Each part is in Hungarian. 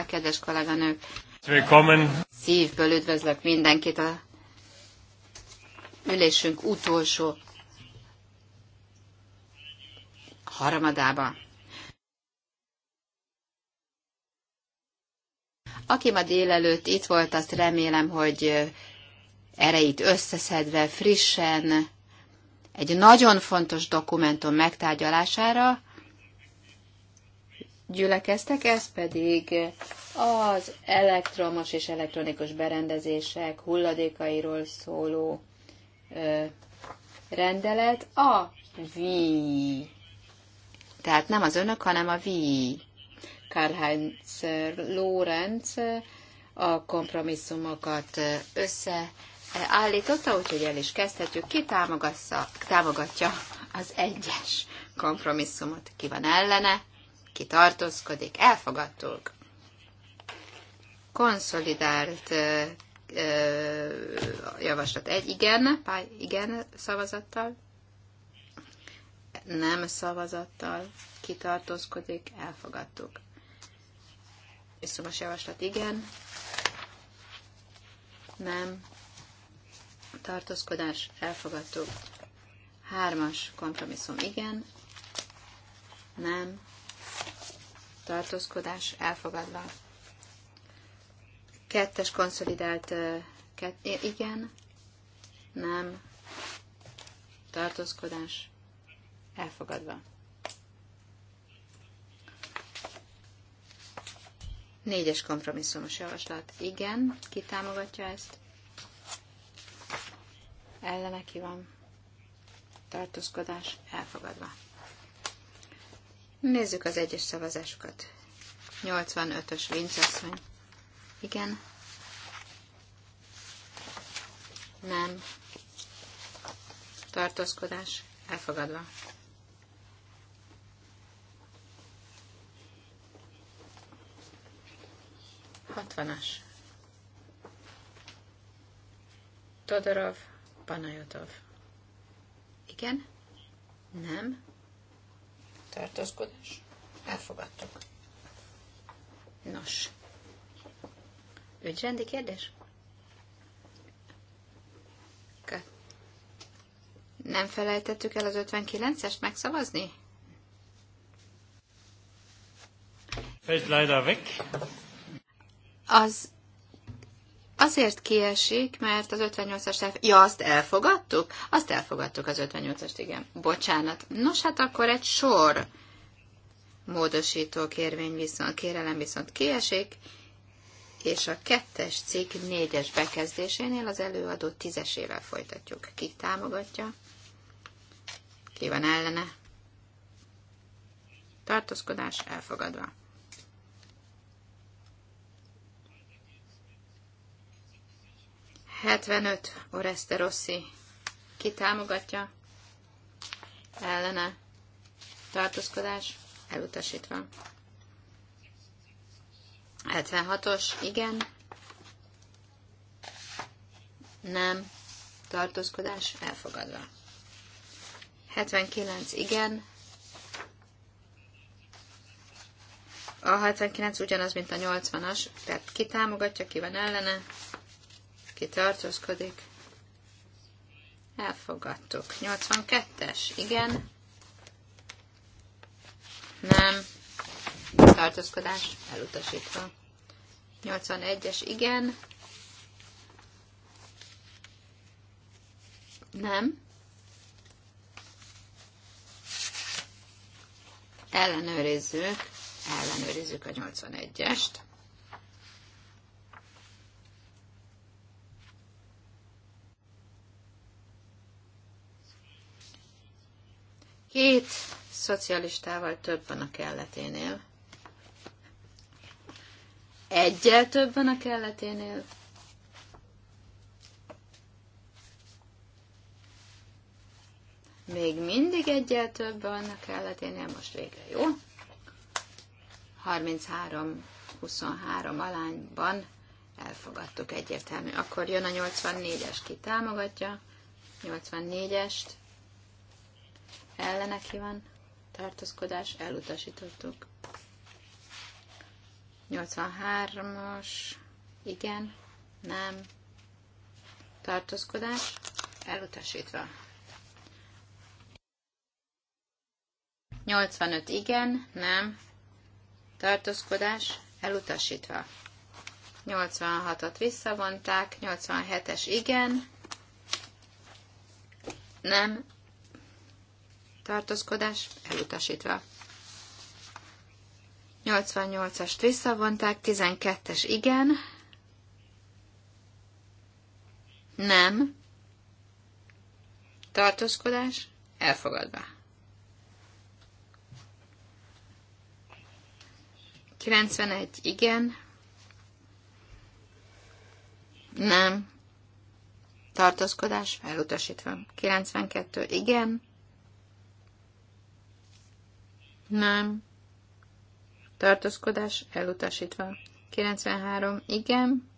kollégák, kedves kolléganők! Szívből üdvözlök mindenkit a ülésünk utolsó harmadába. Aki ma délelőtt itt volt, azt remélem, hogy ereit összeszedve frissen egy nagyon fontos dokumentum megtárgyalására, gyülekeztek, ez pedig az elektromos és elektronikus berendezések hulladékairól szóló ö, rendelet a V. Tehát nem az önök, hanem a V. Karl-Heinz Lorenz a kompromisszumokat összeállította, úgyhogy el is kezdhetjük. Ki támogatja az egyes kompromisszumot? Ki van ellene? ki tartózkodik, elfogadtuk. Konszolidált javaslat egy igen, pály, igen szavazattal, nem szavazattal kitartózkodik, elfogadtuk. Viszumos javaslat igen, nem, tartózkodás, elfogadtuk. Hármas kompromisszum igen, nem, tartózkodás elfogadva. Kettes konszolidált, kett, igen, nem, tartózkodás elfogadva. Négyes kompromisszumos javaslat. Igen, ki támogatja ezt? Ellene ki van. Tartózkodás elfogadva. Nézzük az egyes szavazásokat. 85-ös Vincasszony. Igen. Nem. Tartózkodás elfogadva. Hatvanas. Todorov, Panajotov. Igen? Nem? tartózkodás, elfogadtuk. Nos. Ügyrendi kérdés? Kö. Nem felejtettük el az 59-est megszavazni? Fällt leider weg. Az Azért kiesik, mert az 58-as elf... Ja, azt elfogadtuk? Azt elfogadtuk az 58-ast, igen. Bocsánat. Nos, hát akkor egy sor módosító kérvény viszont, kérelem viszont kiesik, és a kettes cikk négyes bekezdésénél az előadó tízesével folytatjuk. Ki támogatja? Ki van ellene? Tartózkodás elfogadva. 75 Oreste Rossi. Ki támogatja? Ellene. Tartózkodás elutasítva. 76-os, igen. Nem. Tartózkodás elfogadva. 79, igen. A 79 ugyanaz, mint a 80-as, tehát ki támogatja, ki van ellene, ki tartózkodik. Elfogadtuk. 82-es, igen. Nem. Tartózkodás elutasítva. 81-es, igen. Nem. Ellenőrizzük. Ellenőrizzük a 81-est. Két szocialistával több van a kelleténél. Egyel több van a kelleténél. Még mindig egyel több van a kelleténél, most végre jó. 33-23 alányban elfogadtuk egyértelmű. Akkor jön a 84-es, ki támogatja 84-est, ellene kíván tartózkodás, elutasítottuk. 83-as, igen, nem, tartózkodás, elutasítva. 85 igen, nem, tartózkodás, elutasítva. 86 at visszavonták, 87-es igen, nem, tartózkodás elutasítva. 88-ast visszavonták, 12-es igen, nem, tartózkodás elfogadva. 91 igen, nem, tartózkodás elutasítva. 92 igen, nem. Tartózkodás elutasítva. 93. Igen.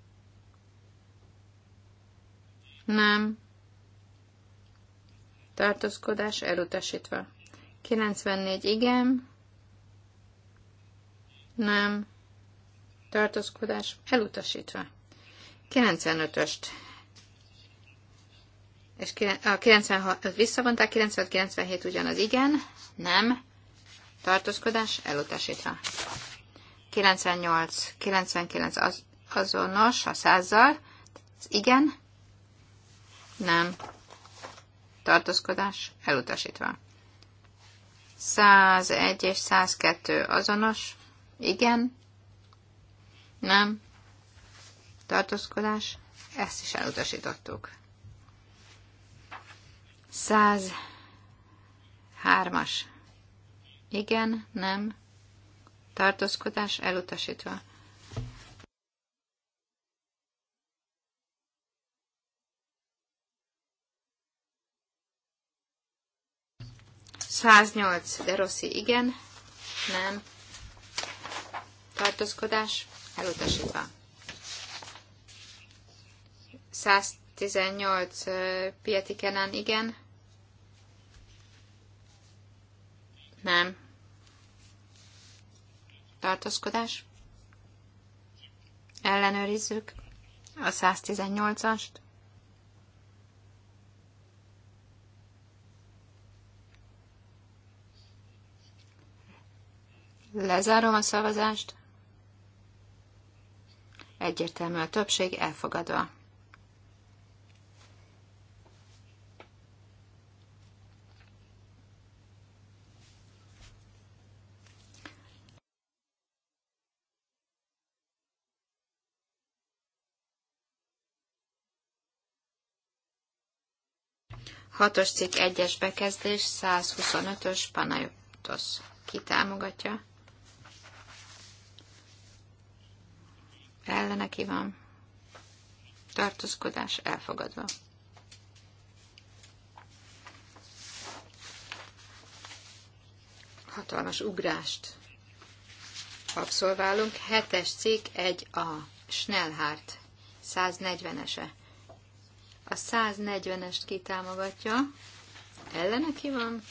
Nem. Tartózkodás elutasítva. 94. Igen. Nem. Tartózkodás elutasítva. 95-öst. És a 96 visszavonták, 95 97 ugyanaz igen, nem tartózkodás elutasítva. 98, 99 az, azonos a százzal, igen, nem, tartózkodás elutasítva. 101 és 102 azonos, igen, nem, tartózkodás, ezt is elutasítottuk. 103-as igen, nem. Tartózkodás elutasítva. Száznyolc, de Rossi, igen, nem. Tartózkodás elutasítva. 118 Pietikenen, igen. Nem tartózkodás. Ellenőrizzük a 118-ast. Lezárom a szavazást. Egyértelmű a többség elfogadva. Hatos cikk egyes bekezdés 125-ös Panajotos. Ki támogatja? Ellene ki van? Tartózkodás elfogadva. Hatalmas ugrást abszolválunk. Hetes cikk 1A. Schnellhardt. 140-ese. A 140-est kitámogatja. Ellene ki van?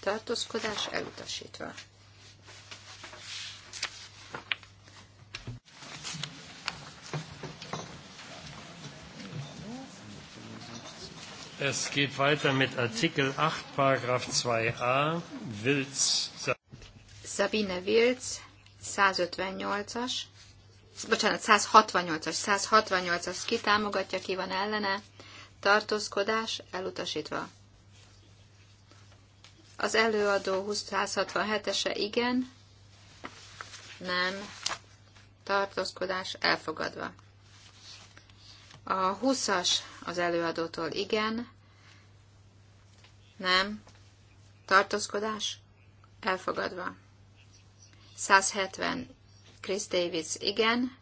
Tartózkodás elutasítva. Es geht weiter mit Artikel 8, Paragraf 2a, Wilz. Sabine Wilz, 158-as bocsánat, 168-as, 168-as ki támogatja, ki van ellene, tartózkodás elutasítva. Az előadó 167-ese igen, nem, tartózkodás elfogadva. A 20-as az előadótól igen, nem, tartózkodás elfogadva. 170 Chris Davis, igen.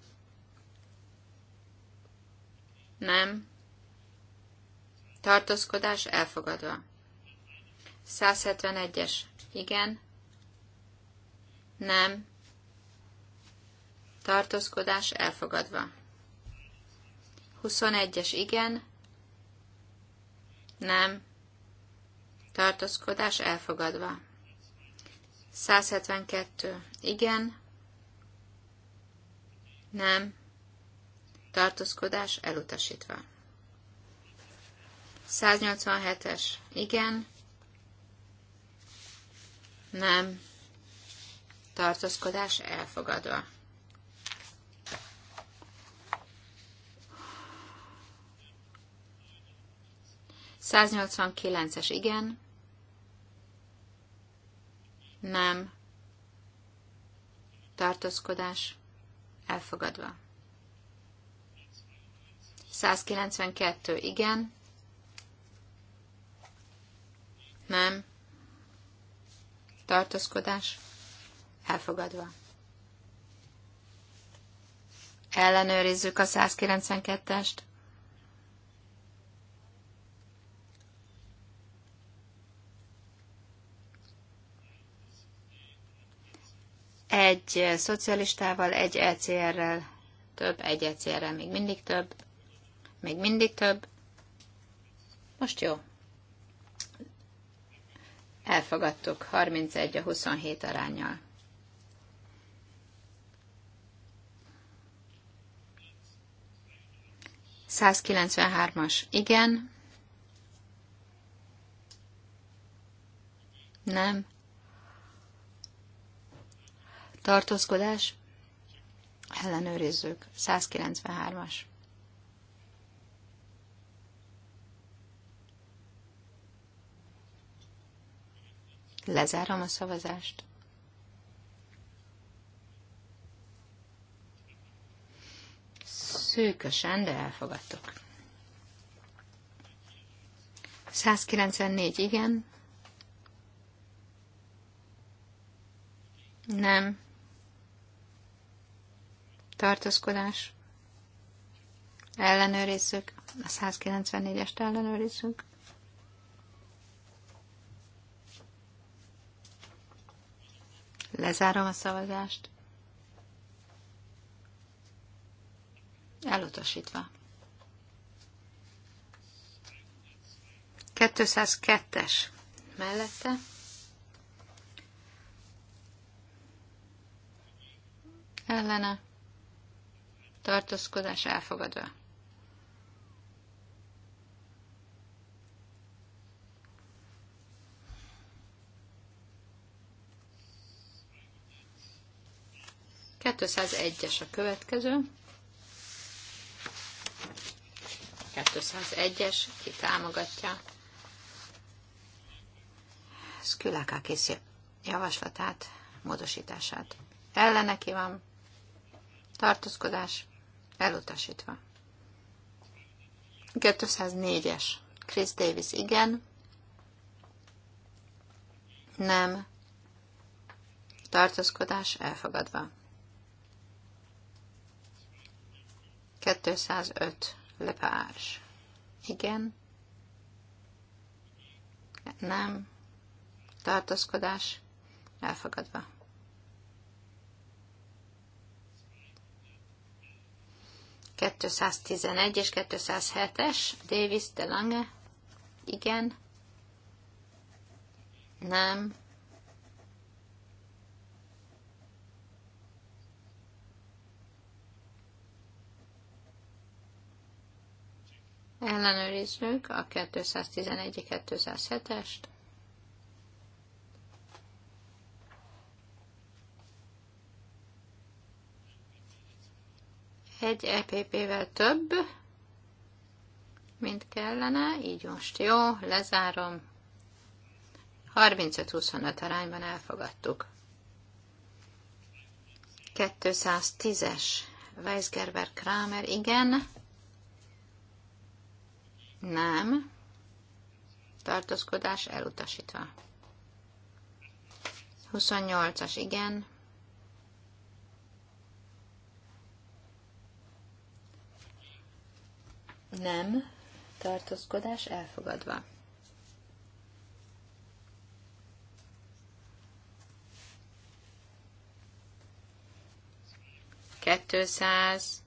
Nem. Tartózkodás elfogadva. 171-es, igen. Nem. Tartózkodás elfogadva. 21-es, igen. Nem. Tartózkodás elfogadva. 172. Igen. Nem. Tartózkodás elutasítva. 187-es. Igen. Nem. Tartózkodás elfogadva. es igen. Nem. Tartózkodás Elfogadva. 192. Igen. Nem. Tartózkodás. Elfogadva. Ellenőrizzük a 192-est. egy szocialistával, egy ECR-rel több, egy ECR-rel még mindig több, még mindig több. Most jó. Elfogadtuk 31 a 27 arányjal. as igen. Nem tartózkodás, ellenőrizzük, 193-as. Lezárom a szavazást. Szűkösen, de elfogadtuk. 194 igen. Nem tartózkodás, ellenőrizzük, a 194-est ellenőrizzük. Lezárom a szavazást. Elutasítva. 202-es mellette. Ellene tartózkodás elfogadva. Kettőszázegyes a következő. 201-es, ki támogatja Szküláká készít javaslatát, módosítását. Ellene ki van tartózkodás, Elutasítva. 204-es. Chris Davis, igen. Nem. Tartózkodás elfogadva. 205. Lepás. Igen. Nem. Tartózkodás elfogadva. 211 és 207-es, Davis de Lange, igen, nem, ellenőrizzük a 211-207-est, egy EPP-vel több, mint kellene, így most jó, lezárom. 35-25 arányban elfogadtuk. 210-es Weisgerber Kramer, igen. Nem. Tartózkodás elutasítva. 28-as, igen. nem, tartózkodás elfogadva. Kettőszáz.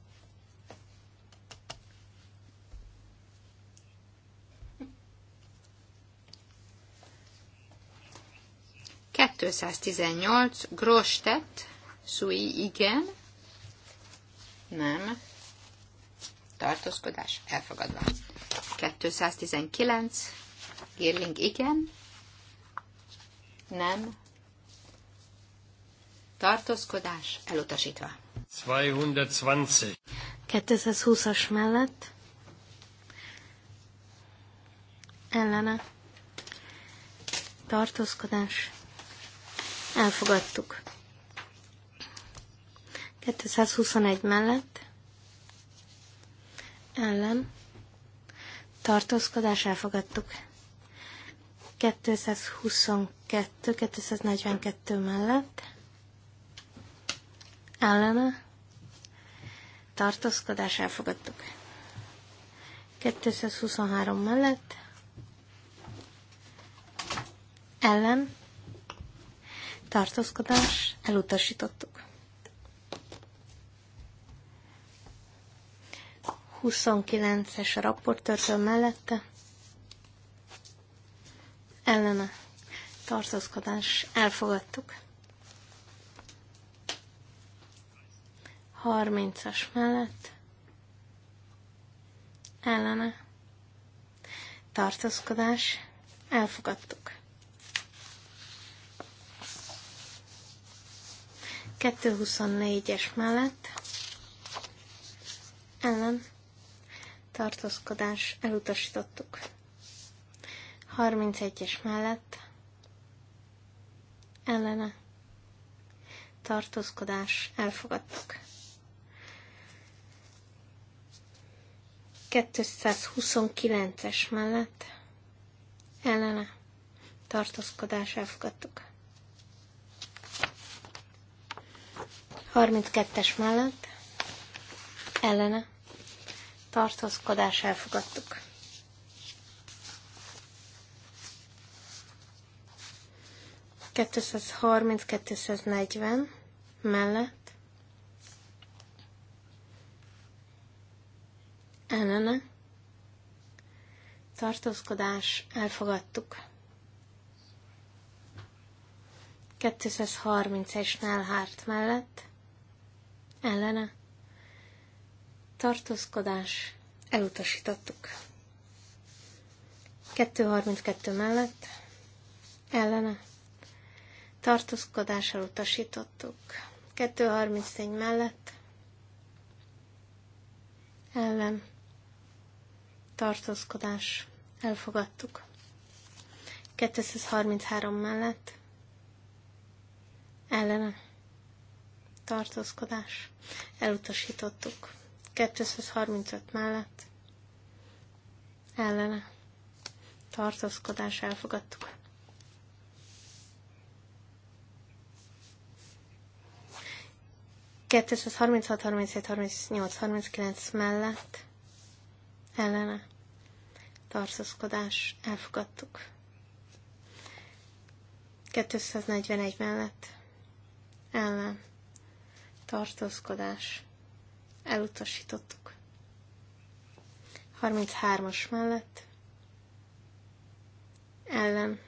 Kettőszáztizennyolc. Grostet. Sui igen. Nem tartózkodás elfogadva. 219, Gérling igen, nem, tartózkodás elutasítva. 220. 220-as mellett ellene tartózkodás elfogadtuk. 221 mellett ellen tartózkodás elfogadtuk. 222-242 mellett ellene tartózkodás elfogadtuk. 223 mellett ellen tartózkodás elutasítottuk. 29-es a rapportörtől mellette. Ellene. Tartózkodás. Elfogadtuk. 30-as mellett. Ellene. Tartózkodás. Elfogadtuk. 224-es mellett. Ellen tartózkodás elutasítottuk. 31-es mellett ellene tartózkodás elfogadtuk. 229-es mellett ellene tartózkodás elfogadtuk. 32-es mellett ellene tartózkodás elfogadtuk. ...230-240 mellett ellene tartózkodás elfogadtuk. 230-es Nálhárt mellett ellene tartózkodás, elutasítottuk. 232 mellett, ellene, tartózkodás elutasítottuk. 231 mellett, ellen, tartózkodás elfogadtuk. 233 mellett, ellene, tartózkodás elutasítottuk. 235 mellett ellene tartózkodás elfogadtuk. Kettőször 36, 37, 38, 39 mellett ellene tartózkodás elfogadtuk. 241 mellett ellen tartózkodás Elutasítottuk. 33-as mellett ellen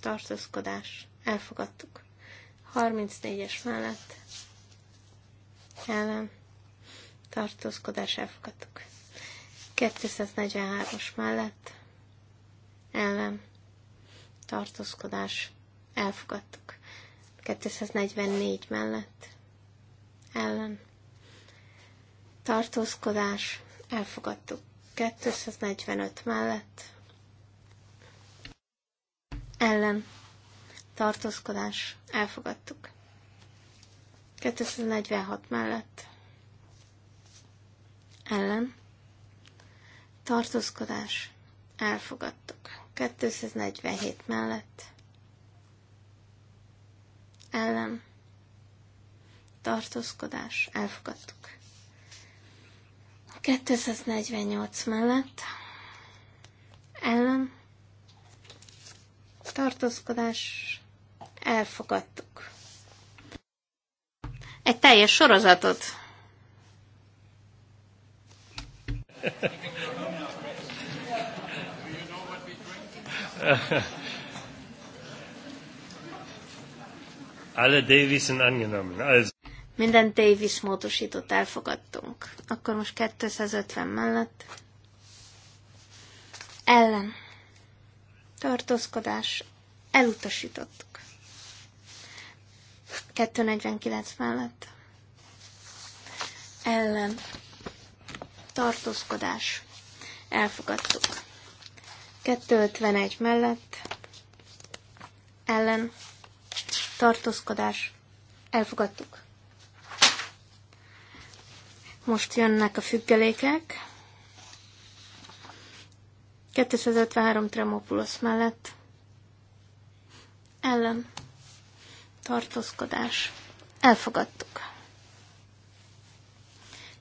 tartózkodás. Elfogadtuk. 34-es mellett ellen tartózkodás. Elfogadtuk. 243-as mellett ellen tartózkodás. Elfogadtuk. 244 mellett ellen tartózkodás, elfogadtuk 245 mellett, ellen, tartózkodás, elfogadtuk 246 mellett, ellen, tartózkodás, elfogadtuk 247 mellett, ellen, tartózkodás, elfogadtuk 248 mellett ellen tartózkodás elfogadtuk. Egy teljes sorozatot. Alle Davies sind angenommen. Also. Minden Davis módosított elfogadtunk. Akkor most 250 mellett ellen tartózkodás elutasítottuk. 249 mellett ellen tartózkodás elfogadtuk. 251 mellett ellen tartózkodás elfogadtuk. Most jönnek a függelékek. 253 Tremopulos mellett ellen tartózkodás. Elfogadtuk.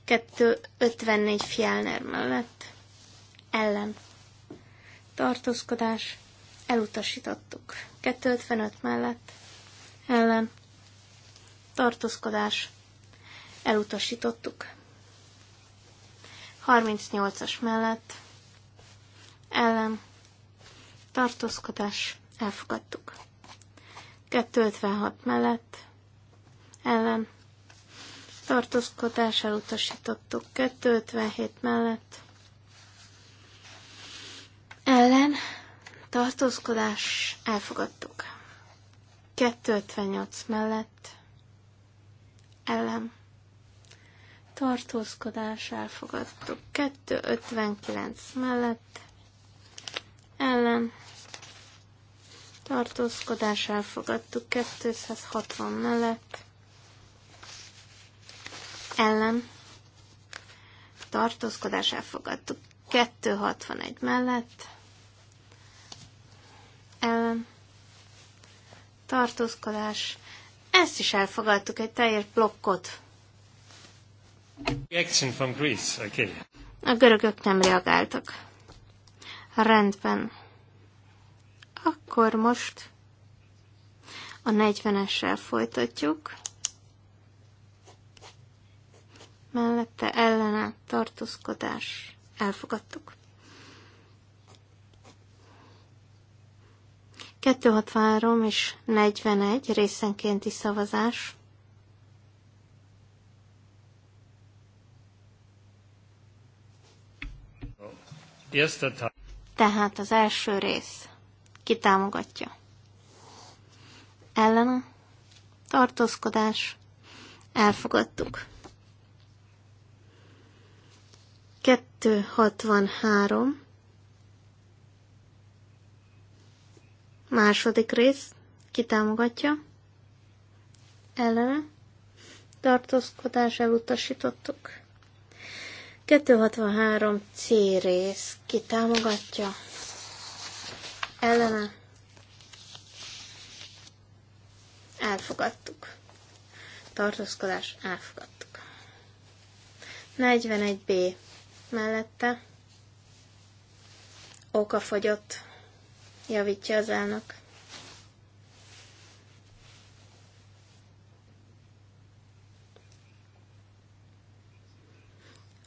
254 Fjellner mellett ellen tartózkodás. Elutasítottuk. 255 mellett ellen tartózkodás. Elutasítottuk. 38-as mellett ellen tartózkodás elfogadtuk. 256 mellett ellen tartózkodás elutasítottuk. 257 mellett ellen tartózkodás elfogadtuk. 258 mellett ellen tartózkodás elfogadtuk. 259 mellett ellen tartózkodás elfogadtuk. 260 mellett ellen tartózkodás elfogadtuk. 261 mellett ellen tartózkodás ezt is elfogadtuk, egy teljes blokkot Action from Greece, okay. A görögök nem reagáltak. Rendben. Akkor most a 40-essel folytatjuk. Mellette ellene tartózkodás. Elfogadtuk. 263 és 41 részenkénti szavazás. Tehát az első rész. Ki támogatja? Ellena. Tartózkodás. Elfogadtuk. 263. Második rész. Ki támogatja? Ellene? Tartózkodás elutasítottuk. 263 C rész. Ki támogatja? Ellene? Elfogadtuk. Tartózkodás? Elfogadtuk. 41 B. Mellette? Oka fogyott. Javítja az elnök.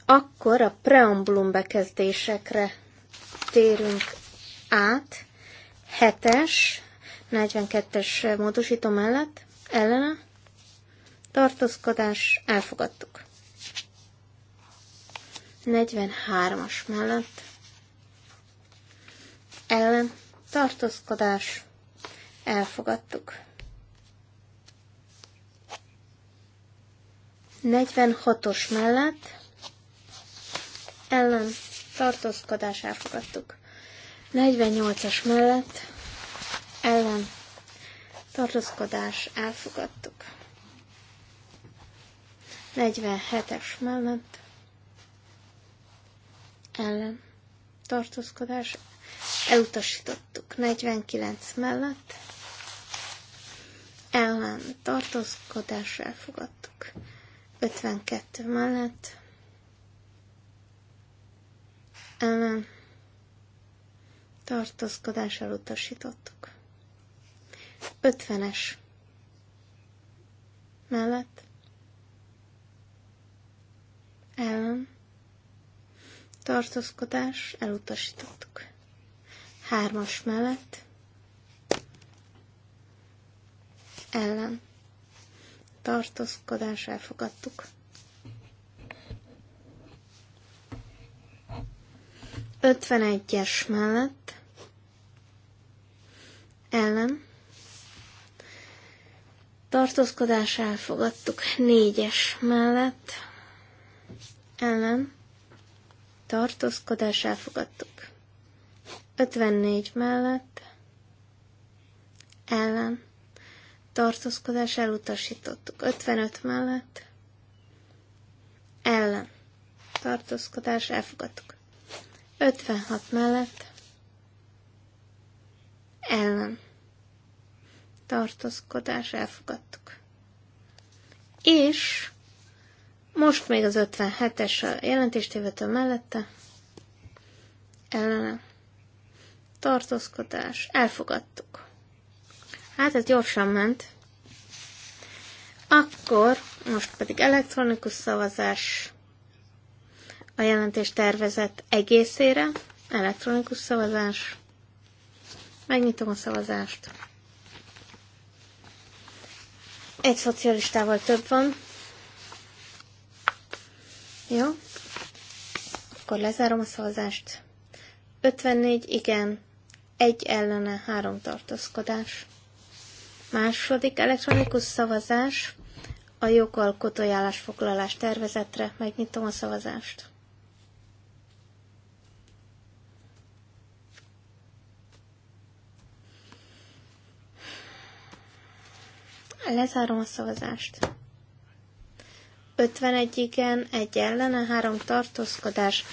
Akkor a preambulum bekezdésekre térünk át. 7-es, 42-es módosító mellett, ellene, tartózkodás, elfogadtuk. 43-as mellett, ellen, tartózkodás, elfogadtuk. 46-os mellett, ellen tartózkodás elfogadtuk. 48-as mellett ellen tartózkodás elfogadtuk. 47-es mellett ellen tartózkodás elutasítottuk. 49 mellett ellen tartózkodás elfogadtuk. 52 mellett ellen tartózkodás elutasítottuk. 50-es mellett ellen tartózkodás elutasítottuk. Hármas mellett ellen tartózkodás elfogadtuk. 51-es mellett ellen tartózkodás elfogadtuk 4-es mellett ellen tartózkodás elfogadtuk 54 mellett ellen tartózkodás elutasítottuk 55 mellett ellen tartózkodás elfogadtuk 56 mellett ellen tartózkodás elfogadtuk. És most még az 57-es a jelentéstévető mellette ellene tartózkodás elfogadtuk. Hát ez gyorsan ment. Akkor most pedig elektronikus szavazás a jelentés tervezett egészére, elektronikus szavazás. Megnyitom a szavazást. Egy szocialistával több van. Jó. Akkor lezárom a szavazást. 54 igen, egy ellene, három tartózkodás. Második elektronikus szavazás a jogalkotói állásfoglalás tervezetre. Megnyitom a szavazást. Lezárom a szavazást. 51 igen, egy ellene, három tartózkodás.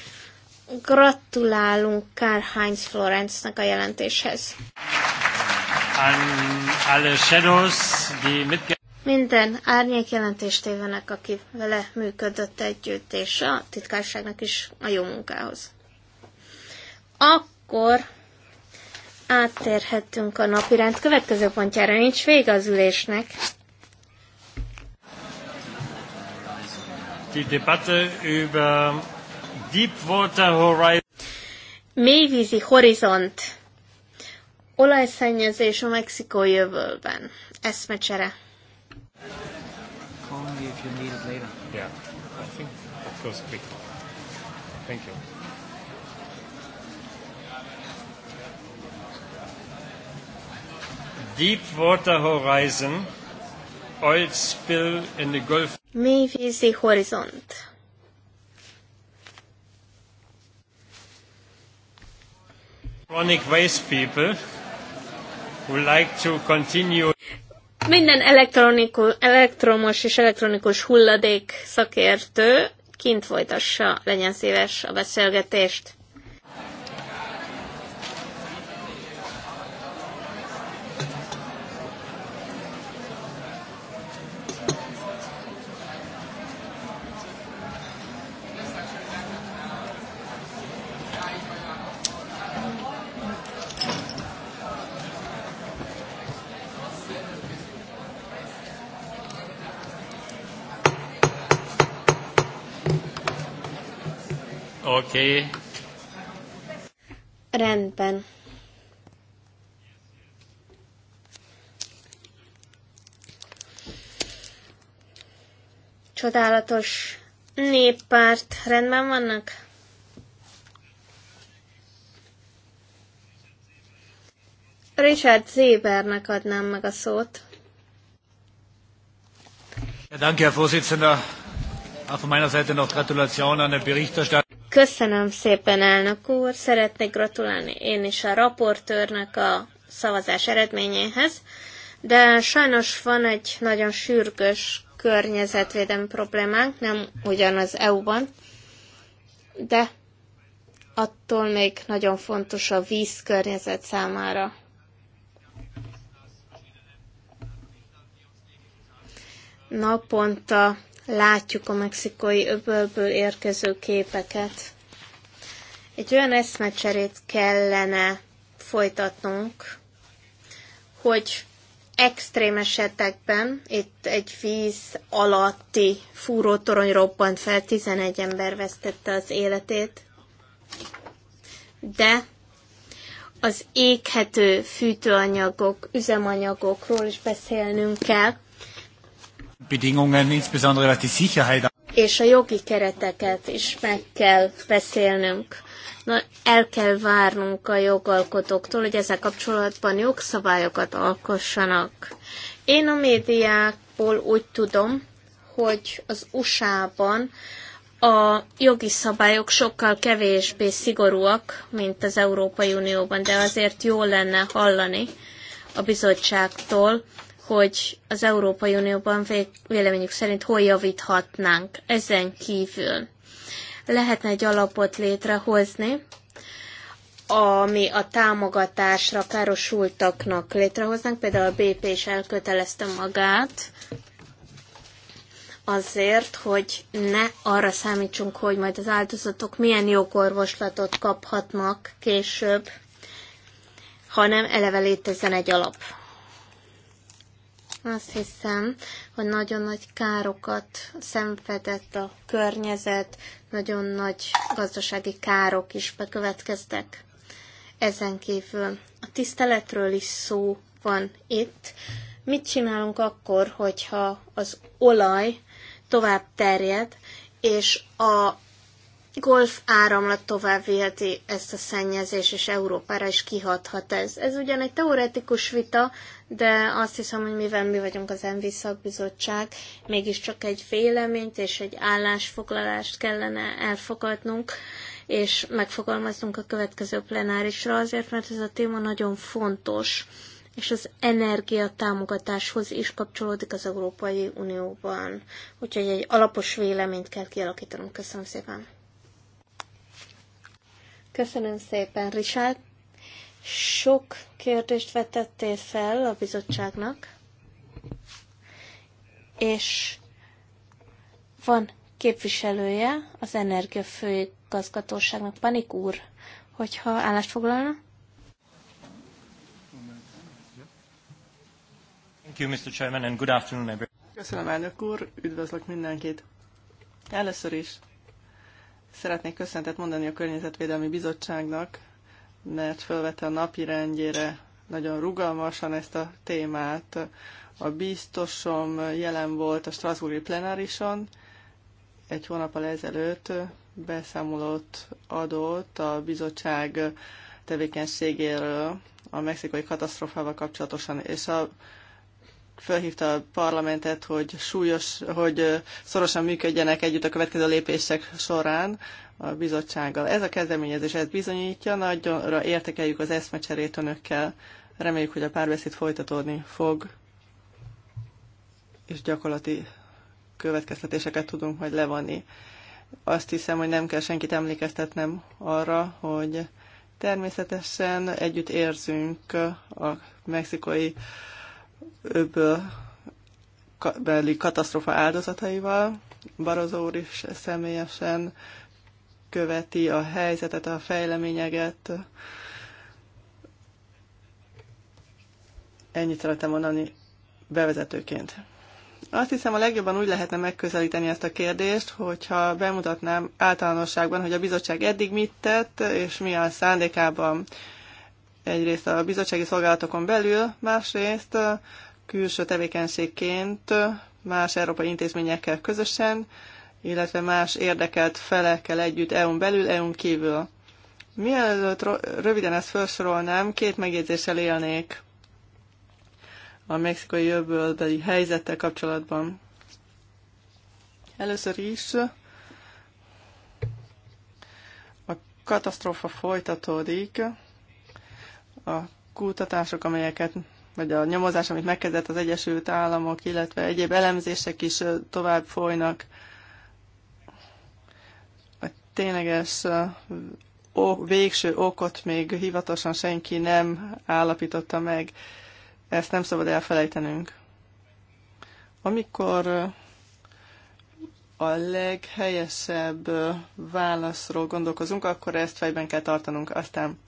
Gratulálunk Karl Heinz Florence-nek a jelentéshez. Minden árnyék jelentéstévenek, aki vele működött együtt, és a titkárságnak is a jó munkához. Akkor áttérhetünk a napirend következő pontjára, nincs vége az ülésnek. Die Debatte über Deepwater Horizon. Mélyvízi horizont. Olajszennyezés a Mexikó jövőben. Eszmecsere. Call me if you need it later. Yeah, I think Thank you. Deepwater Horizon oil spill in the Gulf. Mélyvízi horizont. Chronic waste people who like to continue. Minden elektronikus, elektromos és elektronikus hulladék szakértő kint folytassa, legyen szíves a beszélgetést. Oké. Okay. Rendben. Csodálatos néppárt rendben vannak? Richard Zébernek adnám meg a szót. Ja, danke, Herr Vorsitzender. Auch von meiner Seite noch Gratulation an den Berichterstatter. Köszönöm szépen, elnök úr! Szeretnék gratulálni én is a raportőrnek a szavazás eredményéhez, de sajnos van egy nagyon sürgős környezetvédelmi problémánk, nem ugyanaz EU-ban, de attól még nagyon fontos a víz környezet számára. Naponta látjuk a mexikai öbölből érkező képeket. Egy olyan eszmecserét kellene folytatnunk, hogy extrém esetekben, itt egy víz alatti fúrótorony robbant fel, 11 ember vesztette az életét, de az éghető fűtőanyagok, üzemanyagokról is beszélnünk kell, Bedingungen, insbesondere was die Sicherheit és a jogi kereteket is meg kell beszélnünk. Na, el kell várnunk a jogalkotóktól, hogy ezzel kapcsolatban jogszabályokat alkossanak. Én a médiákból úgy tudom, hogy az USA-ban a jogi szabályok sokkal kevésbé szigorúak, mint az Európai Unióban, de azért jó lenne hallani a bizottságtól, hogy az Európai Unióban véleményük szerint hol javíthatnánk ezen kívül. Lehetne egy alapot létrehozni, ami a támogatásra károsultaknak létrehoznak. Például a BP is elkötelezte magát azért, hogy ne arra számítsunk, hogy majd az áldozatok milyen jogorvoslatot kaphatnak később, hanem eleve létezzen egy alap. Azt hiszem, hogy nagyon nagy károkat szenvedett a környezet, nagyon nagy gazdasági károk is bekövetkeztek. Ezen kívül a tiszteletről is szó van itt. Mit csinálunk akkor, hogyha az olaj tovább terjed, és a golf áramlat tovább viheti ezt a szennyezés, és Európára is kihathat ez. Ez ugyan egy teoretikus vita, de azt hiszem, hogy mivel mi vagyunk az MV szakbizottság, mégiscsak egy véleményt és egy állásfoglalást kellene elfogadnunk, és megfogalmaznunk a következő plenárisra azért, mert ez a téma nagyon fontos, és az energiatámogatáshoz is kapcsolódik az Európai Unióban. Úgyhogy egy alapos véleményt kell kialakítanunk. Köszönöm szépen! Köszönöm szépen, Richard. Sok kérdést vetettél fel a bizottságnak, és van képviselője az energiafőgazgatóságnak, Panik úr, hogyha állást foglalna. Köszönöm, elnök úr, üdvözlök mindenkit. Először is Szeretnék köszöntet mondani a Környezetvédelmi Bizottságnak, mert felvette a napi rendjére nagyon rugalmasan ezt a témát. A biztosom jelen volt a Strasbourgi plenárison, egy hónappal ezelőtt beszámolott adott a bizottság tevékenységéről a mexikai katasztrófával kapcsolatosan, és a felhívta a parlamentet, hogy súlyos, hogy szorosan működjenek együtt a következő lépések során a bizottsággal. Ez a kezdeményezés ezt bizonyítja, nagyra értekeljük az eszmecserét önökkel. Reméljük, hogy a párbeszéd folytatódni fog, és gyakorlati következtetéseket tudunk majd levonni. Azt hiszem, hogy nem kell senkit emlékeztetnem arra, hogy természetesen együtt érzünk a mexikai öbből beli katasztrofa áldozataival. Barozó úr is személyesen követi a helyzetet, a fejleményeket. Ennyit szeretem mondani bevezetőként. Azt hiszem, a legjobban úgy lehetne megközelíteni ezt a kérdést, hogyha bemutatnám általánosságban, hogy a bizottság eddig mit tett, és mi a szándékában egyrészt a bizottsági szolgálatokon belül, másrészt külső tevékenységként más európai intézményekkel közösen, illetve más érdekelt felekkel együtt EU-n belül, EU-n kívül. Mielőtt röviden ezt felsorolnám, két megjegyzéssel élnék a mexikai jövőbeli helyzettel kapcsolatban. Először is a katasztrófa folytatódik, a kutatások, amelyeket, vagy a nyomozás, amit megkezdett az Egyesült Államok, illetve egyéb elemzések is tovább folynak. A tényleges ó, végső okot még hivatosan senki nem állapította meg. Ezt nem szabad elfelejtenünk. Amikor a leghelyesebb válaszról gondolkozunk, akkor ezt fejben kell tartanunk. Aztán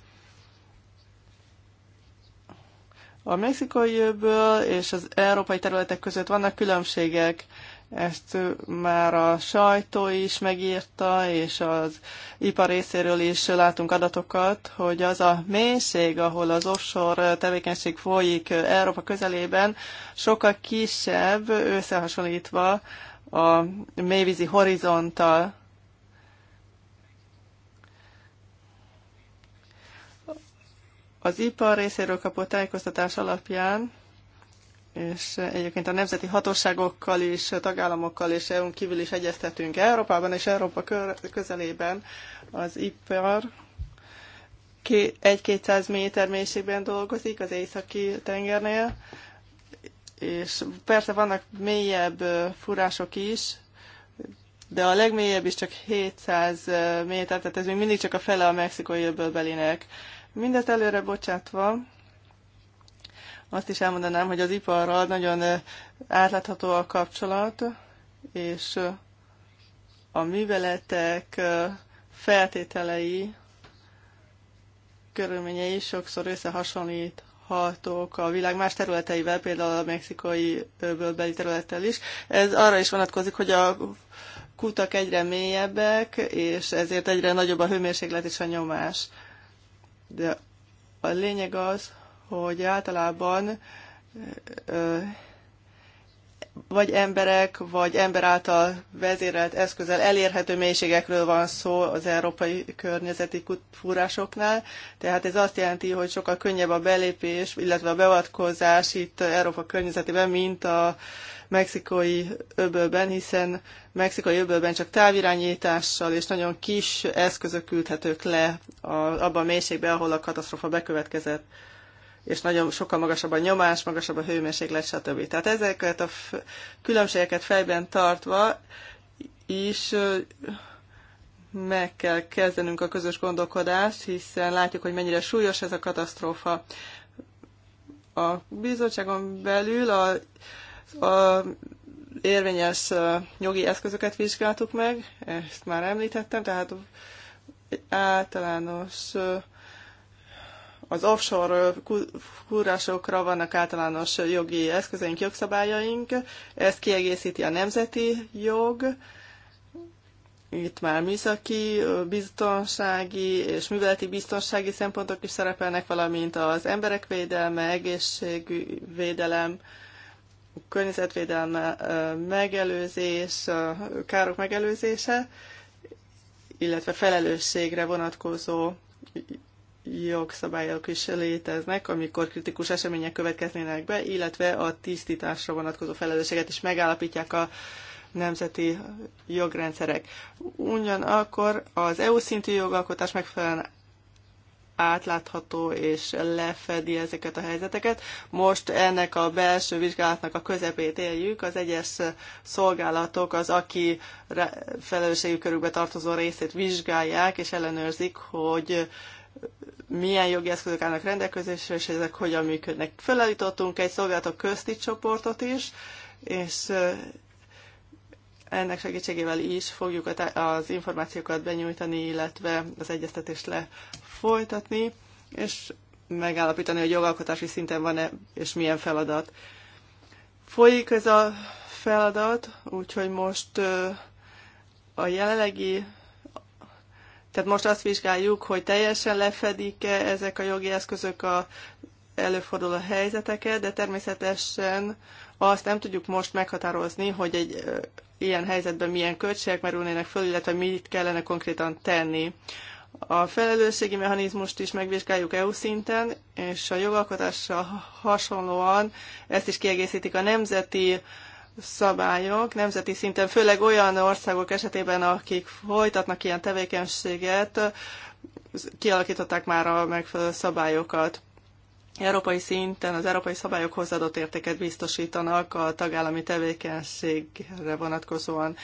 A mexikai jövből és az európai területek között vannak különbségek. Ezt már a sajtó is megírta, és az ipar részéről is látunk adatokat, hogy az a mélység, ahol az offshore tevékenység folyik Európa közelében, sokkal kisebb összehasonlítva a mélyvízi horizonttal Az ipar részéről kapott tájékoztatás alapján, és egyébként a nemzeti hatóságokkal is, tagállamokkal és EU-n kívül is egyeztetünk. Európában és Európa közelében az ipar 1-200 méter mélységben dolgozik az északi tengernél, és persze vannak mélyebb furások is, de a legmélyebb is csak 700 méter, tehát ez még mindig csak a fele a mexikai öbölbelinek. Mindet előre bocsátva, azt is elmondanám, hogy az iparral nagyon eh, átlátható a kapcsolat, és eh, a műveletek eh, feltételei, körülményei sokszor összehasonlíthatók a világ más területeivel, például a mexikai öbölbeli területtel is. Ez arra is vonatkozik, hogy a kutak egyre mélyebbek, és ezért egyre nagyobb a hőmérséklet és a nyomás. De a lényeg az, hogy általában vagy emberek, vagy ember által vezérelt eszközzel elérhető mélységekről van szó az európai környezeti fúrásoknál. Tehát ez azt jelenti, hogy sokkal könnyebb a belépés, illetve a beavatkozás itt Európa környezetében, mint a mexikói öbölben, hiszen mexikai öbölben csak távirányítással és nagyon kis eszközök küldhetők le a, abban a mélységben, ahol a katasztrofa bekövetkezett és nagyon sokkal magasabb a nyomás, magasabb a hőmérséklet, stb. Tehát ezeket a különbségeket fejben tartva is meg kell kezdenünk a közös gondolkodást, hiszen látjuk, hogy mennyire súlyos ez a katasztrófa. A bizottságon belül a a érvényes jogi eszközöket vizsgáltuk meg, ezt már említettem, tehát általános az offshore kúrásokra vannak általános jogi eszközeink, jogszabályaink, ezt kiegészíti a nemzeti jog, itt már műszaki, biztonsági és műveleti biztonsági szempontok is szerepelnek, valamint az emberek védelme, egészségvédelem, környezetvédelme megelőzés, károk megelőzése, illetve felelősségre vonatkozó jogszabályok is léteznek, amikor kritikus események következnének be, illetve a tisztításra vonatkozó felelősséget is megállapítják a nemzeti jogrendszerek. Ugyanakkor az EU szintű jogalkotás megfelelően átlátható és lefedi ezeket a helyzeteket. Most ennek a belső vizsgálatnak a közepét éljük, az egyes szolgálatok az, aki felelősségük körükbe tartozó részét vizsgálják és ellenőrzik, hogy milyen jogi eszközök állnak rendelkezésre, és ezek hogyan működnek. Felállítottunk egy szolgálatok közti csoportot is, és ennek segítségével is fogjuk az információkat benyújtani, illetve az egyeztetést lefolytatni, és megállapítani, hogy jogalkotási szinten van-e és milyen feladat. Folyik ez a feladat, úgyhogy most a jelenlegi, tehát most azt vizsgáljuk, hogy teljesen lefedik-e ezek a jogi eszközök a előforduló helyzeteket, de természetesen azt nem tudjuk most meghatározni, hogy egy ilyen helyzetben milyen költségek merülnének föl, illetve mit kellene konkrétan tenni. A felelősségi mechanizmust is megvizsgáljuk EU szinten, és a jogalkotással hasonlóan ezt is kiegészítik a nemzeti szabályok, nemzeti szinten, főleg olyan országok esetében, akik folytatnak ilyen tevékenységet, kialakították már a megfelelő szabályokat európai szinten az európai szabályok hozzáadott értéket biztosítanak a tagállami tevékenységre vonatkozóan.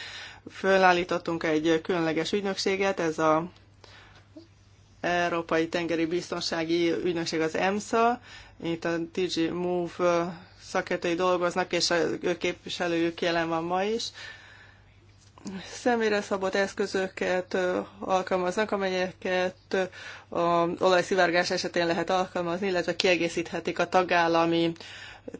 Fölállítottunk egy különleges ügynökséget, ez a Európai Tengeri Biztonsági Ügynökség az EMSA, itt a DG Move szakértői dolgoznak, és a ő képviselőjük jelen van ma is személyre szabott eszközöket alkalmaznak, amelyeket olajszivárgás esetén lehet alkalmazni, illetve kiegészíthetik a tagállami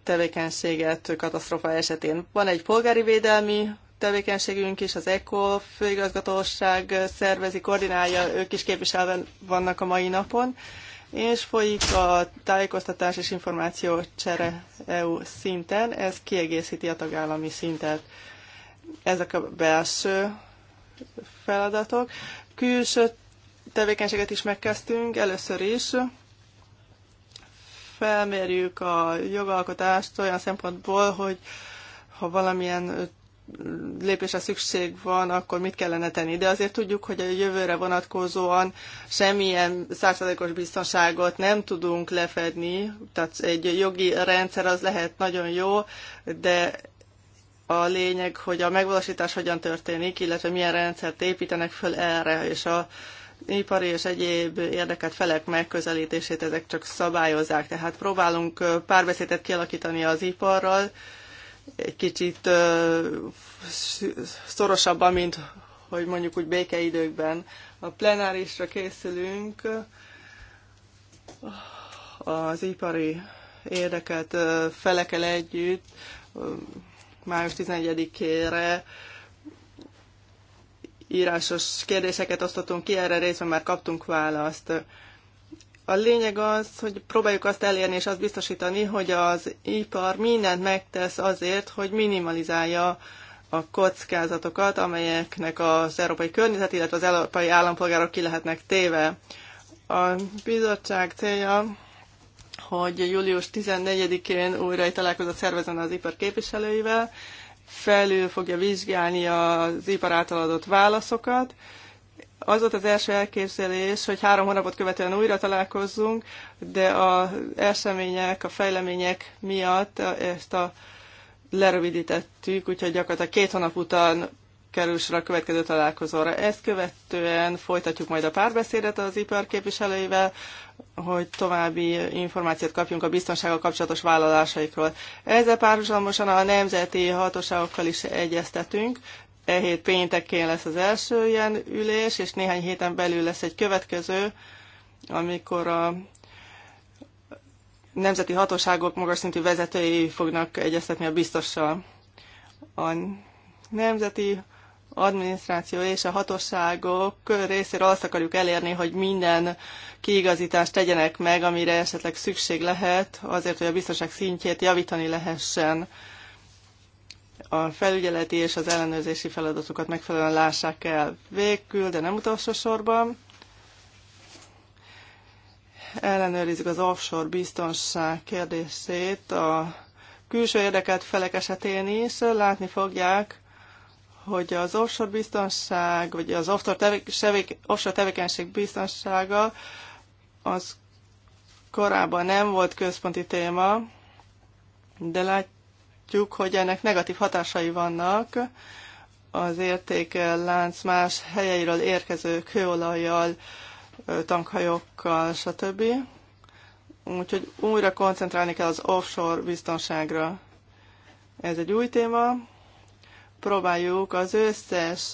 tevékenységet katasztrofa esetén. Van egy polgári védelmi tevékenységünk is, az ECO főigazgatóság szervezi, koordinálja, ők is képviselve vannak a mai napon, és folyik a tájékoztatás és információ csere EU szinten, ez kiegészíti a tagállami szintet. Ezek a belső feladatok. Külső tevékenységet is megkezdtünk, először is felmérjük a jogalkotást olyan szempontból, hogy ha valamilyen lépésre szükség van, akkor mit kellene tenni. De azért tudjuk, hogy a jövőre vonatkozóan semmilyen százszerzalékos biztonságot nem tudunk lefedni, tehát egy jogi rendszer az lehet nagyon jó, de a lényeg, hogy a megvalósítás hogyan történik, illetve milyen rendszert építenek föl erre, és a ipari és egyéb érdeket felek megközelítését ezek csak szabályozzák. Tehát próbálunk párbeszédet kialakítani az iparral, egy kicsit szorosabban, mint hogy mondjuk úgy békeidőkben. A plenárisra készülünk az ipari érdeket felekel együtt, május 11-ére írásos kérdéseket osztottunk ki, erre részben már kaptunk választ. A lényeg az, hogy próbáljuk azt elérni és azt biztosítani, hogy az ipar mindent megtesz azért, hogy minimalizálja a kockázatokat, amelyeknek az európai környezet, illetve az európai állampolgárok ki lehetnek téve. A bizottság célja hogy július 14-én újra egy találkozott szervezen az ipar képviselőivel, felül fogja vizsgálni az ipar által adott válaszokat. Az volt az első elképzelés, hogy három hónapot követően újra találkozzunk, de az események, a fejlemények miatt ezt a lerövidítettük, úgyhogy gyakorlatilag két hónap után kerül sor a következő találkozóra. Ezt követően folytatjuk majd a párbeszédet az ipar képviselőivel, hogy további információt kapjunk a biztonsággal kapcsolatos vállalásaikról. Ezzel párhuzamosan a nemzeti hatóságokkal is egyeztetünk. E hét péntekén lesz az első ilyen ülés, és néhány héten belül lesz egy következő, amikor a nemzeti hatóságok magas szintű vezetői fognak egyeztetni a biztossal. A nemzeti adminisztráció és a hatóságok részéről azt akarjuk elérni, hogy minden kiigazítást tegyenek meg, amire esetleg szükség lehet, azért, hogy a biztonság szintjét javítani lehessen. A felügyeleti és az ellenőrzési feladatokat megfelelően lássák el végül, de nem utolsó sorban. Ellenőrizzük az offshore biztonság kérdését a külső érdekelt felek esetén is. Látni fogják, hogy az offshore biztonság, vagy az offshore, tevék, offshore tevékenység biztonsága az korábban nem volt központi téma, de látjuk, hogy ennek negatív hatásai vannak az értéklánc más helyeiről érkező kőolajjal, tankhajókkal, stb. Úgyhogy újra koncentrálni kell az offshore biztonságra. Ez egy új téma, próbáljuk az összes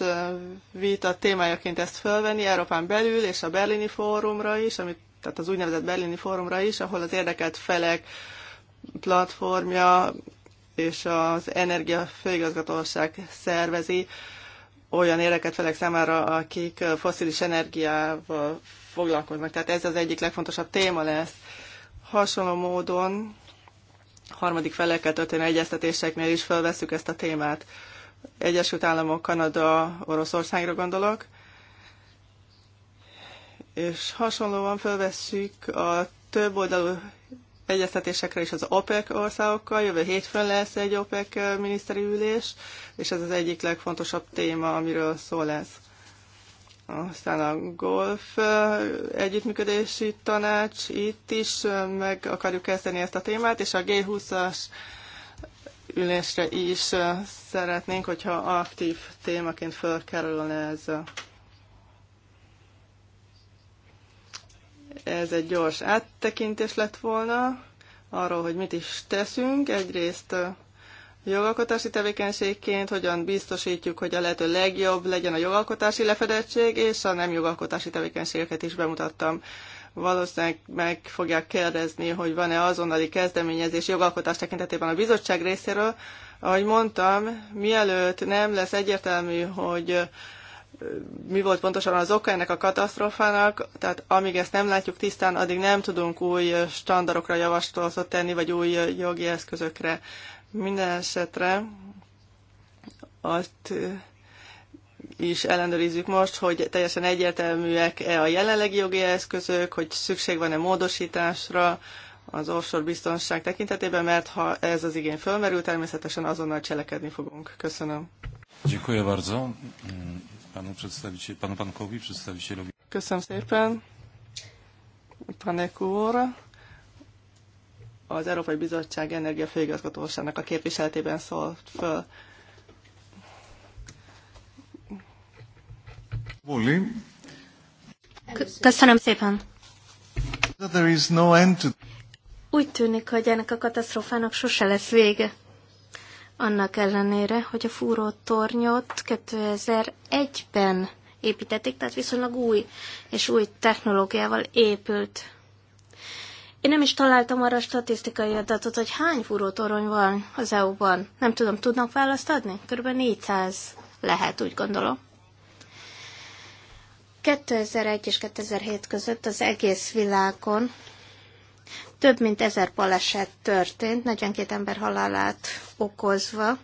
vita témájaként ezt fölvenni Európán belül és a berlini fórumra is, amit, tehát az úgynevezett berlini fórumra is, ahol az érdekelt felek platformja és az Energia Főigazgatóság szervezi olyan érdekelt felek számára, akik foszilis energiával foglalkoznak. Tehát ez az egyik legfontosabb téma lesz. Hasonló módon harmadik felekkel történő egyeztetéseknél is felveszük ezt a témát. Egyesült Államok, Kanada, Oroszországra gondolok, és hasonlóan felvesszük a több oldalú egyeztetésekre is az OPEC országokkal. Jövő hétfőn lesz egy OPEC eh, miniszteri ülés, és ez az egyik legfontosabb téma, amiről szó lesz. Aztán a golf eh, együttműködési tanács, itt is eh, meg akarjuk kezdeni ezt a témát, és a G20-as ülésre is szeretnénk, hogyha aktív témaként felkerülne ez. a Ez egy gyors áttekintés lett volna arról, hogy mit is teszünk. Egyrészt jogalkotási tevékenységként, hogyan biztosítjuk, hogy a lehető legjobb legyen a jogalkotási lefedettség, és a nem jogalkotási tevékenységeket is bemutattam valószínűleg meg fogják kérdezni, hogy van-e azonnali kezdeményezés jogalkotás tekintetében a bizottság részéről. Ahogy mondtam, mielőtt nem lesz egyértelmű, hogy mi volt pontosan az oka ennek a katasztrófának, tehát amíg ezt nem látjuk tisztán, addig nem tudunk új standardokra javaslatot tenni, vagy új jogi eszközökre. Minden esetre azt is ellenőrizzük most, hogy teljesen egyértelműek-e a jelenlegi jogi eszközök, hogy szükség van-e módosításra az offshore biztonság tekintetében, mert ha ez az igény fölmerül, természetesen azonnal cselekedni fogunk. Köszönöm. Dziękuję bardzo mm, panu, przedstawiciel, panu Pankowi, przedstawicielowi. Köszönöm szépen. Panek úr, az Európai Bizottság Főigazgatóságnak a képviseletében szólt föl. Múli. Köszönöm szépen. There is no end to... Úgy tűnik, hogy ennek a katasztrófának sose lesz vége. Annak ellenére, hogy a fúró tornyot 2001-ben építették, tehát viszonylag új és új technológiával épült. Én nem is találtam arra a statisztikai adatot, hogy hány fúrótorony van az EU-ban. Nem tudom, tudnak választ adni? Körülbelül 400 lehet, úgy gondolom. 2001 és 2007 között az egész világon több mint ezer baleset történt, 42 ember halálát okozva,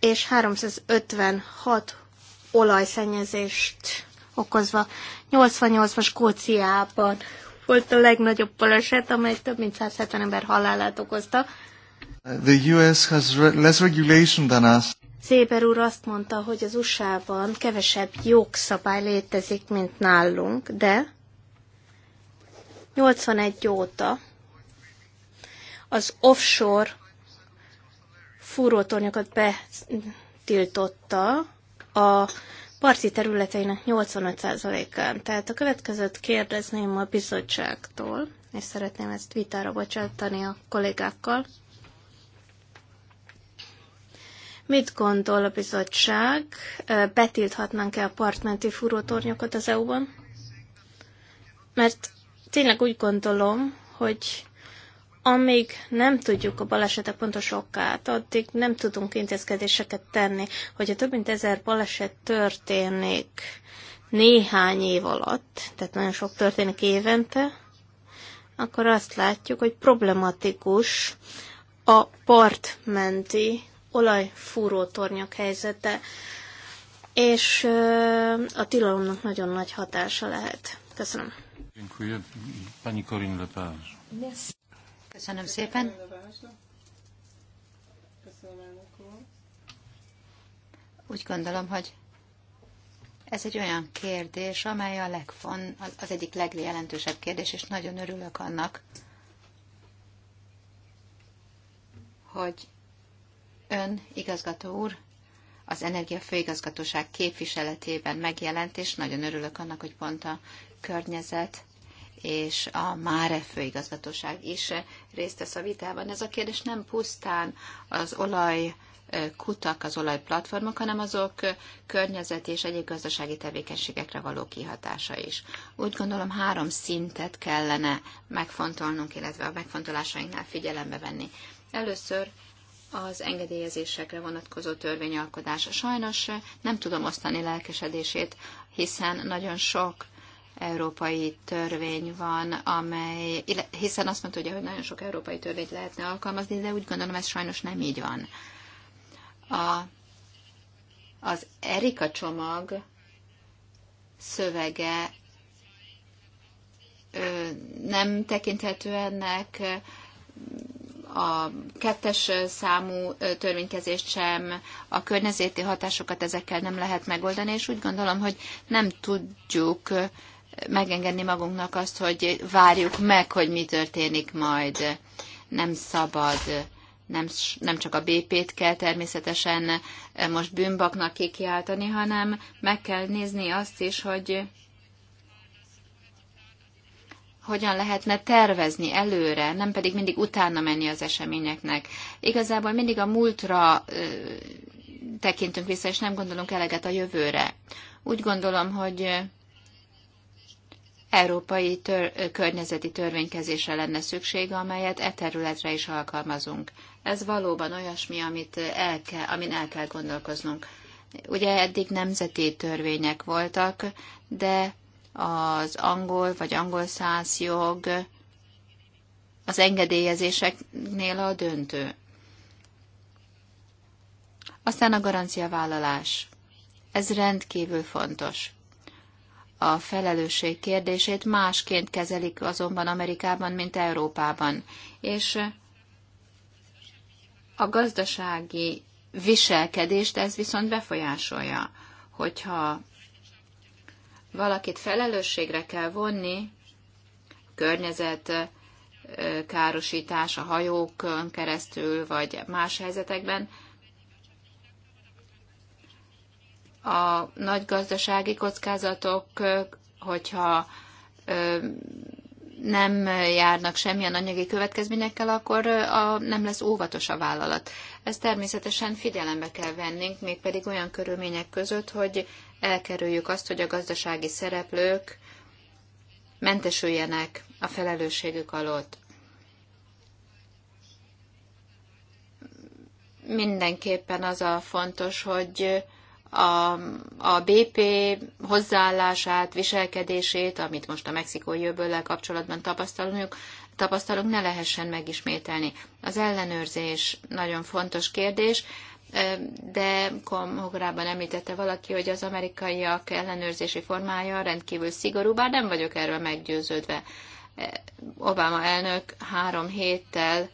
és 356 olajszennyezést okozva. 88-ban Skóciában volt a legnagyobb baleset, amely több mint 170 ember halálát okozta. The US has re less regulation than us. Széber úr azt mondta, hogy az USA-ban kevesebb jogszabály létezik, mint nálunk, de 81 óta az offshore fúrótornyokat betiltotta a parti területeinek 85%-án. Tehát a következőt kérdezném a bizottságtól, és szeretném ezt vitára bocsátani a kollégákkal. Mit gondol a bizottság? Betilthatnánk-e a partmenti fúrótornyokat az EU-ban? Mert tényleg úgy gondolom, hogy amíg nem tudjuk a balesetek pontos okát, addig nem tudunk intézkedéseket tenni. Hogyha több mint ezer baleset történik néhány év alatt, tehát nagyon sok történik évente, akkor azt látjuk, hogy problematikus a partmenti olajfúró tornyok helyzete, és a tilalomnak nagyon nagy hatása lehet. Köszönöm. Köszönöm szépen. Úgy gondolom, hogy ez egy olyan kérdés, amely a legfon, az egyik legjelentősebb kérdés, és nagyon örülök annak, hogy ön, igazgató úr, az Energia Főigazgatóság képviseletében megjelent, és nagyon örülök annak, hogy pont a környezet és a Máre Főigazgatóság is részt vesz a vitában. Ez a kérdés nem pusztán az olaj kutak, az olajplatformok, hanem azok környezeti és egyéb gazdasági tevékenységekre való kihatása is. Úgy gondolom három szintet kellene megfontolnunk, illetve a megfontolásainknál figyelembe venni. Először az engedélyezésekre vonatkozó törvényalkodás. Sajnos eh, nem tudom osztani lelkesedését, hiszen nagyon sok európai törvény van, amely, hiszen azt mondta, ugye, hogy nagyon sok európai törvényt lehetne alkalmazni, de úgy gondolom, ez sajnos nem így van. A, az Erika csomag szövege nem tekinthető ennek a kettes számú törvénykezést sem, a környezeti hatásokat ezekkel nem lehet megoldani, és úgy gondolom, hogy nem tudjuk megengedni magunknak azt, hogy várjuk meg, hogy mi történik majd. Nem szabad, nem, nem csak a BP-t kell természetesen most bűnbaknak kikiáltani, hanem meg kell nézni azt is, hogy hogyan lehetne tervezni előre, nem pedig mindig utána menni az eseményeknek. Igazából mindig a múltra tekintünk vissza, és nem gondolunk eleget a jövőre. Úgy gondolom, hogy európai tör, környezeti törvénykezésre lenne szükség, amelyet e területre is alkalmazunk. Ez valóban olyasmi, amit el kell, amin el kell gondolkoznunk. Ugye eddig nemzeti törvények voltak, de az angol vagy angol száz jog az engedélyezéseknél a döntő. Aztán a garanciavállalás. Ez rendkívül fontos. A felelősség kérdését másként kezelik azonban Amerikában, mint Európában, és a gazdasági viselkedést ez viszont befolyásolja, hogyha valakit felelősségre kell vonni, környezet károsítás a hajókon keresztül, vagy más helyzetekben, a nagy gazdasági kockázatok, hogyha nem járnak semmilyen anyagi következményekkel, akkor a, nem lesz óvatos a vállalat. Ezt természetesen figyelembe kell vennünk, mégpedig olyan körülmények között, hogy elkerüljük azt, hogy a gazdasági szereplők mentesüljenek a felelősségük alatt. Mindenképpen az a fontos, hogy a, a BP hozzáállását, viselkedését, amit most a mexikói jövőlel kapcsolatban tapasztalunk, tapasztalunk, ne lehessen megismételni. Az ellenőrzés nagyon fontos kérdés, de korábban említette valaki, hogy az amerikaiak ellenőrzési formája rendkívül szigorú, bár nem vagyok erről meggyőződve. Obama elnök három héttel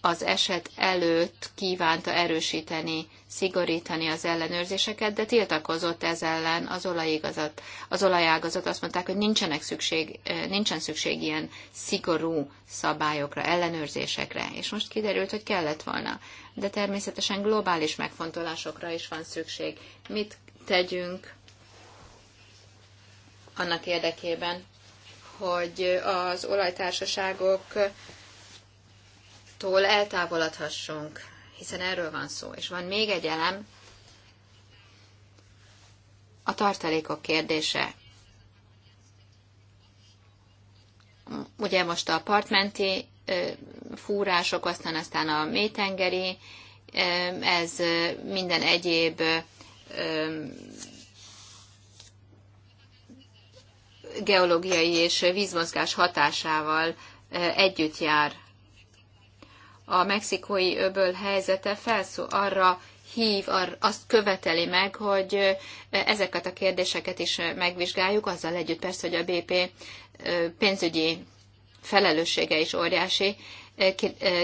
az eset előtt kívánta erősíteni szigorítani az ellenőrzéseket, de tiltakozott ez ellen az olajigazat. Az olajágazat azt mondták, hogy nincsenek szükség, nincsen szükség ilyen szigorú szabályokra, ellenőrzésekre, és most kiderült, hogy kellett volna. De természetesen globális megfontolásokra is van szükség. Mit tegyünk annak érdekében, hogy az olajtársaságok tól eltávolodhassunk hiszen erről van szó. És van még egy elem, a tartalékok kérdése. Ugye most a partmenti fúrások, aztán aztán a mélytengeri, ez minden egyéb geológiai és vízmozgás hatásával együtt jár a mexikói öböl helyzete felszó arra hív, arra, azt követeli meg, hogy ezeket a kérdéseket is megvizsgáljuk, azzal együtt persze, hogy a BP pénzügyi felelőssége is óriási.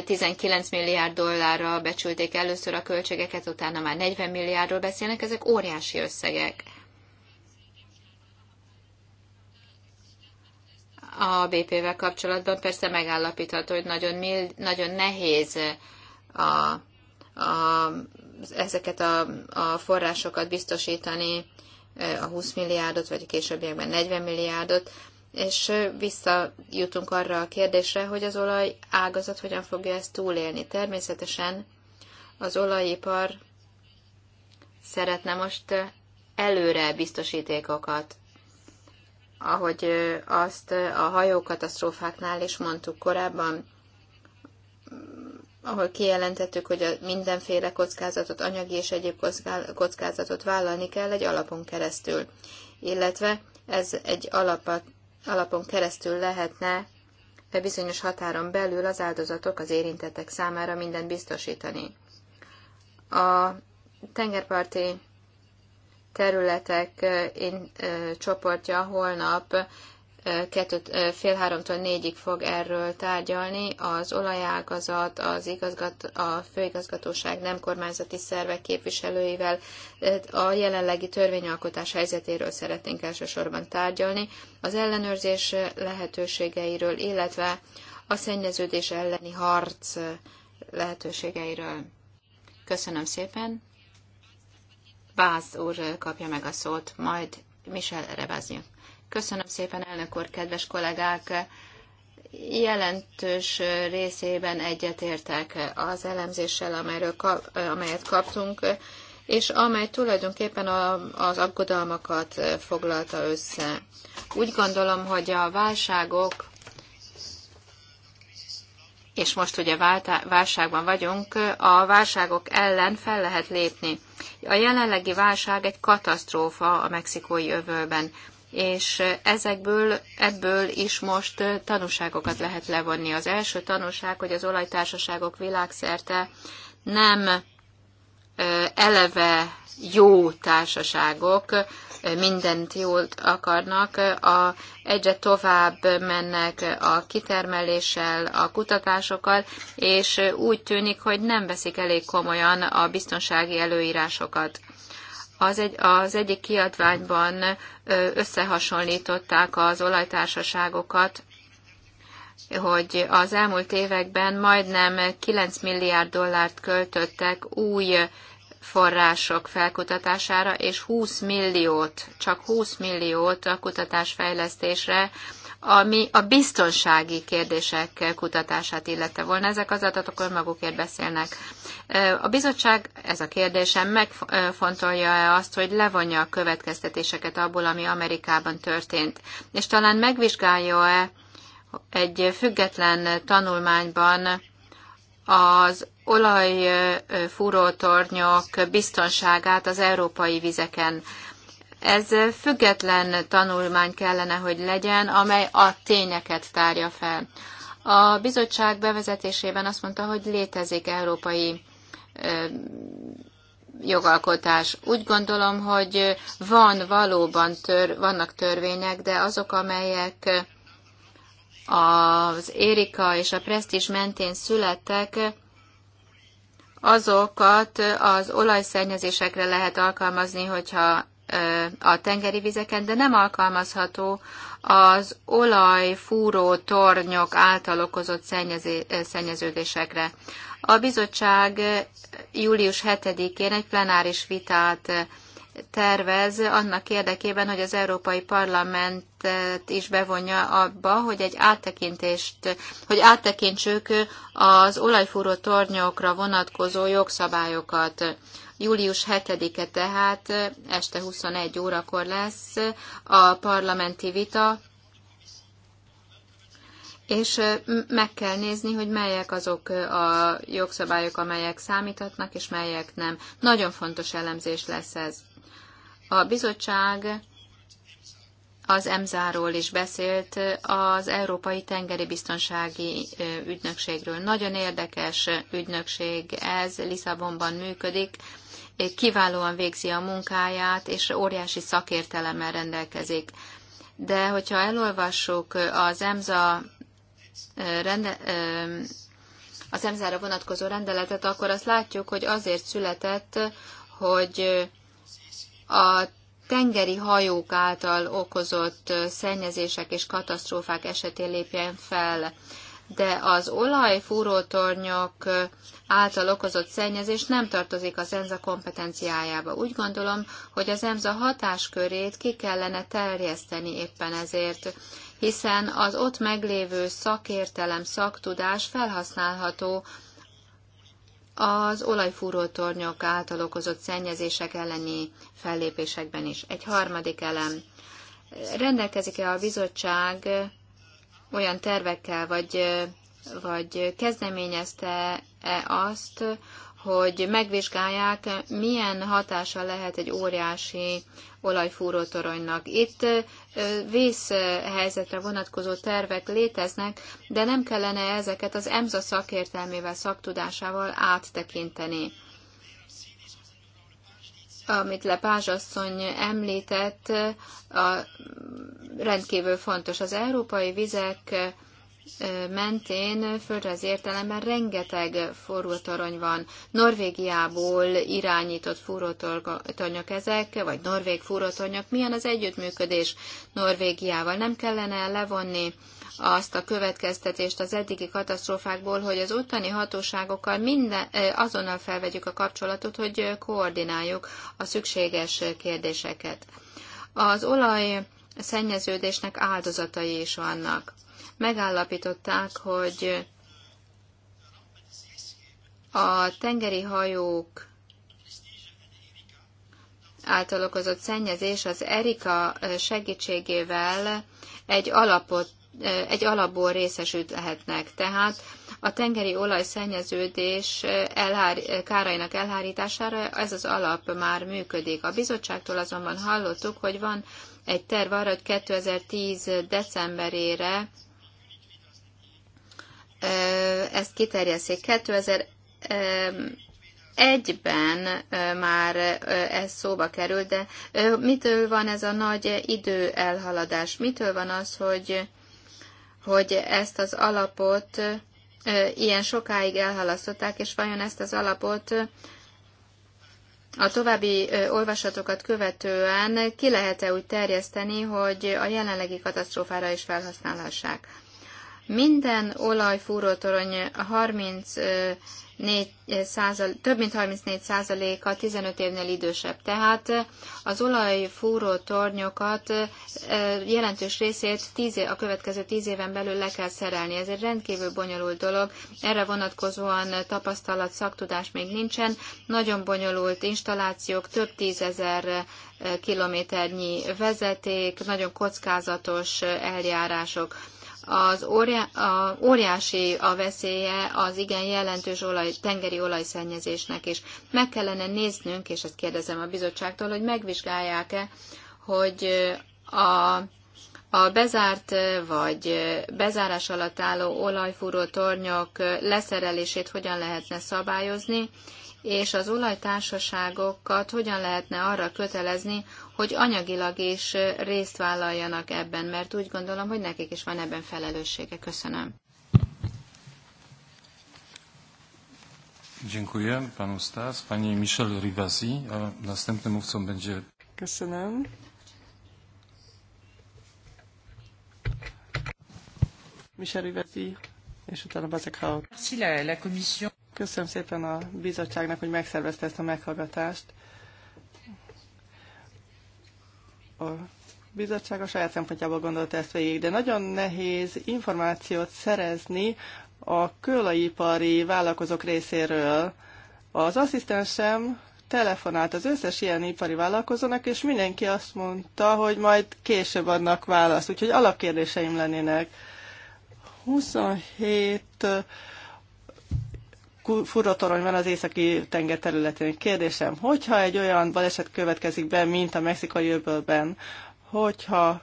19 milliárd dollárra becsülték először a költségeket, utána már 40 milliárdról beszélnek, ezek óriási összegek. a BP-vel kapcsolatban persze megállapítható, hogy nagyon, mild, nagyon nehéz a, a, ezeket a, a forrásokat biztosítani, a 20 milliárdot, vagy későbbiekben 40 milliárdot, és visszajutunk arra a kérdésre, hogy az olaj ágazat hogyan fogja ezt túlélni. Természetesen az olajipar szeretne most előre biztosítékokat ahogy azt a hajókatasztrófáknál is mondtuk korábban, mm, ahol kijelentettük, hogy a mindenféle kockázatot, anyagi és egyéb kockázatot vállalni kell egy alapon keresztül, illetve ez egy alap, alapon keresztül lehetne e bizonyos határon belül az áldozatok, az érintettek számára mindent biztosítani. A tengerparti területek én, csoportja holnap kettőt, fél háromtól négyig fog erről tárgyalni. Az olajágazat, az igazgat, a főigazgatóság nem kormányzati szervek képviselőivel a jelenlegi törvényalkotás helyzetéről szeretnénk elsősorban tárgyalni, az ellenőrzés lehetőségeiről, illetve a szennyeződés elleni harc lehetőségeiről. Köszönöm szépen! Báz úr kapja meg a szót, majd Michel Rebaznyuk. Köszönöm szépen, elnök úr, kedves kollégák! Jelentős részében egyetértek az elemzéssel, amelyről amelyet kaptunk, és amely tulajdonképpen a, az aggodalmakat foglalta össze. Úgy gondolom, hogy a válságok és most ugye válságban vagyunk, a válságok ellen fel lehet lépni. A jelenlegi válság egy katasztrófa a mexikói övölben, és ezekből, ebből is most tanúságokat lehet levonni. Az első tanúság, hogy az olajtársaságok világszerte nem eleve jó társaságok mindent jól akarnak, a, egyre tovább mennek a kitermeléssel, a kutatásokkal, és úgy tűnik, hogy nem veszik elég komolyan a biztonsági előírásokat. Az, egy, az egyik kiadványban összehasonlították az olajtársaságokat hogy az elmúlt években majdnem 9 milliárd dollárt költöttek új források felkutatására, és 20 milliót, csak 20 milliót a kutatásfejlesztésre, ami a biztonsági kérdések kutatását illette volna. Ezek az adatok önmagukért beszélnek. A bizottság, ez a kérdésem, megfontolja-e azt, hogy levonja a következtetéseket abból, ami Amerikában történt, és talán megvizsgálja-e egy független tanulmányban az olajfúrótornyok biztonságát az európai vizeken. Ez független tanulmány kellene, hogy legyen, amely a tényeket tárja fel. A bizottság bevezetésében azt mondta, hogy létezik európai jogalkotás. Úgy gondolom, hogy van valóban tör, vannak törvények, de azok, amelyek az Érika és a Presztis mentén születtek, azokat az olajszennyezésekre lehet alkalmazni, hogyha a tengeri vizeken, de nem alkalmazható az olajfúró tornyok által okozott szennyeződésekre. A bizottság július 7-én egy plenáris vitát tervez annak érdekében, hogy az Európai Parlamentet is bevonja abba, hogy egy áttekintést, hogy áttekintsük az olajfúró tornyokra vonatkozó jogszabályokat. Július 7-e tehát este 21 órakor lesz a parlamenti vita, és meg kell nézni, hogy melyek azok a jogszabályok, amelyek számíthatnak, és melyek nem. Nagyon fontos elemzés lesz ez. A bizottság az EMSZ-ról is beszélt, az Európai Tengeri Biztonsági Ügynökségről. Nagyon érdekes ügynökség ez, Lisszabonban működik, kiválóan végzi a munkáját, és óriási szakértelemmel rendelkezik. De hogyha elolvassuk az EMZA rende, az EMSA-ra vonatkozó rendeletet, akkor azt látjuk, hogy azért született, hogy a tengeri hajók által okozott szennyezések és katasztrófák esetén lépjen fel. De az olajfúrótornyok által okozott szennyezés nem tartozik az EMSA kompetenciájába. Úgy gondolom, hogy az EMSA hatáskörét ki kellene terjeszteni éppen ezért, hiszen az ott meglévő szakértelem, szaktudás felhasználható az olajfúrótornyok által okozott szennyezések elleni fellépésekben is. Egy harmadik elem. Rendelkezik-e a bizottság olyan tervekkel, vagy, vagy kezdeményezte-e azt, hogy megvizsgálják, milyen hatása lehet egy óriási olajfúrótoronynak. Itt vészhelyzetre vonatkozó tervek léteznek, de nem kellene ezeket az EMSA szakértelmével, szaktudásával áttekinteni. Amit Lepázsasszony említett, a, rendkívül fontos. Az európai vizek mentén földrajz értelemben rengeteg forrótorony van. Norvégiából irányított forrótornyok ezek, vagy norvég forrótornyok. Milyen az együttműködés Norvégiával? Nem kellene levonni azt a következtetést az eddigi katasztrófákból, hogy az ottani hatóságokkal minden, azonnal felvegyük a kapcsolatot, hogy koordináljuk a szükséges kérdéseket. Az olaj szennyeződésnek áldozatai is vannak megállapították, hogy a tengeri hajók által okozott szennyezés az Erika segítségével egy, alapot, egy alapból részesülhetnek. Tehát a tengeri szennyeződés elhár, kárainak elhárítására ez az alap már működik. A bizottságtól azonban hallottuk, hogy van egy terv arra, hogy 2010 decemberére ezt kiterjeszték. 2001-ben már ez szóba került, de mitől van ez a nagy idő elhaladás? Mitől van az, hogy, hogy ezt az alapot ilyen sokáig elhalasztották, és vajon ezt az alapot a további olvasatokat követően ki lehet-e úgy terjeszteni, hogy a jelenlegi katasztrófára is felhasználhassák? Minden olajfúrótorony 34 százal, több mint 34 százaléka 15 évnél idősebb. Tehát az olajfúrótornyokat jelentős részét 10 a következő 10 éven belül le kell szerelni. Ez egy rendkívül bonyolult dolog. Erre vonatkozóan tapasztalat, szaktudás még nincsen. Nagyon bonyolult installációk, több tízezer kilométernyi vezeték, nagyon kockázatos eljárások az óriá, a, óriási a veszélye az igen jelentős olaj, tengeri olajszennyezésnek is. Meg kellene néznünk, és ezt kérdezem a bizottságtól, hogy megvizsgálják-e, hogy a, a bezárt vagy bezárás alatt álló olajfúró tornyok leszerelését hogyan lehetne szabályozni, és az olajtársaságokat hogyan lehetne arra kötelezni, hogy anyagilag is részt vállaljanak ebben, mert úgy gondolom, hogy nekik is van ebben felelőssége. Köszönöm. Rivasi, a Köszönöm. Michel Rivasi, és utána Bazek Köszönöm szépen a bizottságnak, hogy megszervezte ezt a meghallgatást. a bizottság a saját szempontjából gondolta ezt végig, de nagyon nehéz információt szerezni a kőlaipari vállalkozók részéről. Az asszisztensem telefonált az összes ilyen ipari vállalkozónak, és mindenki azt mondta, hogy majd később adnak választ. Úgyhogy alapkérdéseim lennének. 27 furratorony van az északi tenger területén. Kérdésem, hogyha egy olyan baleset következik be, mint a mexikai öbölben, hogyha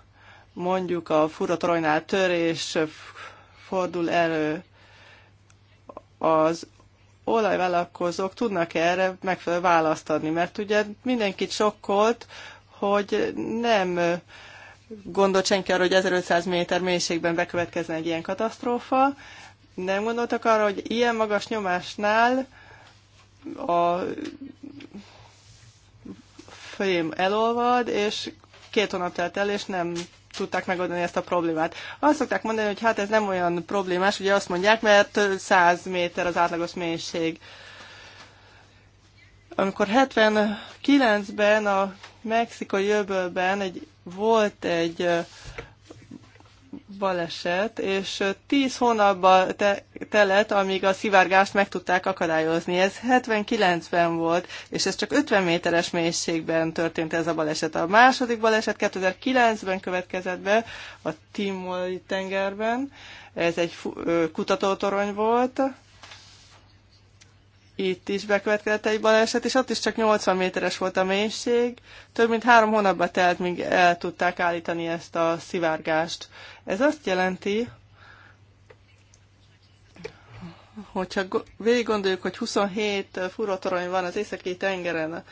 mondjuk a furratoronynál és fordul elő, az olajvállalkozók tudnak -e erre megfelelő választ adni, mert ugye mindenkit sokkolt, hogy nem gondolt senki arra, hogy 1500 méter mélységben bekövetkezne egy ilyen katasztrófa, nem gondoltak arra, hogy ilyen magas nyomásnál a fém elolvad, és két hónap telt el, és nem tudták megoldani ezt a problémát. Azt szokták mondani, hogy hát ez nem olyan problémás, ugye azt mondják, mert 100 méter az átlagos mélység. Amikor 79-ben a mexikai jövőben egy, volt egy baleset, és tíz hónapba te, telett, amíg a szivárgást meg tudták akadályozni. Ez 79-ben volt, és ez csak 50 méteres mélységben történt ez a baleset. A második baleset 2009-ben következett be a Timor tengerben. Ez egy kutatótorony volt, itt is bekövetkezett egy baleset, és ott is csak 80 méteres volt a mélység. Több mint három hónapba telt, míg el tudták állítani ezt a szivárgást. Ez azt jelenti, hogyha végig gondoljuk, hogy 27 furótorony van az északi tengeren,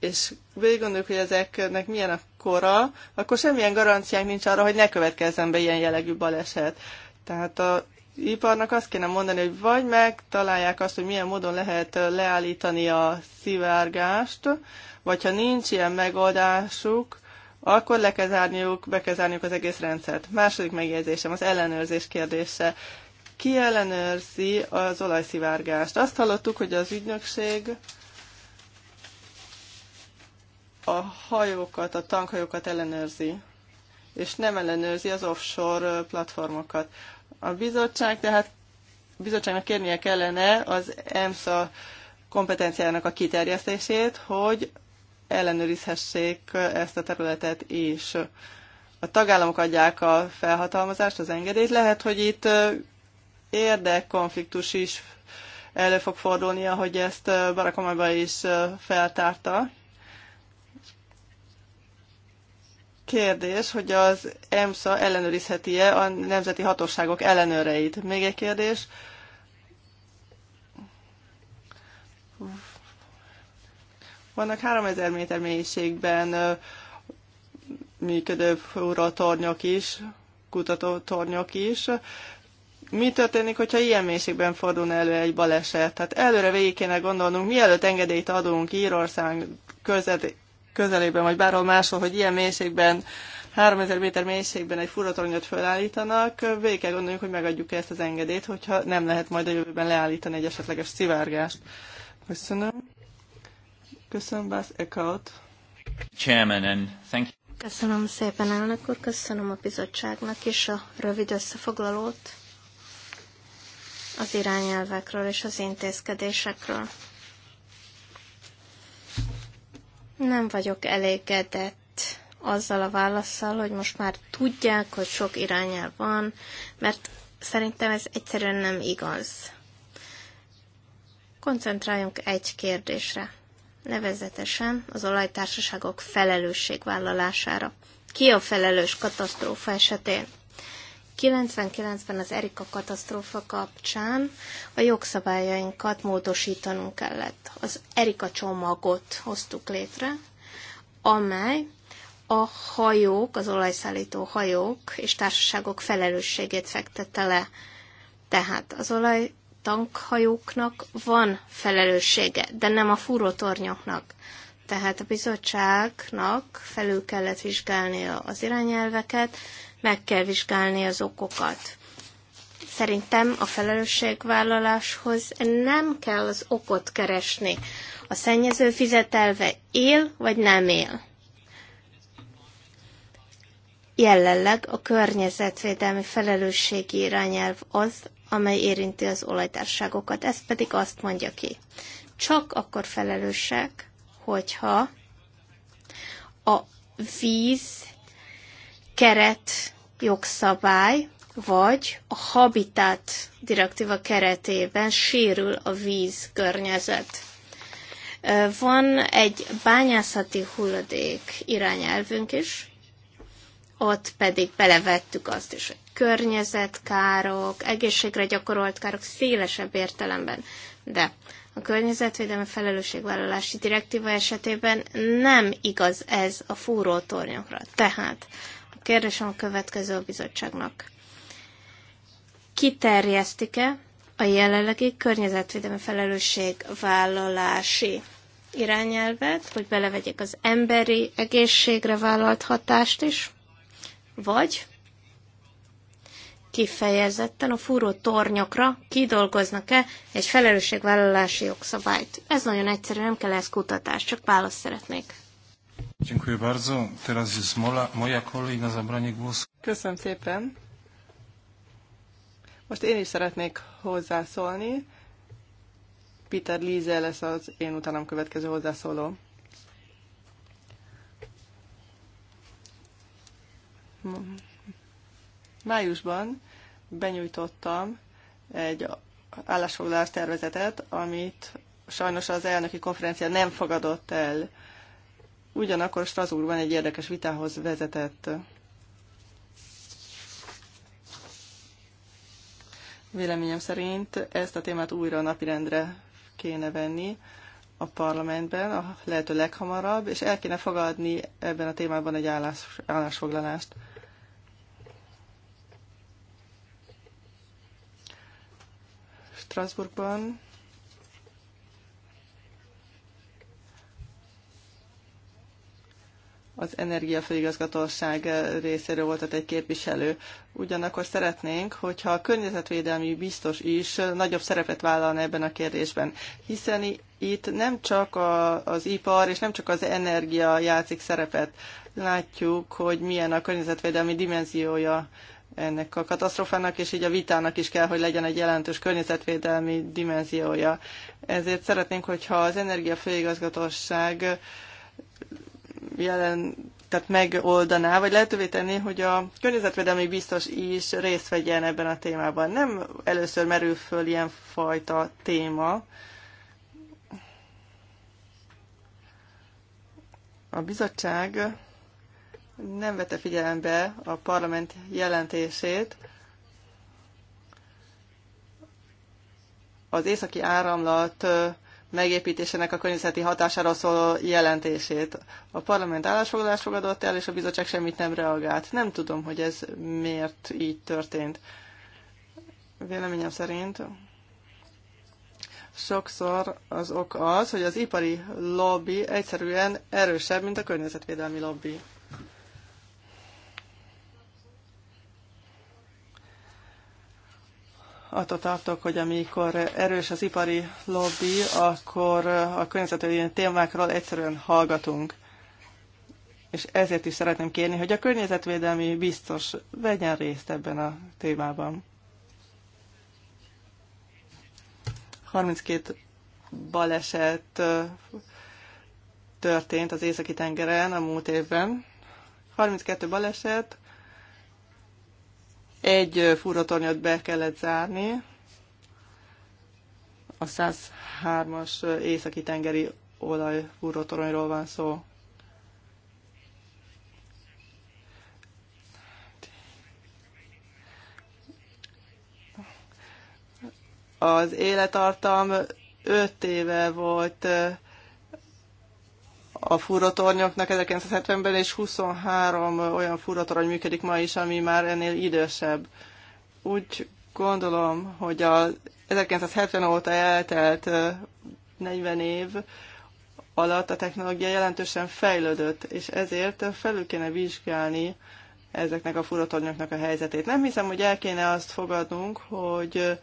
és végig gondoljuk, hogy ezeknek milyen a kora, akkor semmilyen garanciánk nincs arra, hogy ne következzen be ilyen jellegű baleset. Tehát a iparnak azt kéne mondani, hogy vagy megtalálják azt, hogy milyen módon lehet leállítani a szivárgást, vagy ha nincs ilyen megoldásuk, akkor le kell zárniuk, be kell zárniuk az egész rendszert. Második megjegyzésem az ellenőrzés kérdése. Ki ellenőrzi az olajszivárgást? Azt hallottuk, hogy az ügynökség a hajókat, a tankhajókat ellenőrzi, és nem ellenőrzi az offshore platformokat. A bizottság tehát a bizottságnak kérnie kellene az EMSA kompetenciának a kiterjesztését, hogy ellenőrizhessék ezt a területet is. A tagállamok adják a felhatalmazást, az engedélyt. Lehet, hogy itt érdekkonfliktus is elő fog fordulni, ahogy ezt Barack Obama is feltárta, kérdés, hogy az EMSA ellenőrizheti-e a nemzeti hatóságok ellenőreit. Még egy kérdés. Vannak 3000 méter mélységben működő fúrótornyok is, kutatótornyok is. Mi történik, hogyha ilyen mélységben fordul elő egy baleset? Tehát előre végig kéne gondolnunk, mielőtt engedélyt adunk Írország közvet, közelében, vagy bárhol máshol, hogy ilyen mélységben, 3000 méter mélységben egy furatornyot felállítanak, végig kell gondoljuk, hogy megadjuk -e ezt az engedélyt, hogyha nem lehet majd a jövőben leállítani egy esetleges szivárgást. Köszönöm. Köszönöm, Bász Ekaut. Chairman, thank you. Köszönöm szépen, elnök úr, köszönöm a bizottságnak is a rövid összefoglalót az irányelvekről és az intézkedésekről. Nem vagyok elégedett azzal a válaszsal, hogy most már tudják, hogy sok irányel van, mert szerintem ez egyszerűen nem igaz. Koncentráljunk egy kérdésre, nevezetesen az olajtársaságok felelősségvállalására. Ki a felelős katasztrófa esetén? 99-ben az Erika katasztrófa kapcsán a jogszabályainkat módosítanunk kellett. Az Erika csomagot hoztuk létre, amely a hajók, az olajszállító hajók és társaságok felelősségét fektette le. Tehát az olajtankhajóknak van felelőssége, de nem a fúrótornyoknak. Tehát a bizottságnak felül kellett vizsgálnia az irányelveket, meg kell vizsgálni az okokat. Szerintem a felelősségvállaláshoz nem kell az okot keresni. A szennyező fizetelve él vagy nem él. Jelenleg a környezetvédelmi felelősségi irányelv az, amely érinti az olajtárságokat. Ez pedig azt mondja ki. Csak akkor felelősek, hogyha a víz keret jogszabály, vagy a Habitat direktíva keretében sérül a környezet. Van egy bányászati hulladék irányelvünk is, ott pedig belevettük azt is, hogy környezetkárok, egészségre gyakorolt károk szélesebb értelemben. De a környezetvédelmi felelősségvállalási direktíva esetében nem igaz ez a fúrótornyokra. Tehát kérdésem a következő a bizottságnak. Kiterjesztik-e a jelenlegi környezetvédelmi vállalási irányelvet, hogy belevegyék az emberi egészségre vállalt hatást is, vagy kifejezetten a fúró tornyokra kidolgoznak-e egy felelősségvállalási jogszabályt. Ez nagyon egyszerű, nem kell ez kutatás, csak választ szeretnék. Dziękuję bardzo. Teraz jest moja kolej na zabranie głosu. Köszönöm szépen. Most én is szeretnék hozzászólni. Peter Líze lesz az én utánam következő hozzászóló. Májusban benyújtottam egy állásfoglalás tervezetet, amit sajnos az elnöki konferencia nem fogadott el ugyanakkor Strasbourgban egy érdekes vitához vezetett. Véleményem szerint ezt a témát újra napirendre kéne venni a parlamentben, a lehető leghamarabb, és el kéne fogadni ebben a témában egy állás, állásfoglalást. Strasbourgban az Energiafőigazgatóság eh, részéről volt ott egy képviselő. Ugyanakkor szeretnénk, hogyha a környezetvédelmi biztos is eh, nagyobb szerepet vállalna ebben a kérdésben, hiszen itt nem csak a, az ipar és nem csak az energia játszik szerepet. Látjuk, hogy milyen a környezetvédelmi dimenziója ennek a katasztrofának, és így a vitának is kell, hogy legyen egy jelentős környezetvédelmi dimenziója. Ezért szeretnénk, hogyha az Energiafőigazgatóság jelen, tehát megoldaná, vagy lehetővé tenni, hogy a környezetvédelmi biztos is részt vegyen ebben a témában. Nem először merül föl ilyen fajta téma. A bizottság nem vette figyelembe a parlament jelentését, az északi áramlat megépítésének a környezeti hatásáról szóló jelentését. A parlament állásfoglalást fogadott el, és a bizottság semmit nem reagált. Nem tudom, hogy ez miért így történt. Véleményem szerint sokszor az ok az, hogy az ipari lobby egyszerűen erősebb, mint a környezetvédelmi lobby. attól tartok, hogy amikor erős az ipari lobby, akkor a környezetvédelmi témákról egyszerűen hallgatunk. És ezért is szeretném kérni, hogy a környezetvédelmi biztos vegyen részt ebben a témában. 32 baleset történt az északi tengeren a múlt évben. 32 baleset, egy furatornyot be kellett zárni, a 103-as északi tengeri olajfúrótoronyról van szó. Az élettartam 5 éve volt a furatornyoknak 1970-ben, és 23 olyan furatorony működik ma is, ami már ennél idősebb. Úgy gondolom, hogy a 1970 óta eltelt 40 év alatt a technológia jelentősen fejlődött, és ezért felül kéne vizsgálni ezeknek a furatornyoknak a helyzetét. Nem hiszem, hogy el kéne azt fogadnunk, hogy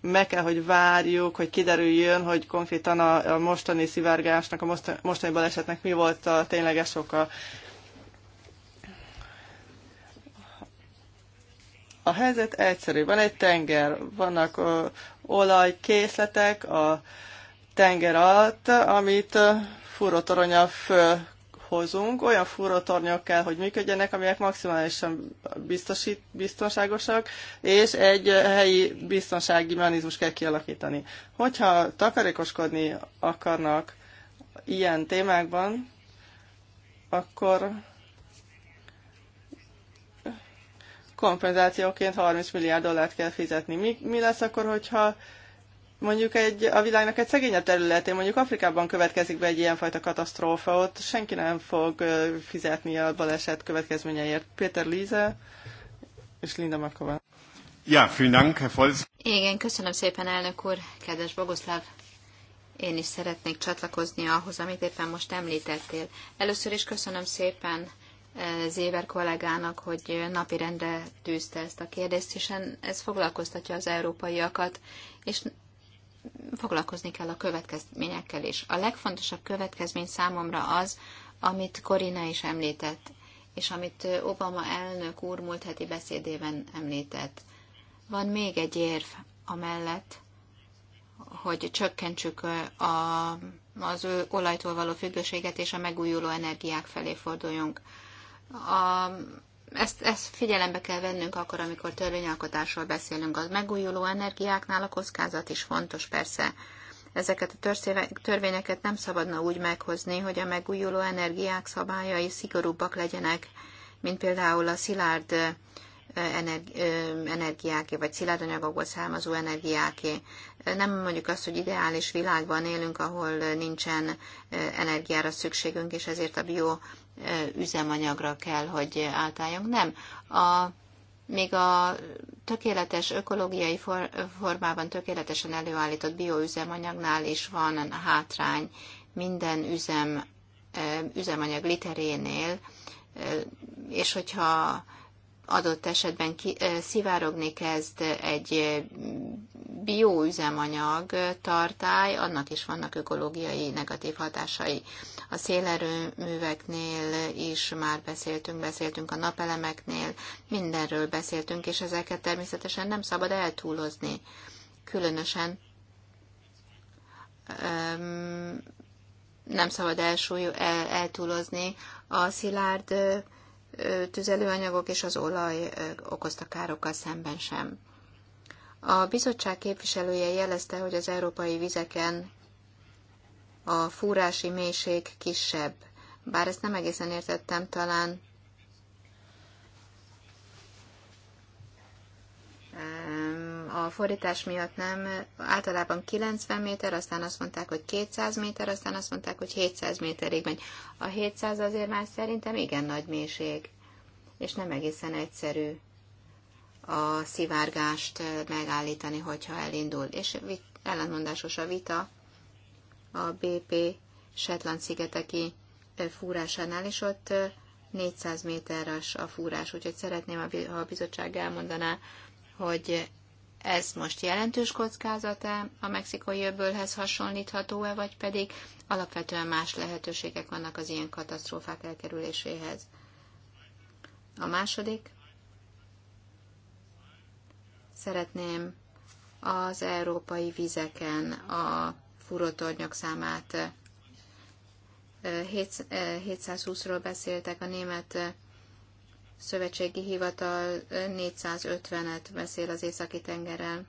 meg kell, hogy várjuk, hogy kiderüljön, hogy konkrétan a, a mostani szivárgásnak, a mostani, mostani balesetnek mi volt a tényleges oka. A helyzet egyszerű. Van egy tenger, vannak ö, olajkészletek a tenger alatt, amit furotoronya föl hozunk, olyan fúrótornyok kell, hogy működjenek, amelyek maximálisan biztosít, biztonságosak, és egy helyi biztonsági mechanizmus kell kialakítani. Hogyha takarékoskodni akarnak ilyen témákban, akkor kompenzációként 30 milliárd dollárt kell fizetni. Mi, mi lesz akkor, hogyha mondjuk egy, a világnak egy szegényebb területén, mondjuk Afrikában következik be egy ilyenfajta katasztrófa, ott senki nem fog fizetni a baleset következményeiért. Péter Líze és Linda Makova. Ja, vielen Dank, Herr Volz. Igen, köszönöm szépen, elnök úr, kedves Bogoszláv. Én is szeretnék csatlakozni ahhoz, amit éppen most említettél. Először is köszönöm szépen Zéber kollégának, hogy napirendre tűzte ezt a kérdést, hiszen ez foglalkoztatja az európaiakat, és foglalkozni kell a következményekkel is. A legfontosabb következmény számomra az, amit Korina is említett, és amit Obama elnök úr múlt heti beszédében említett. Van még egy érv amellett, hogy csökkentsük a, az ő olajtól való függőséget, és a megújuló energiák felé forduljunk. A, ezt, ezt figyelembe kell vennünk akkor, amikor törvényalkotásról beszélünk. Az megújuló energiáknál a kockázat is fontos persze. Ezeket a törvényeket nem szabadna úgy meghozni, hogy a megújuló energiák szabályai szigorúbbak legyenek, mint például a szilárd energiáké, vagy anyagokból származó energiáké. Nem mondjuk azt, hogy ideális világban élünk, ahol nincsen energiára szükségünk, és ezért a bio üzemanyagra kell, hogy átálljunk. Nem. A, még a tökéletes ökológiai formában tökéletesen előállított bioüzemanyagnál is van hátrány minden üzem, üzemanyag literénél, és hogyha adott esetben ki, szivárogni kezd egy bioüzemanyag tartály, annak is vannak ökológiai negatív hatásai. A szélerőműveknél is már beszéltünk, beszéltünk a napelemeknél, mindenről beszéltünk, és ezeket természetesen nem szabad eltúlozni. Különösen nem szabad elsúly, el, eltúlozni a szilárd tüzelőanyagok és az olaj okozta károkkal szemben sem. A bizottság képviselője jelezte, hogy az európai vizeken a fúrási mélység kisebb. Bár ezt nem egészen értettem talán. A fordítás miatt nem, általában 90 méter, aztán azt mondták, hogy 200 méter, aztán azt mondták, hogy 700 méterig megy. A 700 azért már szerintem igen nagy mélység, és nem egészen egyszerű a szivárgást megállítani, hogyha elindul. És ellentmondásos a vita a BP Shetland-szigeteki fúrásánál, és ott 400 méteres a fúrás, úgyhogy szeretném, ha a bizottság elmondaná, hogy ez most jelentős kockázata a mexikai öbölhez hasonlítható-e, vagy pedig alapvetően más lehetőségek vannak az ilyen katasztrófák elkerüléséhez. A második. Szeretném az európai vizeken a furótornyok számát. 720-ról beszéltek, a német szövetségi hivatal 450-et beszél az északi tengerrel.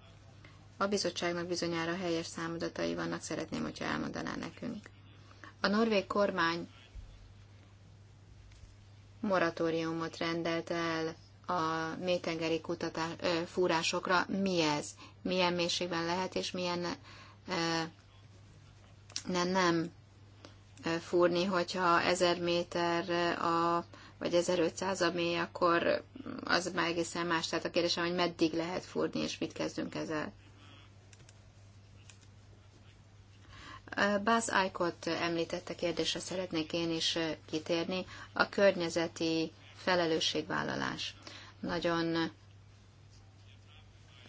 A bizottságnak bizonyára helyes számadatai vannak, szeretném, hogyha elmondaná nekünk. A norvég kormány moratóriumot rendelt el a mélytengeri kutatás, fúrásokra. Mi ez? Milyen mélységben lehet, és milyen ne nem fúrni, hogyha 1000 méter a, vagy 1500 a mély, akkor az már egészen más. Tehát a kérdésem, hogy meddig lehet fúrni, és mit kezdünk ezzel. Buzz Aikot említette kérdésre szeretnék én is kitérni. A környezeti felelősségvállalás. Nagyon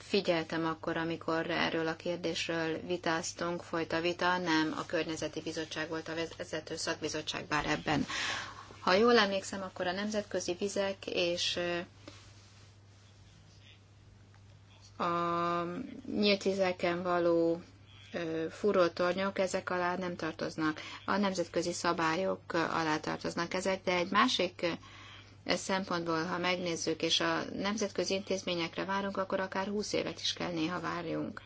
figyeltem akkor, amikor erről a kérdésről vitáztunk, folyt a vita, nem a környezeti bizottság volt a vezető szakbizottság, bár ebben. Ha jól emlékszem, akkor a nemzetközi vizek és a nyílt vizeken való furótornyok ezek alá nem tartoznak. A nemzetközi szabályok alá tartoznak ezek, de egy másik szempontból, ha megnézzük, és a nemzetközi intézményekre várunk, akkor akár 20 évet is kell néha várjunk.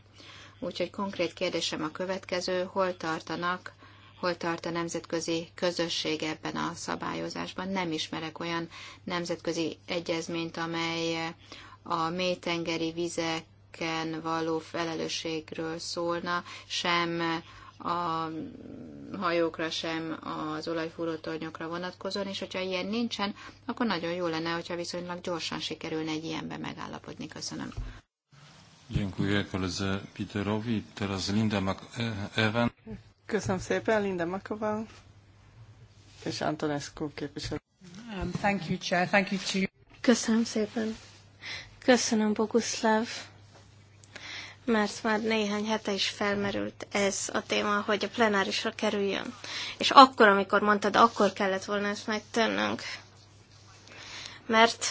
Úgyhogy konkrét kérdésem a következő, hol tartanak, hol tart a nemzetközi közösség ebben a szabályozásban. Nem ismerek olyan nemzetközi egyezményt, amely a mélytengeri vizeken való felelősségről szólna, sem a hajókra sem az tornyokra vonatkozóan, és hogyha ilyen nincsen, akkor nagyon jó lenne, hogyha viszonylag gyorsan sikerülne egy ilyenbe megállapodni. Köszönöm. Linda e- Köszönöm szépen, Linda Makova és Antonescu képviselő. Um, thank you, Chair. Thank you to you. Köszönöm szépen. Köszönöm, Boguslav mert már néhány hete is felmerült ez a téma, hogy a plenárisra kerüljön. És akkor, amikor mondtad, akkor kellett volna ezt megtennünk. Mert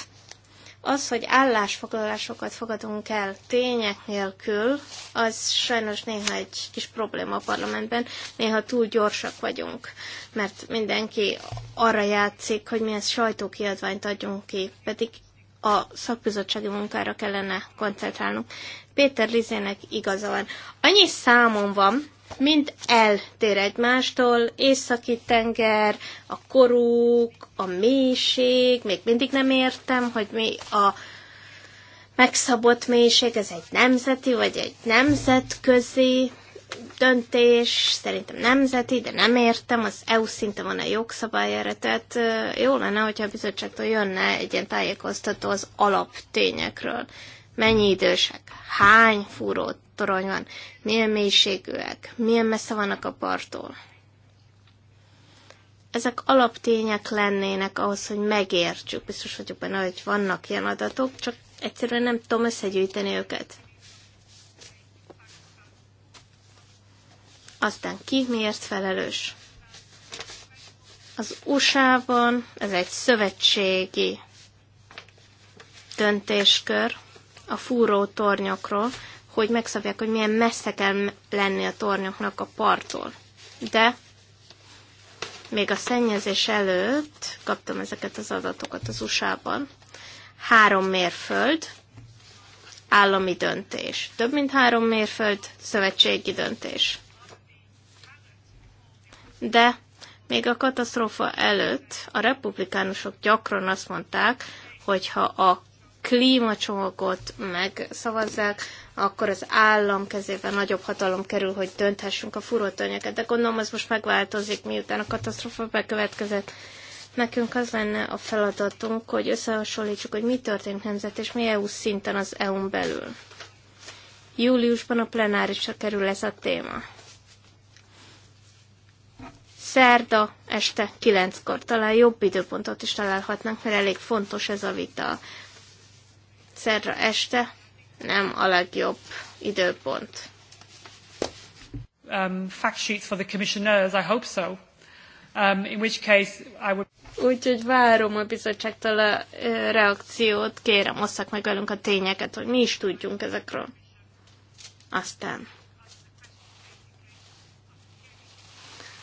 az, hogy állásfoglalásokat fogadunk el tények nélkül, az sajnos néha egy kis probléma a parlamentben, néha túl gyorsak vagyunk, mert mindenki arra játszik, hogy mi ezt sajtókiadványt adjunk ki, pedig a szakbizottsági munkára kellene koncentrálnunk. Péter Lizének igaza van. Annyi számom van, mind eltér egymástól, északi tenger, a koruk, a mélység, még mindig nem értem, hogy mi a megszabott mélység, ez egy nemzeti vagy egy nemzetközi döntés, szerintem nemzeti, de nem értem, az EU szinte van a jogszabályára, tehát jó lenne, hogyha a bizottságtól jönne egy ilyen tájékoztató az alaptényekről mennyi idősek, hány fúró torony van, milyen mélységűek, milyen messze vannak a parttól. Ezek alaptények lennének ahhoz, hogy megértsük. Biztos vagyok benne, hogy vannak ilyen adatok, csak egyszerűen nem tudom összegyűjteni őket. Aztán ki miért felelős? Az USA-ban ez egy szövetségi döntéskör, a fúró tornyokról, hogy megszabják, hogy milyen messze kell lenni a tornyoknak a parttól. De még a szennyezés előtt kaptam ezeket az adatokat az USA-ban. Három mérföld, állami döntés. Több mint három mérföld, szövetségi döntés. De még a katasztrófa előtt a republikánusok gyakran azt mondták, hogy ha a klímacsomagot megszavazzák, akkor az állam kezében nagyobb hatalom kerül, hogy dönthessünk a furótörnyeket. De gondolom, ez most megváltozik, miután a katasztrofa bekövetkezett. Nekünk az lenne a feladatunk, hogy összehasonlítsuk, hogy mi történt nemzet és mi EU szinten az EU-n belül. Júliusban a plenárisra kerül ez a téma. Szerda este kilenckor talán jobb időpontot is találhatnánk, mert elég fontos ez a vita szerra este nem a legjobb időpont. Um, fact sheets for the commissioners, I hope so. Um, in which case I would... Úgyhogy várom a bizottságtól a reakciót, kérem, osszak meg velünk a tényeket, hogy mi is tudjunk ezekről. Aztán.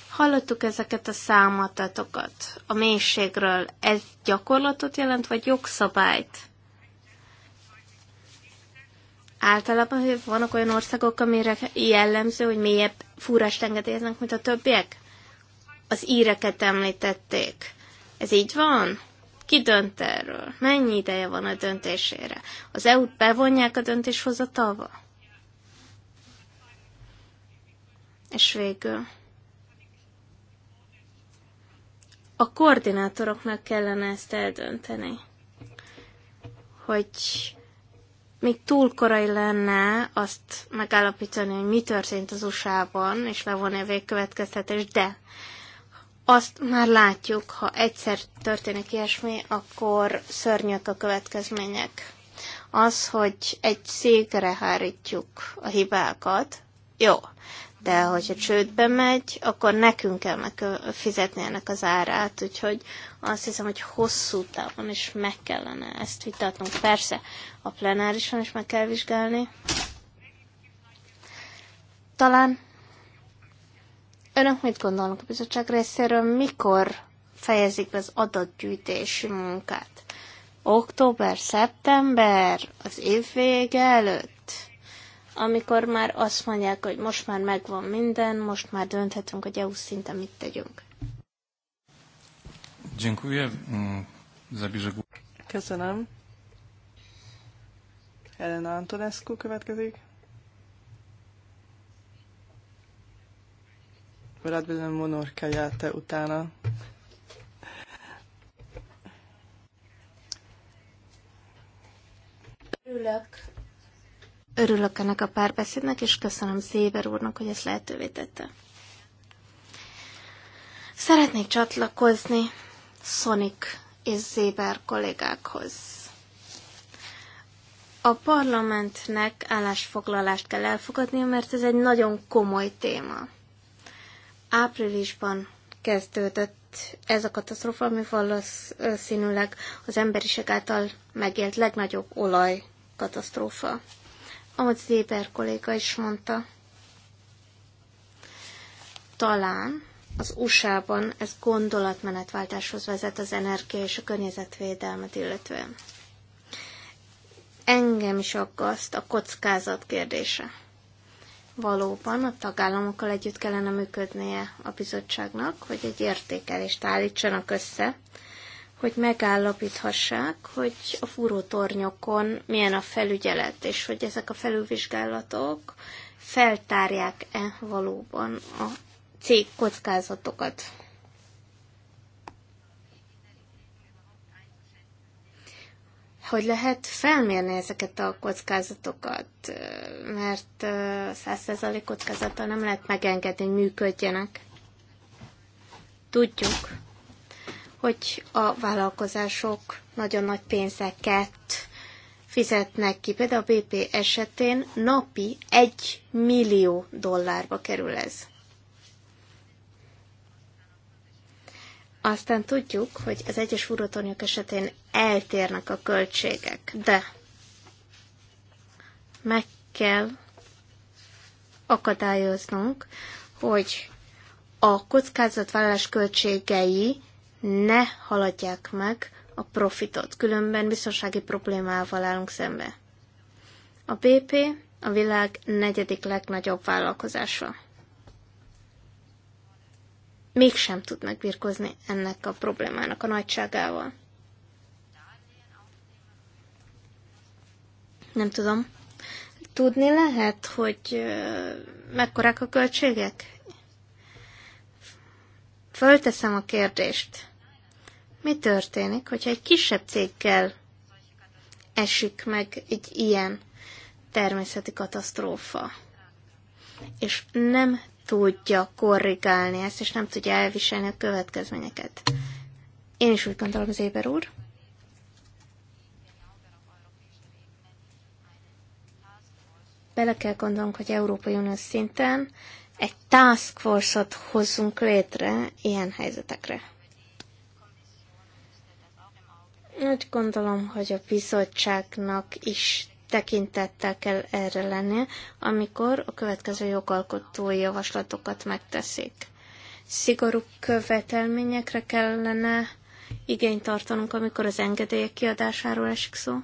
Hallottuk ezeket a számatatokat. a mélységről. Ez gyakorlatot jelent, vagy jogszabályt? általában vannak olyan országok, amire jellemző, hogy mélyebb fúrást engedélyeznek, mint a többiek? Az íreket említették. Ez így van? Ki dönt erről? Mennyi ideje van a döntésére? Az EU-t bevonják a döntéshozatalba? És végül. A koordinátoroknak kellene ezt eldönteni, hogy még túl korai lenne azt megállapítani, hogy mi történt az USA-ban, és levonni a végkövetkeztetés, de azt már látjuk, ha egyszer történik ilyesmi, akkor szörnyek a következmények. Az, hogy egy székre hárítjuk a hibákat, jó, de hogyha csődbe megy, akkor nekünk kell megfizetni ennek az árát, úgyhogy azt hiszem, hogy hosszú távon is meg kellene ezt vitatnunk. Persze a plenárison is meg kell vizsgálni. Talán önök mit gondolnak a bizottság részéről, mikor fejezik be az adatgyűjtési munkát? Október, szeptember, az év vége előtt? Amikor már azt mondják, hogy most már megvan minden, most már dönthetünk, hogy EU szinten mit tegyünk. Dziękuję. Mm, zabierze głos. Köszönöm. Elena Antonescu következik. Radvillen te utána. Örülök. Örülök ennek a párbeszédnek, és köszönöm Széber úrnak, hogy ezt lehetővé tette. Szeretnék csatlakozni Sonic és Zéber kollégákhoz. A parlamentnek állásfoglalást kell elfogadni, mert ez egy nagyon komoly téma. Áprilisban kezdődött ez a katasztrófa, ami valószínűleg az emberiség által megélt legnagyobb olajkatasztrófa. Ahogy Zéber kolléga is mondta, talán az USA-ban ez gondolatmenetváltáshoz vezet az energia és a környezetvédelmet illetően. Engem is aggaszt a kockázat kérdése. Valóban a tagállamokkal együtt kellene működnie a bizottságnak, hogy egy értékelést állítsanak össze, hogy megállapíthassák, hogy a fúrótornyokon milyen a felügyelet, és hogy ezek a felülvizsgálatok feltárják-e valóban a cég kockázatokat. hogy lehet felmérni ezeket a kockázatokat, mert 100% kockázattal nem lehet megengedni, hogy működjenek. Tudjuk, hogy a vállalkozások nagyon nagy pénzeket fizetnek ki. Például a BP esetén napi 1 millió dollárba kerül ez. Aztán tudjuk, hogy az egyes fúrótornyok esetén eltérnek a költségek, de meg kell akadályoznunk, hogy a kockázatvállalás költségei ne haladják meg a profitot, különben biztonsági problémával állunk szembe. A BP a világ negyedik legnagyobb vállalkozása mégsem tud megbirkozni ennek a problémának a nagyságával. Nem tudom. Tudni lehet, hogy mekkorák a költségek? Fölteszem a kérdést. Mi történik, hogyha egy kisebb céggel esik meg egy ilyen természeti katasztrófa, és nem tudja korrigálni ezt, és nem tudja elviselni a következményeket. Én is úgy gondolom, Zéber úr. Bele kell gondolnunk, hogy Európai Unió szinten egy task force-ot hozzunk létre ilyen helyzetekre. Úgy gondolom, hogy a bizottságnak is tekintettel kell erre lennie, amikor a következő jogalkotói javaslatokat megteszik. Szigorú követelményekre kellene igényt tartanunk, amikor az engedélyek kiadásáról esik szó?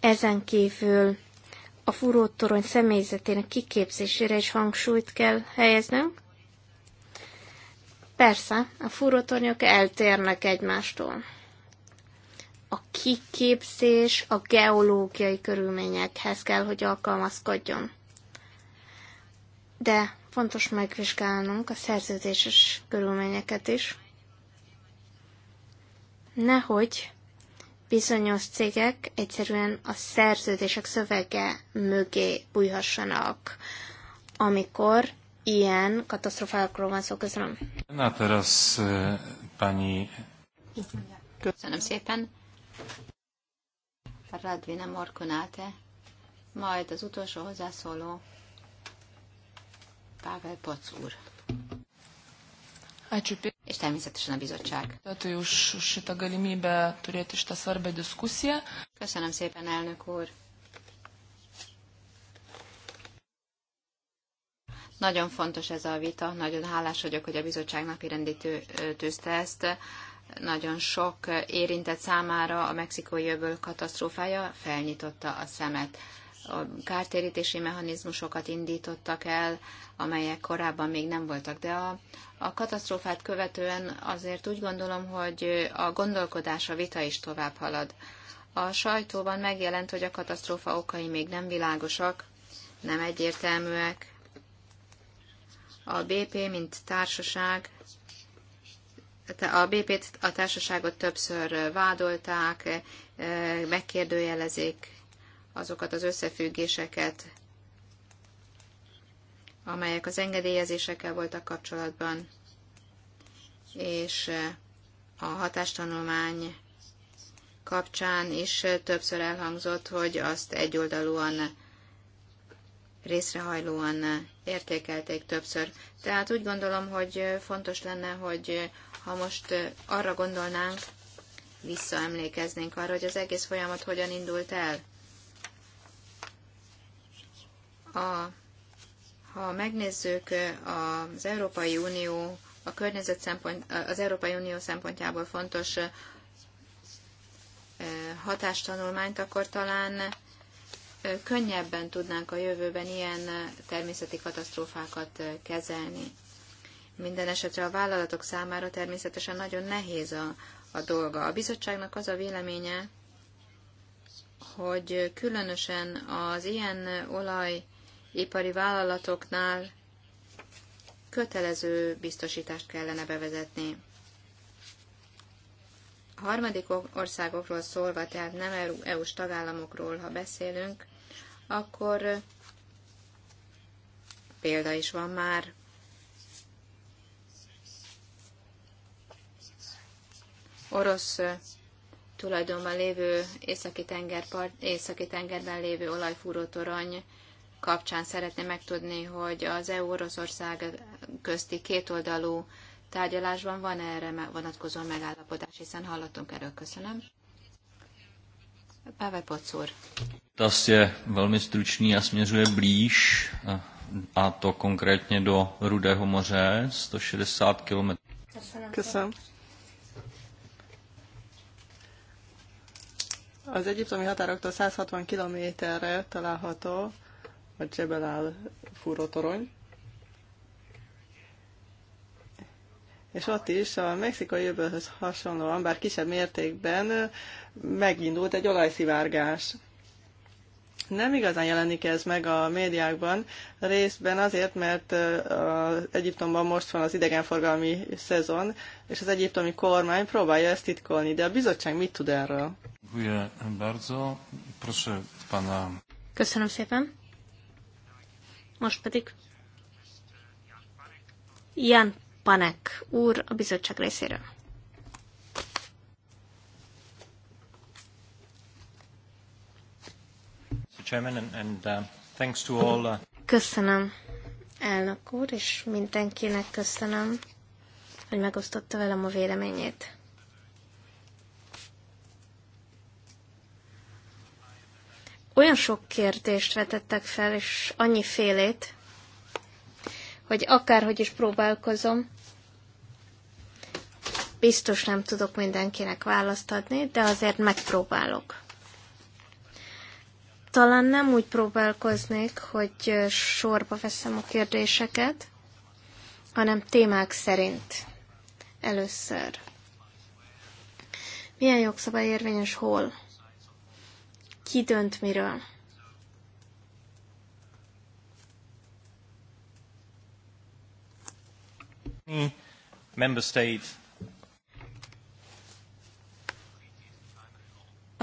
Ezen kívül a furótorony személyzetének kiképzésére is hangsúlyt kell helyeznünk, Persze, a fúrótornyok eltérnek egymástól. A kiképzés a geológiai körülményekhez kell, hogy alkalmazkodjon. De fontos megvizsgálnunk a szerződéses körülményeket is. Nehogy bizonyos cégek egyszerűen a szerződések szövege mögé bújhassanak, amikor ilyen katasztrofákról van szó. Köszönöm. Na teraz, e, pani... Köszönöm szépen. Radvina Morkonáte, majd az utolsó hozzászóló, Pável Poc úr. És természetesen a bizottság. Köszönöm szépen, elnök úr. Nagyon fontos ez a vita, nagyon hálás vagyok, hogy a bizottság napi rendi tűzte ezt. Nagyon sok érintett számára a mexikói jövő katasztrófája felnyitotta a szemet. A kártérítési mechanizmusokat indítottak el, amelyek korábban még nem voltak, de a, a katasztrófát követően azért úgy gondolom, hogy a gondolkodás, a vita is tovább halad. A sajtóban megjelent, hogy a katasztrófa okai még nem világosak, nem egyértelműek, a BP, mint társaság, a BP-t, a társaságot többször vádolták, e, megkérdőjelezik azokat az összefüggéseket, amelyek az engedélyezésekkel voltak kapcsolatban, és e, a hatástanulmány kapcsán is többször elhangzott, hogy azt egyoldalúan részrehajlóan értékelték többször. Tehát úgy gondolom, hogy fontos lenne, hogy ha most arra gondolnánk, visszaemlékeznénk arra, hogy az egész folyamat hogyan indult el. A, ha megnézzük az Európai Unió, a környezet szempont, az Európai Unió szempontjából fontos hatástanulmányt, akkor talán könnyebben tudnánk a jövőben ilyen természeti katasztrófákat eh, kezelni. Minden esetre a vállalatok számára természetesen nagyon nehéz a, a dolga. A bizottságnak az a véleménye, hogy különösen az ilyen olajipari vállalatoknál kötelező biztosítást kellene bevezetni. A harmadik országokról szólva, tehát nem EU-s tagállamokról, ha beszélünk, akkor példa is van már orosz tulajdonban lévő északi, tengerpart, északi tengerben lévő olajfúrótorony kapcsán szeretné megtudni, hogy az EU-Oroszország közti kétoldalú tárgyalásban van erre vonatkozó megállapodás, hiszen hallottunk erről. Köszönöm. Pavel Pocz Dotaz je velmi stručný a směřuje blíž, a to konkrétně do Rudého moře, 160 km. Köszönöm. Az egyiptomi határoktól 160 kilométerre található a Jebel al fúrótorony, és ott is a mexikai jövőhöz hasonlóan, bár kisebb mértékben megindult egy olajszivárgás. Nem igazán jelenik ez meg a médiákban, részben azért, mert az Egyiptomban most van az idegenforgalmi szezon, és az egyiptomi kormány próbálja ezt titkolni, de a bizottság mit tud erről? Köszönöm szépen. Most pedig Jan Panek úr a bizottság részéről. Uh, uh, köszönöm, elnök úr, és mindenkinek köszönöm, hogy megosztotta velem a véleményét. Olyan sok kérdést vetettek fel, és annyi félét, hogy akárhogy is próbálkozom, biztos nem tudok mindenkinek választ adni, de azért megpróbálok talán nem úgy próbálkoznék, hogy sorba veszem a kérdéseket, hanem témák szerint először. Milyen jogszabály érvényes hol? Ki dönt miről? Member State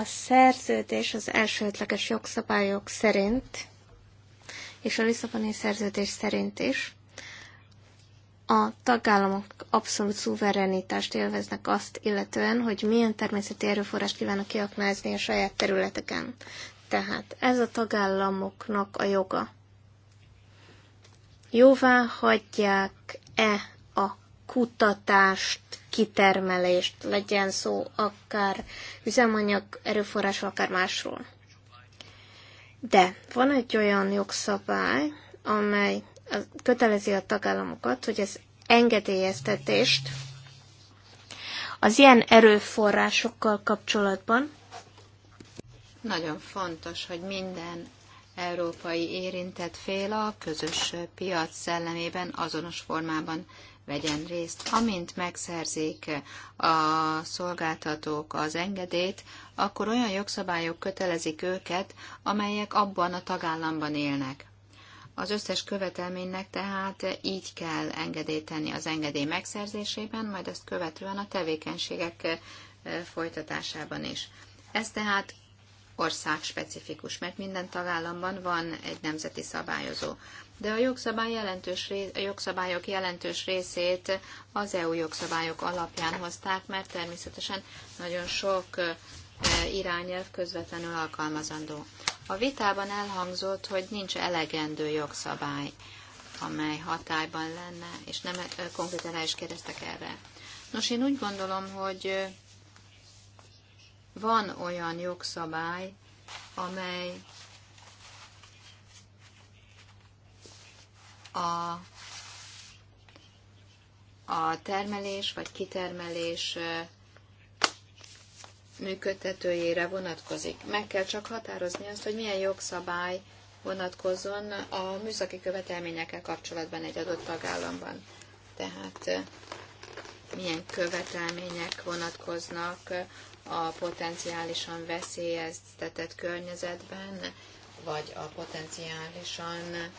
A szerződés az elsődleges jogszabályok szerint, és a Lisszaboni szerződés szerint is, a tagállamok abszolút szuverenitást élveznek azt illetően, hogy milyen természeti erőforrást kívánnak kiaknázni a saját területeken. Tehát ez a tagállamoknak a joga. Jóvá hagyják-e a kutatást, kitermelést, legyen szó akár üzemanyag erőforrásról, akár másról. De van egy olyan jogszabály, amely kötelezi a tagállamokat, hogy az engedélyeztetést az ilyen erőforrásokkal kapcsolatban. Nagyon fontos, hogy minden európai érintett fél a közös piac szellemében azonos formában vegyen részt. Amint megszerzik a szolgáltatók az engedélyt, akkor olyan jogszabályok kötelezik őket, amelyek abban a tagállamban élnek. Az összes követelménynek tehát így kell engedélyt tenni az engedély megszerzésében, majd ezt követően a tevékenységek eh, folytatásában is. Ez tehát országspecifikus, mert minden tagállamban van egy nemzeti szabályozó de a, jogszabály jelentős, a jogszabályok jelentős részét az EU jogszabályok alapján hozták, mert természetesen nagyon sok irányelv közvetlenül alkalmazandó. A vitában elhangzott, hogy nincs elegendő jogszabály, amely hatályban lenne, és nem konkrétan is kérdeztek erre. Nos, én úgy gondolom, hogy van olyan jogszabály, amely a, a termelés vagy kitermelés működtetőjére vonatkozik. Meg kell csak határozni azt, hogy milyen jogszabály vonatkozzon a műszaki követelményekkel kapcsolatban egy adott tagállamban. Tehát milyen követelmények vonatkoznak a potenciálisan veszélyeztetett környezetben, vagy a potenciálisan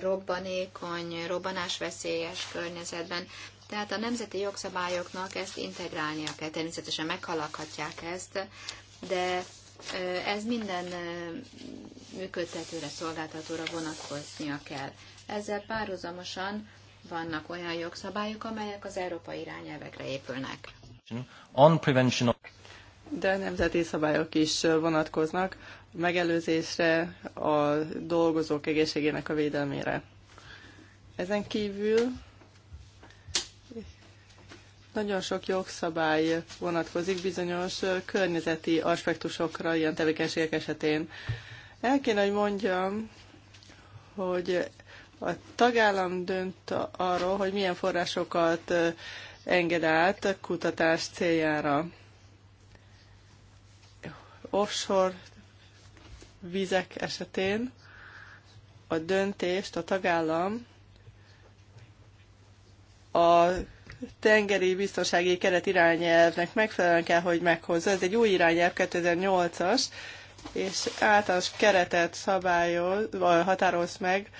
robbanékony, robbanásveszélyes környezetben. Tehát a nemzeti jogszabályoknak ezt integrálnia kell. Természetesen meghalakhatják ezt, de ez minden működtetőre, szolgáltatóra vonatkoznia kell. Ezzel párhuzamosan vannak olyan jogszabályok, amelyek az európai irányelvekre épülnek. On prevention De nemzeti szabályok is vonatkoznak megelőzésre, a dolgozók egészségének a védelmére. Ezen kívül nagyon sok jogszabály vonatkozik bizonyos környezeti aspektusokra ilyen tevékenységek esetén. El kéne, hogy mondjam, hogy a tagállam dönt arról, hogy milyen forrásokat enged át kutatás céljára. Offshore vizek esetén a döntést a tagállam a tengeri biztonsági keret irányelvnek megfelelően kell, hogy meghozza. Ez egy új irányelv, 2008-as, és általános keretet szabályoz, vagy határoz meg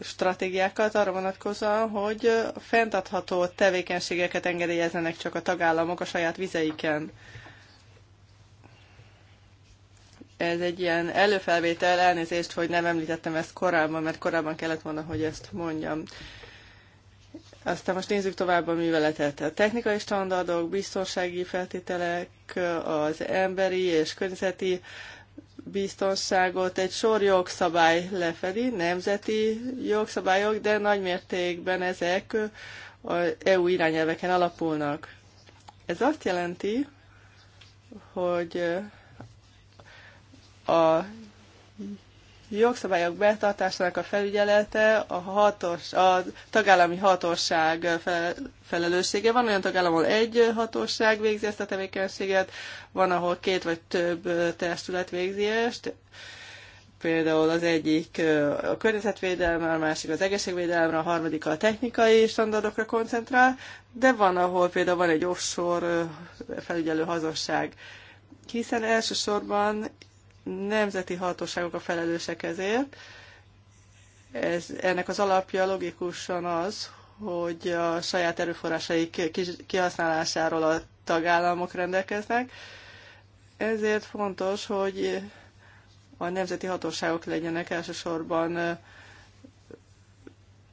stratégiákat arra vonatkozóan, hogy fenntartható tevékenységeket engedélyezzenek csak a tagállamok a saját vizeiken. Ez egy ilyen előfelvétel, elnézést, hogy nem említettem ezt korábban, mert korábban kellett volna, hogy ezt mondjam. Aztán most nézzük tovább a műveletet. A technikai standardok, biztonsági feltételek, az emberi és környezeti biztonságot egy sor jogszabály lefedi, nemzeti jogszabályok, de nagymértékben ezek az EU irányelveken alapulnak. Ez azt jelenti, hogy a jogszabályok betartásának a felügyelete a, hatos, a tagállami hatóság felelőssége. Van olyan tagállam, ahol egy hatóság végzi ezt a tevékenységet, van, ahol két vagy több testület végzi ezt. Például az egyik a környezetvédelemre, a másik az egészségvédelemre, a harmadik a technikai standardokra koncentrál, de van, ahol például van egy offshore felügyelő hazasság. Hiszen elsősorban nemzeti hatóságok a felelősek ezért. Ez, ennek az alapja logikusan az, hogy a saját erőforrásaik kihasználásáról a tagállamok rendelkeznek. Ezért fontos, hogy a nemzeti hatóságok legyenek elsősorban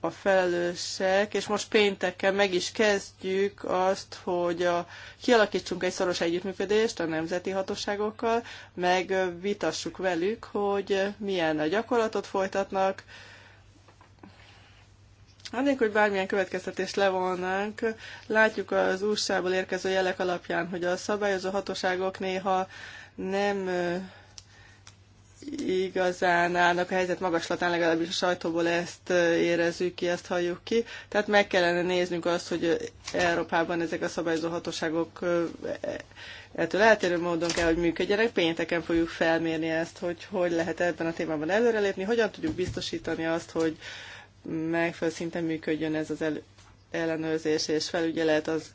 a felelősek, és most pénteken meg is kezdjük azt, hogy a, kialakítsunk egy szoros együttműködést a nemzeti hatóságokkal, meg vitassuk velük, hogy milyen a gyakorlatot folytatnak, Annélkül, hogy bármilyen következtetést levonnánk, látjuk az USA-ból érkező jelek alapján, hogy a szabályozó hatóságok néha nem igazán állnak a helyzet magaslatán, legalábbis a sajtóból ezt érezzük ki, ezt halljuk ki. Tehát meg kellene néznünk azt, hogy Európában ezek a szabályozó hatóságok e, ettől eltérő módon kell, hogy működjenek. Pénteken fogjuk felmérni ezt, hogy hogy lehet ebben a témában előrelépni, hogyan tudjuk biztosítani azt, hogy megfelelő szinten működjön ez az ellenőrzés és felügyelet az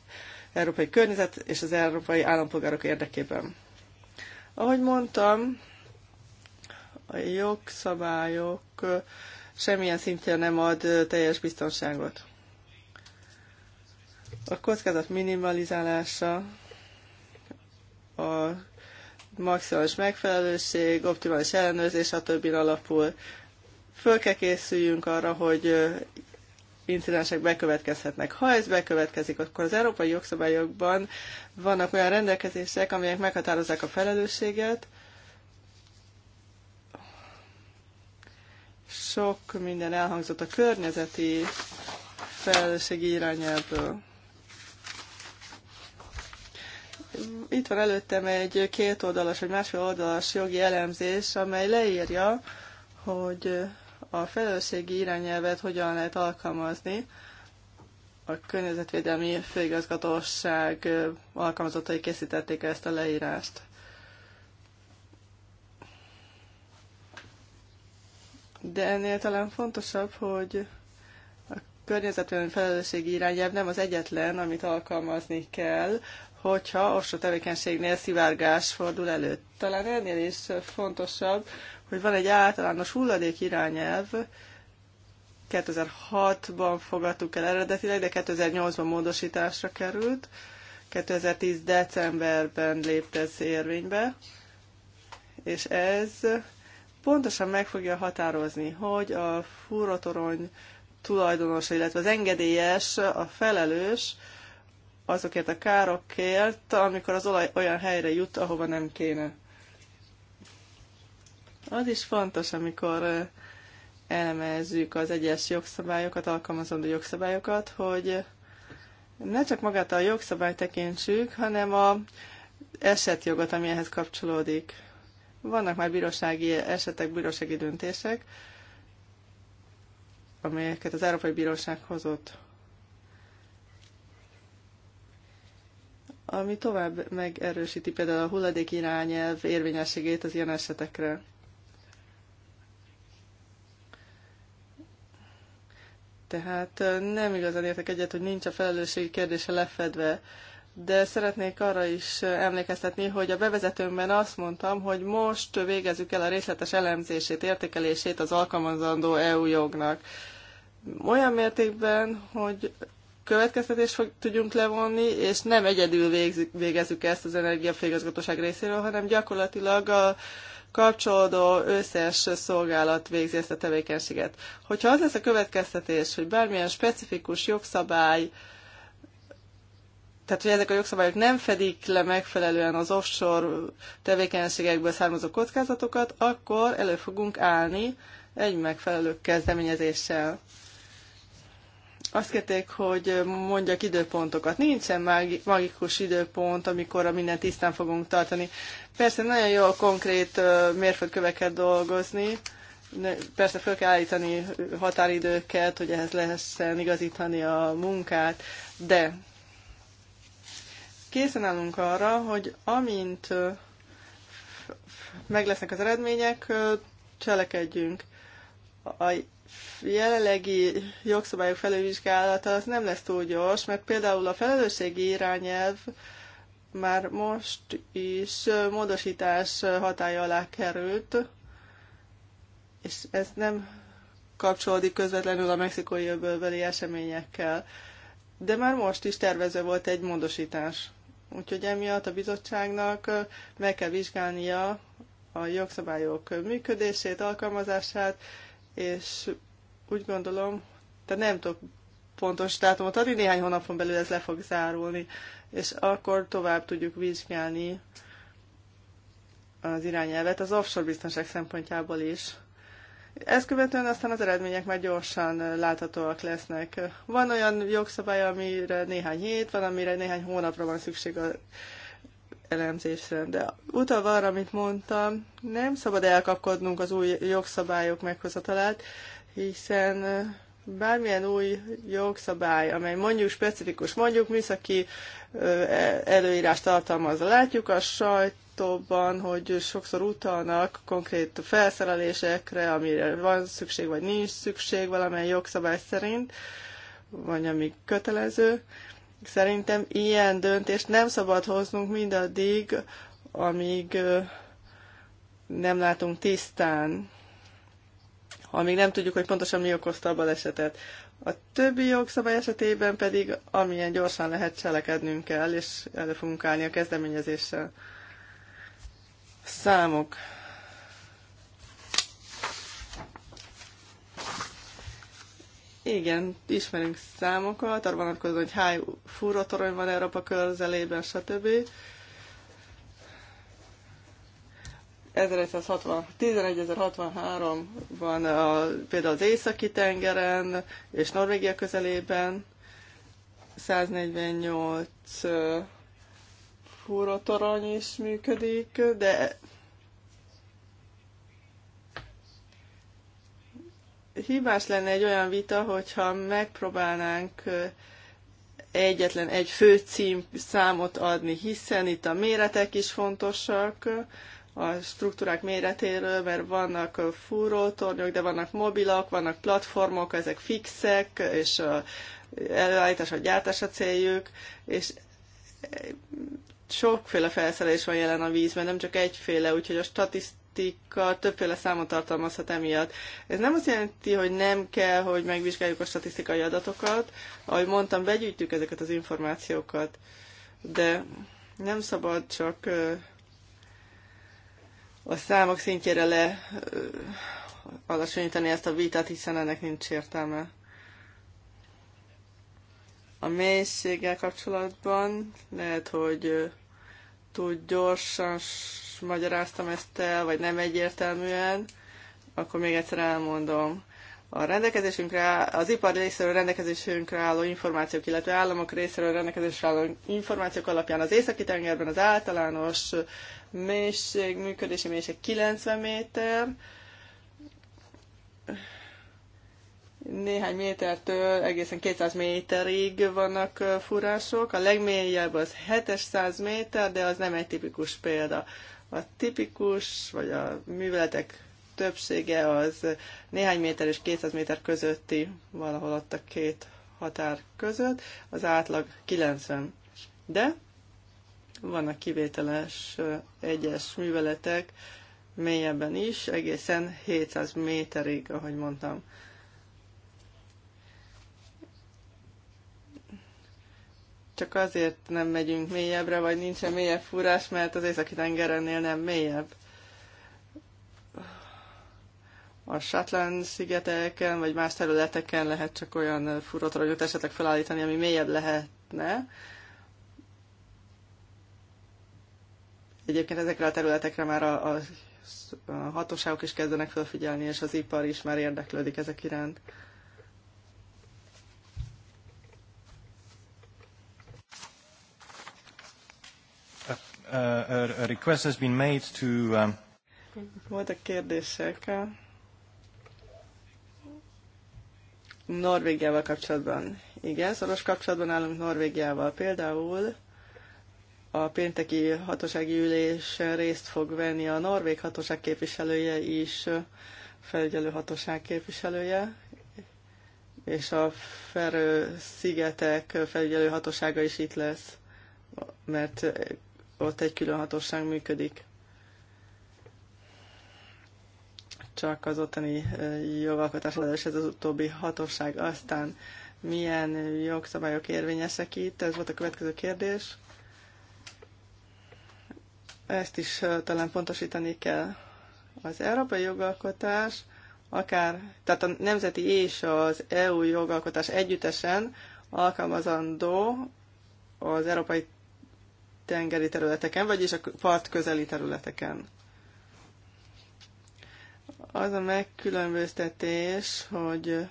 európai környezet és az európai állampolgárok érdekében. Ahogy mondtam, a jogszabályok semmilyen szintén nem ad teljes biztonságot. A kockázat minimalizálása, a maximális megfelelőség, optimális ellenőrzés, a többi alapul. Föl kell készüljünk arra, hogy incidensek bekövetkezhetnek. Ha ez bekövetkezik, akkor az európai jogszabályokban vannak olyan rendelkezések, amelyek meghatározzák a felelősséget, Sok minden elhangzott a környezeti felelősségi irányelvből. Itt van előttem egy két oldalas vagy másfél oldalas jogi elemzés, amely leírja, hogy a felelősségi irányelvet hogyan lehet alkalmazni a Környezetvédelmi Főigazgatóság alkalmazottai készítették ezt a leírást. De ennél talán fontosabb, hogy a környezetvédelmi felelősségi irányelv nem az egyetlen, amit alkalmazni kell, hogyha orsó tevékenységnél szivárgás fordul elő. Talán ennél is fontosabb, hogy van egy általános hulladék irányelv, 2006-ban fogadtuk el eredetileg, de 2008-ban módosításra került. 2010. decemberben lépte ez érvénybe, és ez pontosan meg fogja határozni, hogy a fúratorony tulajdonosa, illetve az engedélyes, a felelős azokért a károkért, amikor az olaj olyan helyre jut, ahova nem kéne. Az is fontos, amikor eh, elemezzük az egyes jogszabályokat, alkalmazandó jogszabályokat, hogy ne csak magát a jogszabályt tekintsük, hanem a esetjogot, ami ehhez kapcsolódik. Vannak már bírósági esetek, bírósági döntések, amelyeket az Európai Bíróság hozott. Ami tovább megerősíti például a hulladék irányelv érvényességét az ilyen esetekre. Tehát nem igazán értek egyet, hogy nincs a felelősségi kérdése lefedve de szeretnék arra is emlékeztetni, hogy a bevezetőmben azt mondtam, hogy most végezzük el a részletes elemzését, értékelését az alkalmazandó EU jognak. Olyan mértékben, hogy következtetés fog, tudjunk levonni, és nem egyedül végzik, végezzük ezt az energiafégazgatóság részéről, hanem gyakorlatilag a kapcsolódó összes szolgálat végzi ezt a tevékenységet. Hogyha az lesz a következtetés, hogy bármilyen specifikus jogszabály, tehát, hogy ezek a jogszabályok nem fedik le megfelelően az offshore tevékenységekből származó kockázatokat, akkor elő fogunk állni egy megfelelő kezdeményezéssel. Azt kérték, hogy mondjak időpontokat. Nincsen magikus időpont, amikor a mindent tisztán fogunk tartani. Persze nagyon jó konkrét mérföldköveket dolgozni, persze fel kell állítani határidőket, hogy ehhez lehessen igazítani a munkát, de készen állunk arra, hogy amint meg lesznek az eredmények, cselekedjünk. A jelenlegi jogszabályok felülvizsgálata az nem lesz túl gyors, mert például a felelősségi irányelv már most is módosítás hatája alá került, és ez nem kapcsolódik közvetlenül a mexikói öbölbeli eseményekkel. De már most is tervező volt egy módosítás. Úgyhogy emiatt a bizottságnak meg kell vizsgálnia a jogszabályok működését, alkalmazását, és úgy gondolom, de nem tudok pontos dátumot adni, néhány hónapon belül ez le fog zárulni, és akkor tovább tudjuk vizsgálni az irányelvet az offshore biztonság szempontjából is. Ezt követően aztán az eredmények már gyorsan láthatóak lesznek. Van olyan jogszabály, amire néhány hét, van, amire néhány hónapra van szükség a elemzésre. De utalva arra, amit mondtam, nem szabad elkapkodnunk az új jogszabályok meghozatalát, hiszen bármilyen új jogszabály, amely mondjuk specifikus, mondjuk műszaki e, előírás tartalmazza. Látjuk a sajtóban, hogy sokszor utalnak konkrét felszerelésekre, amire van szükség, vagy nincs szükség valamely jogszabály szerint, vagy ami kötelező. Szerintem ilyen döntést nem szabad hoznunk mindaddig, amíg nem látunk tisztán amíg nem tudjuk, hogy pontosan mi okozta a balesetet. A többi jogszabály esetében pedig amilyen gyorsan lehet cselekednünk kell, és elő fogunk állni a kezdeményezéssel. Számok. Igen, ismerünk számokat, arra vonatkozóan, hogy hány fúrótorony van Európa közelében, stb. 1163 van a, például az északi tengeren és Norvégia közelében, 148 fúrótorony is működik, de hibás lenne egy olyan vita, hogyha megpróbálnánk egyetlen egy cím számot adni, hiszen itt a méretek is fontosak, a struktúrák méretéről, mert vannak fúrótornyok, de vannak mobilak, vannak platformok, ezek fixek, és a előállítás, a gyártás a céljuk, és sokféle felszerelés van jelen a vízben, nem csak egyféle, úgyhogy a statisztika többféle számot tartalmazhat emiatt. Ez nem azt jelenti, hogy nem kell, hogy megvizsgáljuk a statisztikai adatokat, ahogy mondtam, begyűjtjük ezeket az információkat, de nem szabad csak a számok szintjére le alacsonyítani ezt a vitát, hiszen ennek nincs értelme. A mélységgel kapcsolatban lehet, hogy túl gyorsan magyaráztam ezt el, vagy nem egyértelműen, akkor még egyszer elmondom a rendelkezésünkre, az ipar részéről rendelkezésünkre álló információk, illetve államok részéről rendelkezésre álló információk alapján az Északi-tengerben az általános mélység, működési mélység 90 méter, néhány métertől egészen 200 méterig vannak furások. A legmélyebb az 700 méter, de az nem egy tipikus példa. A tipikus, vagy a műveletek többsége az néhány méter és 200 méter közötti, valahol ott a két határ között, az átlag 90. De vannak kivételes egyes műveletek, mélyebben is, egészen 700 méterig, ahogy mondtam. Csak azért nem megyünk mélyebbre, vagy nincsen mélyebb fúrás, mert az északi tengerennél nem mélyebb a Shetland-szigeteken, vagy más területeken lehet csak olyan furótoragot esetleg felállítani, ami mélyebb lehetne. Egyébként ezekre a területekre már a, a, a hatóságok is kezdenek felfigyelni, és az ipar is már érdeklődik ezek iránt. A, a, a request has been made to... Um... Voltak kérdések. Norvégiával kapcsolatban. Igen, szoros kapcsolatban állunk Norvégiával. Például a pénteki hatósági ülésen részt fog venni a norvég hatóság képviselője is, felügyelő hatóság képviselője, és a Ferő szigetek felügyelő hatósága is itt lesz, mert ott egy külön hatóság működik. csak az ottani jogalkotás és ez az utóbbi hatóság. Aztán milyen jogszabályok érvényesek itt? Ez volt a következő kérdés. Ezt is talán pontosítani kell. Az európai jogalkotás, akár, tehát a nemzeti és az EU jogalkotás együttesen alkalmazandó az európai tengeri területeken, vagyis a part közeli területeken. Az a megkülönböztetés, hogy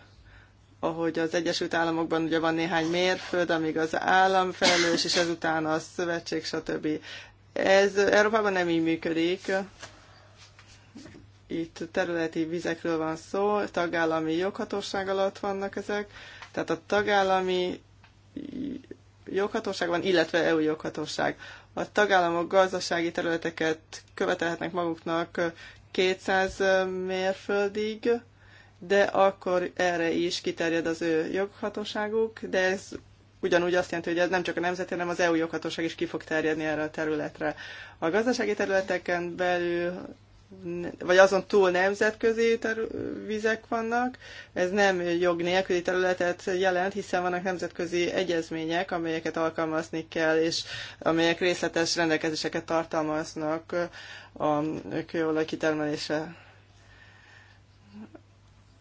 ahogy az Egyesült Államokban ugye van néhány mérföld, amíg az állam felelős, és ezután a szövetség, stb. Ez Európában nem így működik. Itt területi vizekről van szó, tagállami joghatóság alatt vannak ezek, tehát a tagállami joghatóság van, illetve EU joghatóság. A tagállamok gazdasági területeket követelhetnek maguknak 200 mérföldig, de akkor erre is kiterjed az ő joghatóságuk, de ez ugyanúgy azt jelenti, hogy ez nem csak a nemzeti, hanem az EU joghatóság is ki fog terjedni erre a területre. A gazdasági területeken belül vagy azon túl nemzetközi vizek vannak. Ez nem jog nélküli területet jelent, hiszen vannak nemzetközi egyezmények, amelyeket alkalmazni kell, és amelyek részletes rendelkezéseket tartalmaznak a kőolaj kitermelése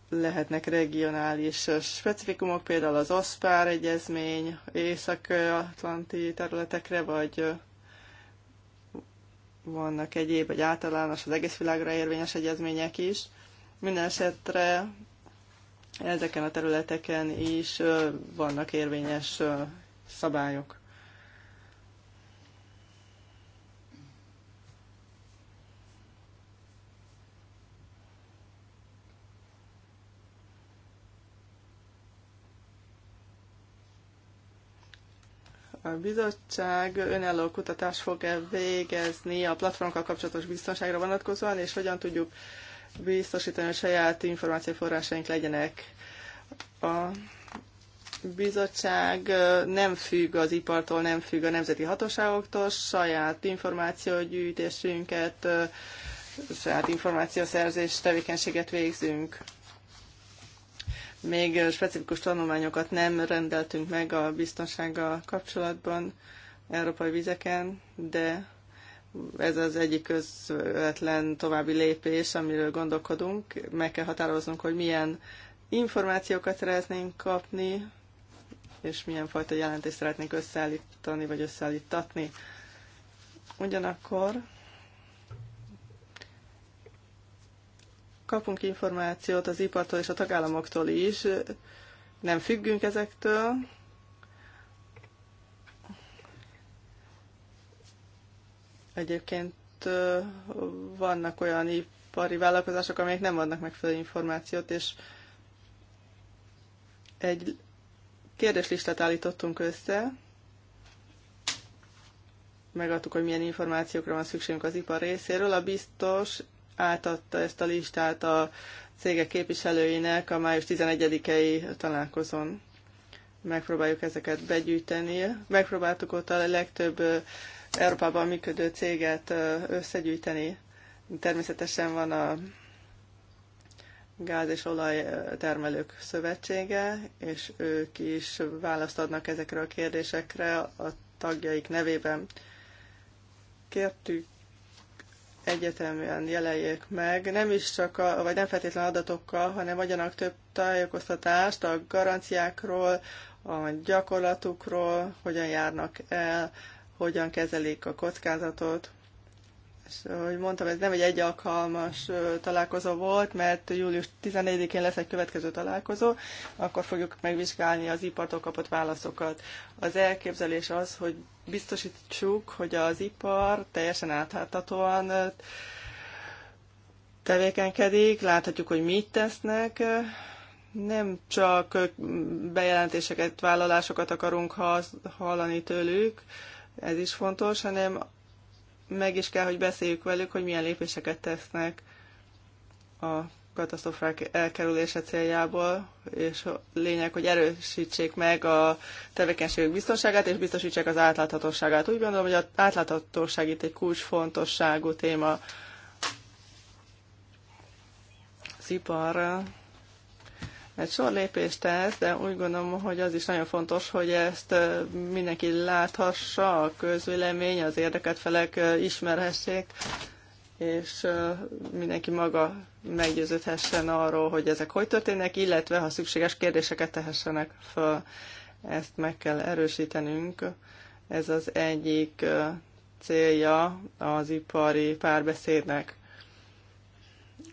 lehetnek regionális specifikumok, például az OSPAR egyezmény észak-atlanti területekre, vagy vannak egyéb, vagy általános, az egész világra érvényes egyezmények is. Minden esetre ezeken a területeken is vannak érvényes szabályok. bizottság önálló kutatást fog-e végezni a platformokkal kapcsolatos biztonságra vonatkozóan, és hogyan tudjuk biztosítani, hogy saját információforrásaink legyenek. A bizottság nem függ az ipartól, nem függ a nemzeti hatóságoktól, saját információgyűjtésünket, saját információszerzés tevékenységet végzünk. Még specifikus tanulmányokat nem rendeltünk meg a biztonsággal kapcsolatban európai vizeken, de ez az egyik közvetlen további lépés, amiről gondolkodunk. Meg kell határoznunk, hogy milyen információkat szeretnénk kapni, és milyen fajta jelentést szeretnénk összeállítani, vagy összeállítatni. Ugyanakkor kapunk információt az ipartól és a tagállamoktól is, nem függünk ezektől. Egyébként vannak olyan ipari vállalkozások, amelyek nem adnak megfelelő információt, és egy kérdéslistát állítottunk össze, megadtuk, hogy milyen információkra van szükségünk az ipar részéről. A biztos átadta ezt a listát a cégek képviselőinek a május 11-i találkozón. Megpróbáljuk ezeket begyűjteni. Megpróbáltuk ott a legtöbb Európában működő céget összegyűjteni. Természetesen van a Gáz- és Olajtermelők Szövetsége, és ők is választ adnak ezekre a kérdésekre a tagjaik nevében. Kértük egyeteműen jelenjék meg, nem is csak, a, vagy nem feltétlen adatokkal, hanem adjanak több tájékoztatást a garanciákról, a gyakorlatukról, hogyan járnak el, hogyan kezelik a kockázatot ahogy szóval, mondtam, ez nem egy egy alkalmas találkozó volt, mert július 14-én lesz egy következő találkozó, akkor fogjuk megvizsgálni az ipartól kapott válaszokat. Az elképzelés az, hogy biztosítsuk, hogy az ipar teljesen átláthatóan tevékenykedik, láthatjuk, hogy mit tesznek, nem csak bejelentéseket, vállalásokat akarunk hallani tőlük, ez is fontos, hanem meg is kell, hogy beszéljük velük, hogy milyen lépéseket tesznek a katasztrofák elkerülése céljából, és a lényeg, hogy erősítsék meg a tevékenységük biztonságát, és biztosítsák az átláthatóságát. Úgy gondolom, hogy az átláthatóság itt egy kulcsfontosságú téma. Szipar egy sor lépést tesz, de úgy gondolom, hogy az is nagyon fontos, hogy ezt mindenki láthassa, a közvélemény, az érdeket felek ismerhessék, és mindenki maga meggyőződhessen arról, hogy ezek hogy történnek, illetve ha szükséges kérdéseket tehessenek fel, Ezt meg kell erősítenünk. Ez az egyik célja az ipari párbeszédnek.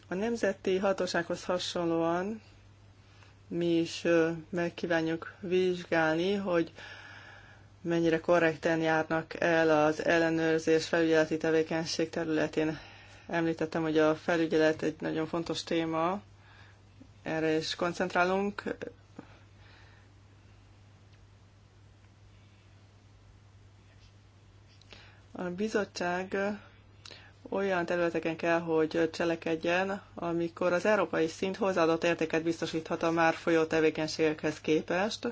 A nemzeti hatósághoz hasonlóan mi is megkívánjuk vizsgálni, hogy mennyire korrekten járnak el az ellenőrzés felügyeleti tevékenység területén. Említettem, hogy a felügyelet egy nagyon fontos téma, erre is koncentrálunk. A bizottság olyan területeken kell, hogy cselekedjen, amikor az európai szint hozzáadott értéket biztosíthat a már folyó tevékenységekhez képest,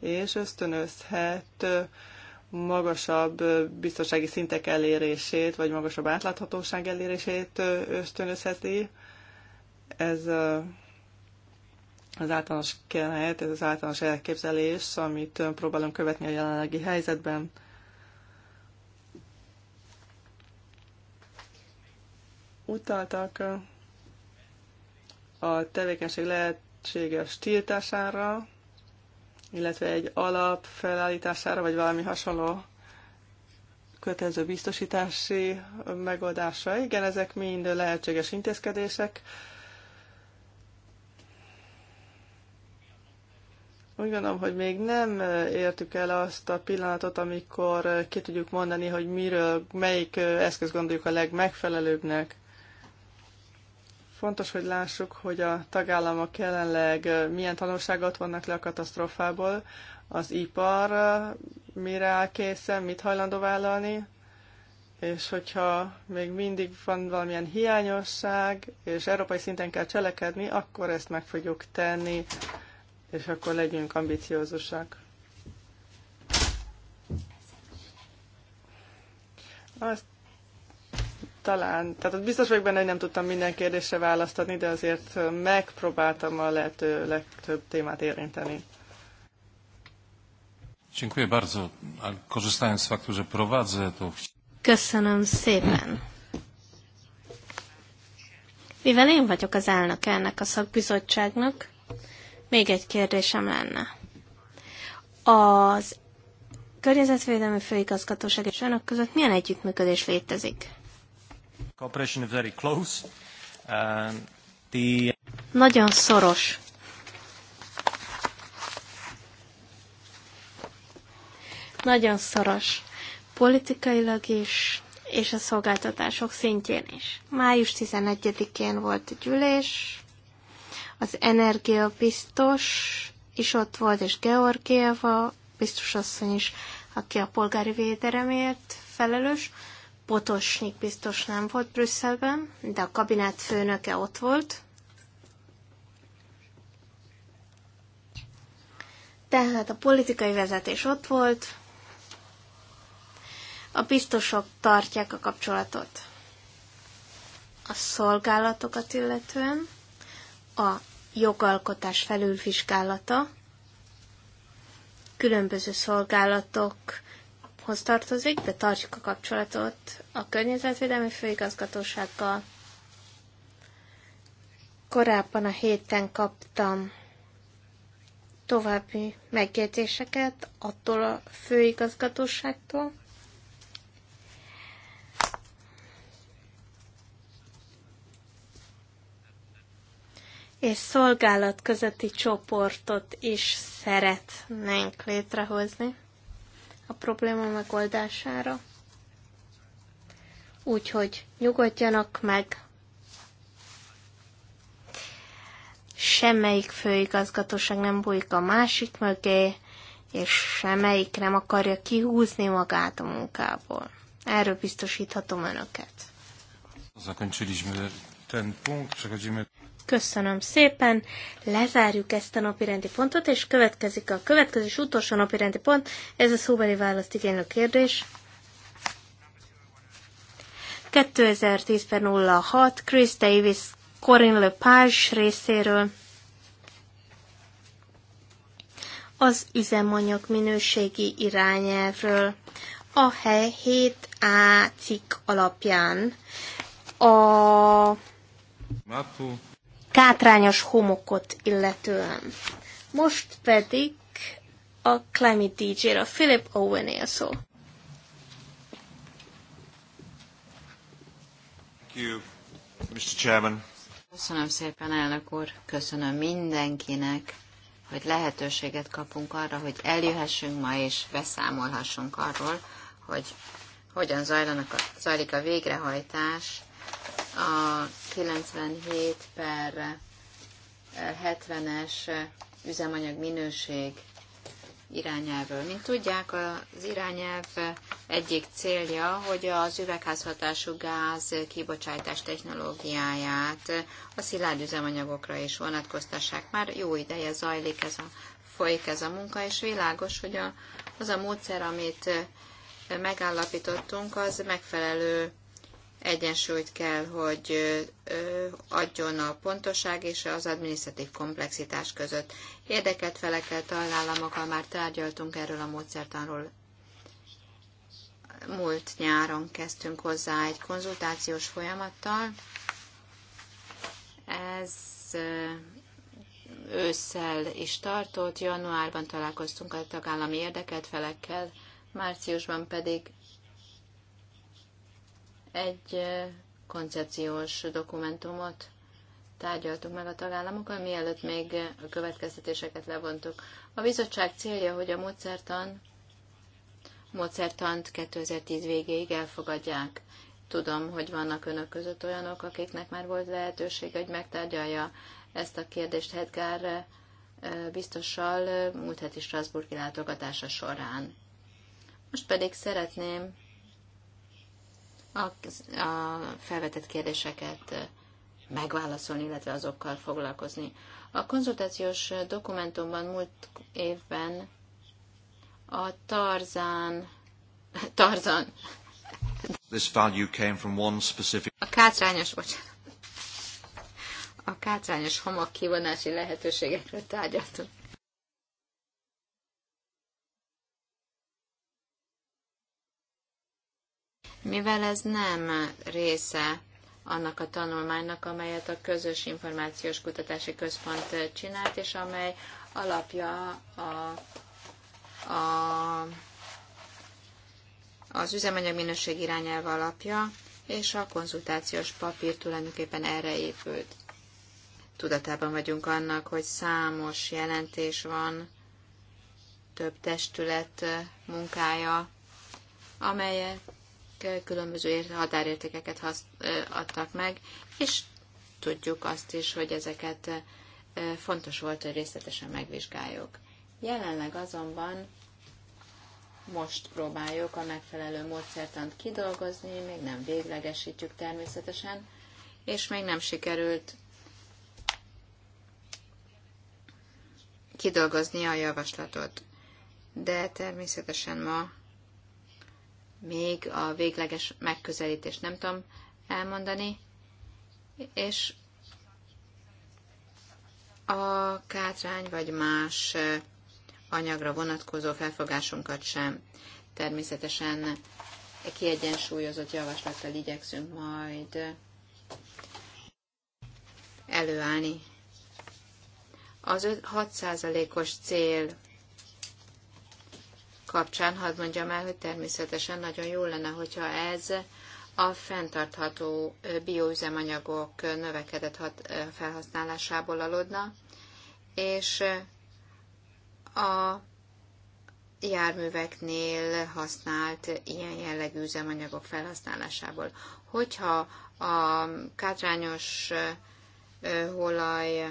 és ösztönözhet magasabb biztonsági szintek elérését, vagy magasabb átláthatóság elérését ösztönözheti. Ez az általános keret, ez az általános elképzelés, amit próbálom követni a jelenlegi helyzetben. utaltak a tevékenység lehetséges tiltására, illetve egy alap felállítására, vagy valami hasonló kötelező biztosítási megoldásra. Igen, ezek mind lehetséges intézkedések. Úgy gondolom, hogy még nem értük el azt a pillanatot, amikor ki tudjuk mondani, hogy miről, melyik eszköz gondoljuk a legmegfelelőbbnek. Fontos, hogy lássuk, hogy a tagállamok jelenleg milyen tanulságot vannak le a katasztrófából, az ipar mire áll készen, mit hajlandó vállalni, és hogyha még mindig van valamilyen hiányosság, és európai szinten kell cselekedni, akkor ezt meg fogjuk tenni, és akkor legyünk ambiciózusak. Azt talán, tehát biztos vagyok benne, hogy nem tudtam minden kérdésre választani, de azért megpróbáltam a lehető legtöbb témát érinteni. Dziękuję bardzo. Korzystając z faktu, że prowadzę to... Köszönöm szépen. Mivel én vagyok az elnök ennek a szakbizottságnak, még egy kérdésem lenne. Az környezetvédelmi főigazgatóság és önök között milyen együttműködés létezik? Cooperation is very close. Uh, the... Nagyon szoros. Nagyon szoros. Politikailag is, és a szolgáltatások szintjén is. Május 11-én volt a gyűlés, az energia biztos is ott volt, és Georgieva biztos asszony is, aki a polgári védelemért felelős, Potosnik biztos nem volt Brüsszelben, de a kabinett főnöke ott volt. Tehát a politikai vezetés ott volt, a biztosok tartják a kapcsolatot a szolgálatokat illetően, a jogalkotás felülvizsgálata, különböző szolgálatok Unióhoz tartozik, de tartjuk a kapcsolatot a Környezetvédelmi Főigazgatósággal. Korábban a héten kaptam további megjegyzéseket attól a főigazgatóságtól. és szolgálat közötti csoportot is szeretnénk létrehozni a probléma megoldására. Úgyhogy nyugodjanak meg. Semmelyik főigazgatóság nem bújik a másik mögé, és semmelyik nem akarja kihúzni magát a munkából. Erről biztosíthatom önöket. Zakończyliśmy ten punkt, przechodzimy... Köszönöm szépen, lezárjuk ezt a napirendi pontot, és következik a következő és utolsó napirendi pont, ez a szóbeli választ igénylő kérdés. 2010 per 06, Chris Davis, Corinne Lepage részéről. Az üzemanyag minőségi irányelvről a hely 7A cikk alapján. A Mapu kátrányos homokot illetően. Most pedig a Climate DJ-re, Philip Owen-él szó. Thank you, Mr. Chairman. Köszönöm szépen, elnök úr. Köszönöm mindenkinek, hogy lehetőséget kapunk arra, hogy eljöhessünk ma és beszámolhassunk arról, hogy hogyan zajlanak a, zajlik a végrehajtás a 97 per 70-es üzemanyag minőség irányelvről. Mint tudják, az irányelv egyik célja, hogy az üvegházhatású gáz kibocsátás technológiáját a szilárd üzemanyagokra is vonatkoztassák. Már jó ideje zajlik ez a, folyik ez a munka, és világos, hogy a, az a módszer, amit megállapítottunk, az megfelelő egyensúlyt kell, hogy adjon a pontoság és az adminisztratív komplexitás között. érdeket felekkel, tagállamokkal már tárgyaltunk erről a módszertanról. Múlt nyáron kezdtünk hozzá egy konzultációs folyamattal. Ez ősszel is tartott, januárban találkoztunk a tagállami érdeket felekkel, márciusban pedig egy koncepciós dokumentumot tárgyaltuk meg a tagállamokkal, mielőtt még a következtetéseket levontuk. A bizottság célja, hogy a módszertan, módszertant 2010 végéig elfogadják. Tudom, hogy vannak önök között olyanok, akiknek már volt lehetőség, hogy megtárgyalja ezt a kérdést Hedgár biztossal múlt heti Strasburgi látogatása során. Most pedig szeretném a, a felvetett kérdéseket megválaszolni, illetve azokkal foglalkozni. A konzultációs dokumentumban múlt évben a Tarzan, Tarzan This value came from one specific... A kátrányos, bocsánat. A kátrányos homok kivonási lehetőségekről tárgyaltunk. Mivel ez nem része annak a tanulmánynak, amelyet a Közös Információs Kutatási Központ csinált, és amely alapja a, a, az üzemanyag minőség irányelv alapja, és a konzultációs papír tulajdonképpen erre épült. Tudatában vagyunk annak, hogy számos jelentés van, több testület munkája, amelyet különböző határértékeket adtak meg, és tudjuk azt is, hogy ezeket fontos volt, hogy részletesen megvizsgáljuk. Jelenleg azonban most próbáljuk a megfelelő módszertant kidolgozni, még nem véglegesítjük természetesen, és még nem sikerült kidolgozni a javaslatot. De természetesen ma még a végleges megközelítést nem tudom elmondani, és a kátrány vagy más anyagra vonatkozó felfogásunkat sem. Természetesen kiegyensúlyozott javaslattal igyekszünk majd előállni. Az 6%-os cél kapcsán hadd mondjam el, hogy természetesen nagyon jó lenne, hogyha ez a fenntartható bioüzemanyagok növekedett hat, felhasználásából alodna, és a járműveknél használt ilyen jellegű üzemanyagok felhasználásából. Hogyha a kátrányos olaj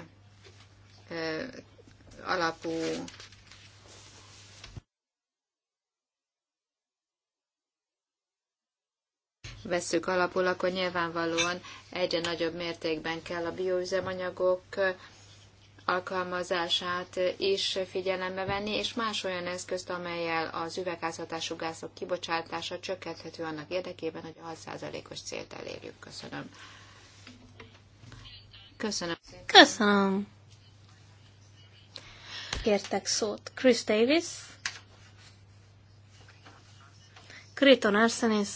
alapú veszük alapul, akkor nyilvánvalóan egyre nagyobb mértékben kell a bioüzemanyagok alkalmazását is figyelembe venni, és más olyan eszközt, amelyel az üvegházhatású gázok kibocsátása csökkenthető annak érdekében, hogy a 6%-os célt elérjük. Köszönöm. Köszönöm Köszönöm. Kértek szót. Chris Davis. Kriton Arsenis.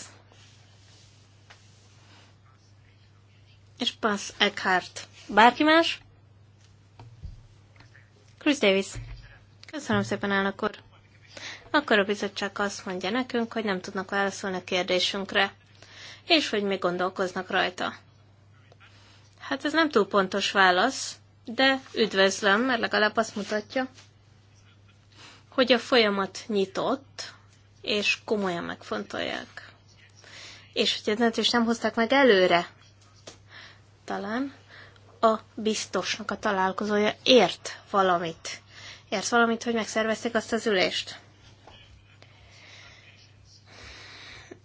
és Buzz Eckhart. Bárki más? Chris Davis. Köszönöm szépen, elnök úr. Akkor a bizottság azt mondja nekünk, hogy nem tudnak válaszolni a kérdésünkre, és hogy még gondolkoznak rajta. Hát ez nem túl pontos válasz, de üdvözlöm, mert legalább azt mutatja, hogy a folyamat nyitott, és komolyan megfontolják. És hogy ezt nem hozták meg előre, talán a biztosnak a találkozója ért valamit. Ért valamit, hogy megszervezték azt az ülést.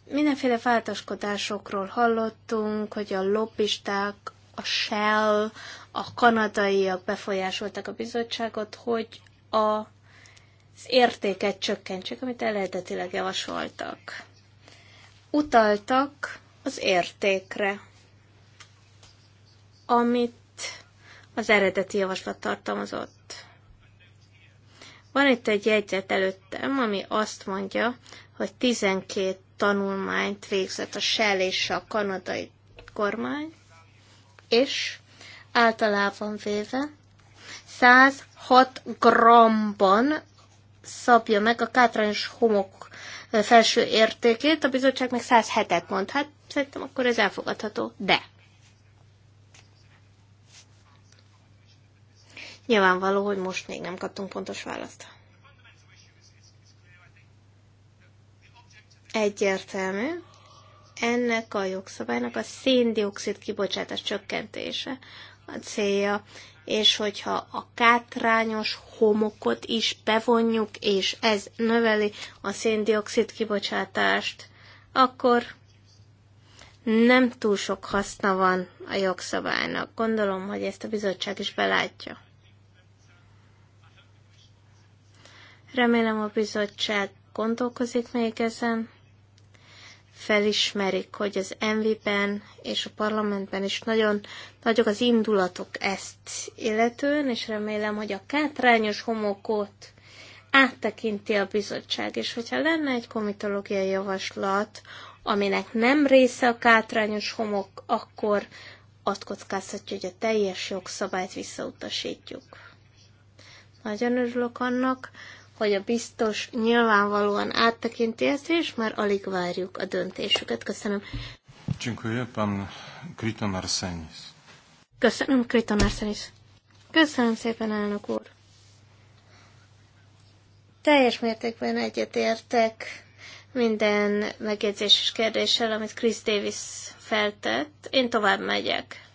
Mindenféle változkodásokról hallottunk, hogy a lobbisták, a Shell, a kanadaiak befolyásolták a bizottságot, hogy a, az értéket csökkentsék, amit eredetileg javasoltak. Utaltak az értékre, amit az eredeti javaslat tartalmazott. Van itt egy jegyzet előttem, ami azt mondja, hogy 12 tanulmányt végzett a Shell és a kanadai kormány, és általában véve 106 gramban szabja meg a kátrányos homok felső értékét, a bizottság meg 107-et mond. Hát szerintem akkor ez elfogadható. De Nyilvánvaló, hogy most még nem kaptunk pontos választ. Egyértelmű, ennek a jogszabálynak a széndiokszid kibocsátás csökkentése a célja, és hogyha a kátrányos homokot is bevonjuk, és ez növeli a széndiokszid kibocsátást, akkor nem túl sok haszna van a jogszabálynak. Gondolom, hogy ezt a bizottság is belátja. Remélem a bizottság gondolkozik még ezen, felismerik, hogy az MV-ben és a parlamentben is nagyon nagyok az indulatok ezt illetően, és remélem, hogy a kátrányos homokot áttekinti a bizottság, és hogyha lenne egy komitológiai javaslat, aminek nem része a kátrányos homok, akkor azt kockáztatja, hogy a teljes jogszabályt visszautasítjuk. Nagyon örülök annak, hogy a biztos nyilvánvalóan áttekinti ezt, és már alig várjuk a döntésüket. Köszönöm. Köszönöm, Kriton Arsenis. Köszönöm szépen, elnök úr. Teljes mértékben egyetértek minden megjegyzés és kérdéssel, amit Chris Davis feltett. Én tovább megyek.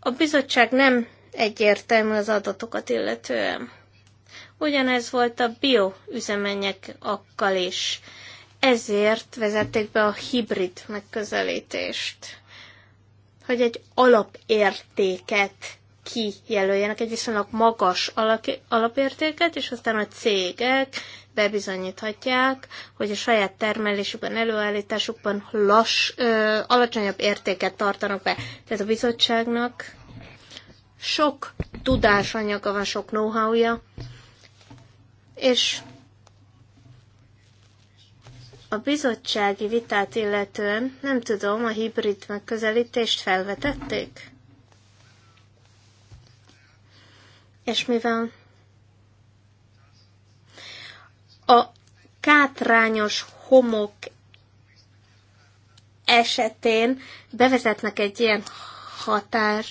A bizottság nem egyértelmű az adatokat illetően. Ugyanez volt a bioüzemanyagokkal is. Ezért vezették be a hibrid megközelítést, hogy egy alapértéket kijelöljenek, egy viszonylag magas alapértéket, és aztán a cégek bebizonyíthatják, hogy a saját termelésükben, előállításukban lass, ö, alacsonyabb értéket tartanak be. Tehát a bizottságnak sok tudásanyaga van, sok know-howja, és a bizottsági vitát illetően nem tudom, a hibrid megközelítést felvetették? És mivel a kátrányos homok esetén bevezetnek egy ilyen határ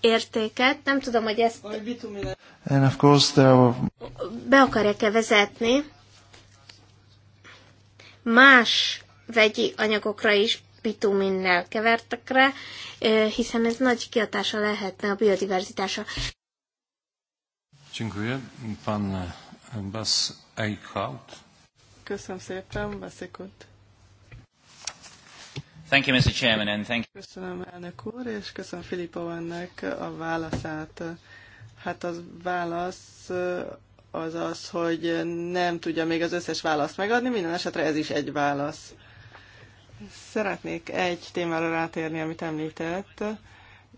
értéket, nem tudom, hogy ezt And of course there be akarják-e vezetni más vegyi anyagokra is bituminnel kevertekre, hiszen ez nagy kiadása lehetne a biodiverzitása. Pan Bas Köszönöm szépen, Basikot. Thank you, Mr. Chairman, and thank you. Köszönöm elnök úr, és köszönöm Filippa ennek a válaszát. Hát az válasz az az, hogy nem tudja még az összes választ megadni, minden esetre ez is egy válasz. Szeretnék egy témára rátérni, amit említett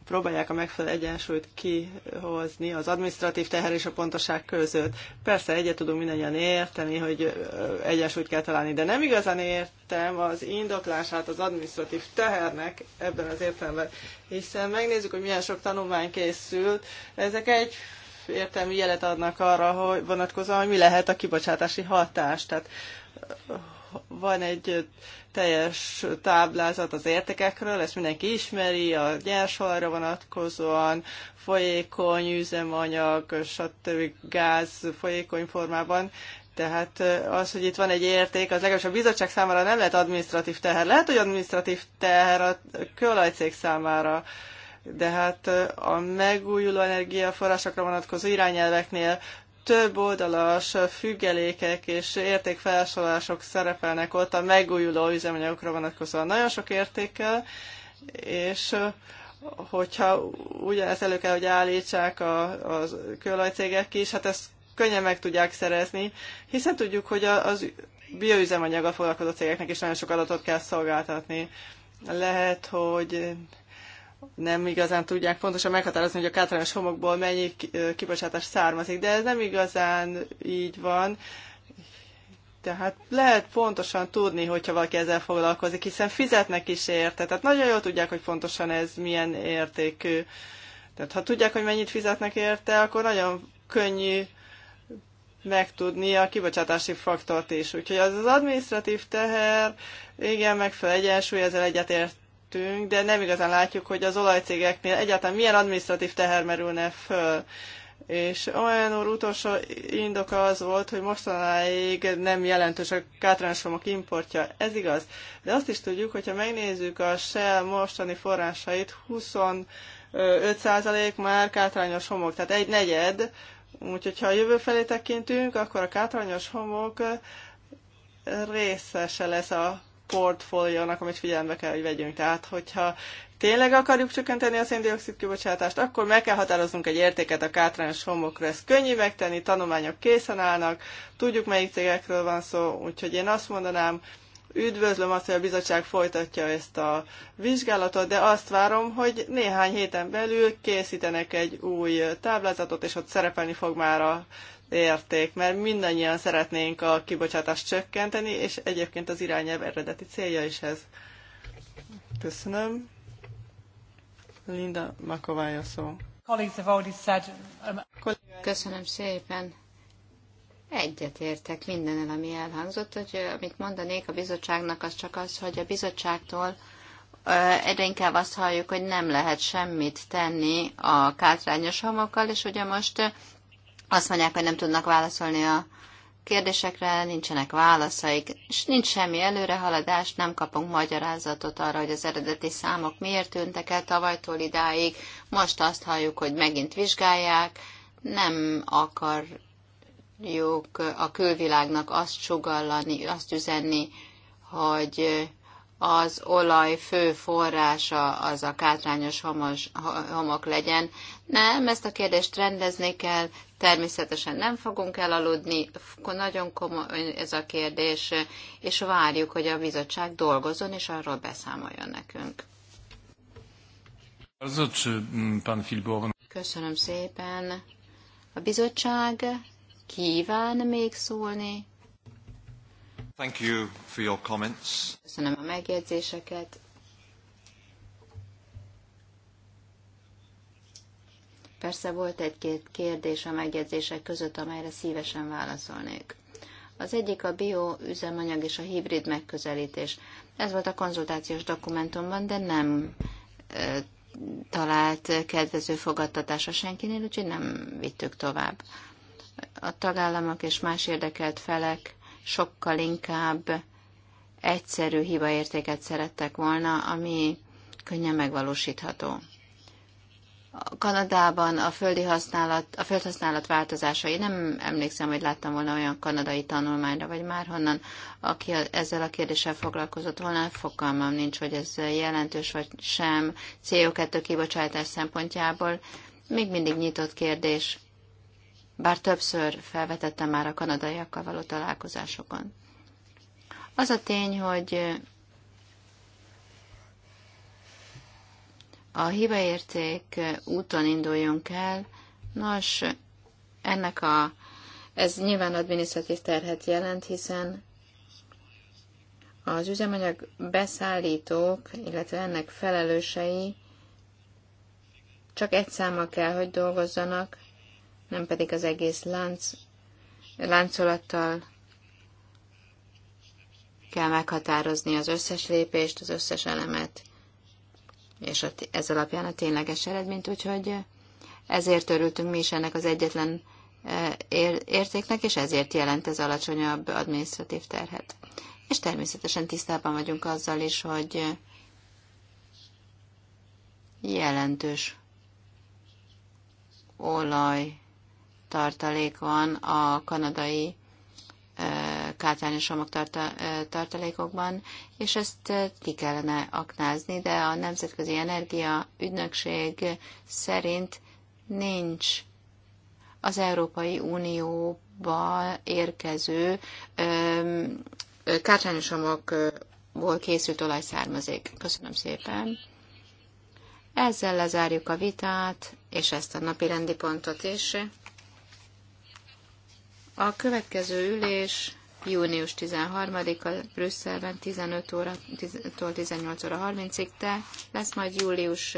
próbálják a megfelelő egyensúlyt kihozni az administratív teher és a pontoság között. Persze egyet tudunk mindannyian érteni, hogy egyensúlyt kell találni, de nem igazán értem az indoklását az administratív tehernek ebben az értelemben, hiszen megnézzük, hogy milyen sok tanulmány készült, ezek egy értelmi jelet adnak arra, hogy vonatkozóan, hogy mi lehet a kibocsátási hatás. Tehát van egy teljes táblázat az értékekről, ezt mindenki ismeri, a nyersolajra vonatkozóan, folyékony üzemanyag, stb. gáz folyékony formában, tehát az, hogy itt van egy érték, az legalábbis a bizottság számára nem lehet administratív teher. Lehet, hogy administratív teher a kőolajcég számára, de hát a megújuló energiaforrásokra vonatkozó irányelveknél több oldalas függelékek és értékfelsorolások szerepelnek ott a megújuló üzemanyagokra vonatkozóan. Nagyon sok értékkel, és hogyha ugyanezt elő kell, hogy állítsák a, a kőolajcégek is, hát ezt könnyen meg tudják szerezni, hiszen tudjuk, hogy az bioüzemanyaggal foglalkozó cégeknek is nagyon sok adatot kell szolgáltatni. Lehet, hogy nem igazán tudják pontosan meghatározni, hogy a kátrányos homokból mennyi kibocsátás származik, de ez nem igazán így van. Tehát lehet pontosan tudni, hogyha valaki ezzel foglalkozik, hiszen fizetnek is érte. Tehát nagyon jól tudják, hogy pontosan ez milyen értékű. Tehát ha tudják, hogy mennyit fizetnek érte, akkor nagyon könnyű megtudni a kibocsátási faktort is. Úgyhogy az az administratív teher, igen, megfelelő egyensúly, ezzel egyetért előttünk, de nem igazán látjuk, hogy az olajcégeknél egyáltalán milyen administratív teher merülne föl. És olyan úr utolsó indoka az volt, hogy mostanáig nem jelentős a kátrányosomok importja. Ez igaz. De azt is tudjuk, hogyha megnézzük a Shell mostani forrásait, 25% már kátrányos homok, tehát egy negyed. Úgyhogy ha a jövő felé tekintünk, akkor a kátrányos homok része se lesz a portfóliónak, amit figyelembe kell, hogy vegyünk. Tehát, hogyha tényleg akarjuk csökkenteni a széndiokszid kibocsátást, akkor meg kell határoznunk egy értéket a kátrányos homokra. ez könnyű megtenni, tanulmányok készen állnak, tudjuk melyik cégekről van szó, úgyhogy én azt mondanám, üdvözlöm azt, hogy a bizottság folytatja ezt a vizsgálatot, de azt várom, hogy néhány héten belül készítenek egy új táblázatot, és ott szerepelni fog már a érték, mert mindannyian szeretnénk a kibocsátást csökkenteni, és egyébként az irányelv eredeti célja is ez. Köszönöm. Linda Makovája szó. Um, Köszönöm szépen. Egyet Egyetértek mindennel, ami elhangzott, hogy uh, amit mondanék a bizottságnak, az csak az, hogy a bizottságtól uh, egyre inkább azt halljuk, hogy nem lehet semmit tenni a kátrányos homokkal, és ugye most uh, azt mondják, hogy nem tudnak válaszolni a kérdésekre, nincsenek válaszaik, és nincs semmi előrehaladás, nem kapunk magyarázatot arra, hogy az eredeti számok miért tűntek el tavalytól idáig. Most azt halljuk, hogy megint vizsgálják, nem akarjuk a külvilágnak azt sugallani, azt üzenni, hogy az olaj fő forrása az a kátrányos homos, homok legyen. Nem, ezt a kérdést rendezni kell, Természetesen nem fogunk elaludni, nagyon komoly ez a kérdés, és várjuk, hogy a bizottság dolgozzon, és arról beszámoljon nekünk. Mm, Köszönöm szépen. A bizottság kíván még szólni? Thank you for your comments. Köszönöm a megjegyzéseket. Persze volt egy-két kérdés a megjegyzések között, amelyre szívesen válaszolnék. Az egyik a bioüzemanyag és a hibrid megközelítés. Ez volt a konzultációs dokumentumban, de nem e, talált kedvező fogadtatása senkinél, úgyhogy nem vittük tovább. A tagállamok és más érdekelt felek sokkal inkább egyszerű hibaértéket szerettek volna, ami könnyen megvalósítható. Kanadában a földi használat, a földhasználat változásai, nem emlékszem, hogy láttam volna olyan kanadai tanulmányra, vagy már honnan, aki ezzel a kérdéssel foglalkozott volna, fogalmam nincs, hogy ez jelentős vagy sem CO2 kibocsátás szempontjából. Még mindig nyitott kérdés, bár többször felvetettem már a kanadaiakkal való találkozásokon. Az a tény, hogy a hibaérték úton induljunk el. Nos, ennek a, ez nyilván adminisztratív terhet jelent, hiszen az üzemanyag beszállítók, illetve ennek felelősei csak egy száma kell, hogy dolgozzanak, nem pedig az egész lánc, láncolattal kell meghatározni az összes lépést, az összes elemet és a, ez alapján a tényleges eredményt, úgyhogy ezért örültünk mi is ennek az egyetlen e, értéknek, és ezért jelent ez alacsonyabb adminisztratív terhet. És természetesen tisztában vagyunk azzal is, hogy jelentős olaj tartalék van a kanadai kártyányos tartalékokban, és ezt ki kellene aknázni, de a Nemzetközi Energia Ügynökség szerint nincs az Európai Unióba érkező kártyányosomokból készült olajszármazék. Köszönöm szépen. Ezzel lezárjuk a vitát, és ezt a napi rendi pontot is. A következő ülés június 13-a Brüsszelben 15 óra, 18 óra 30-ig, te lesz majd július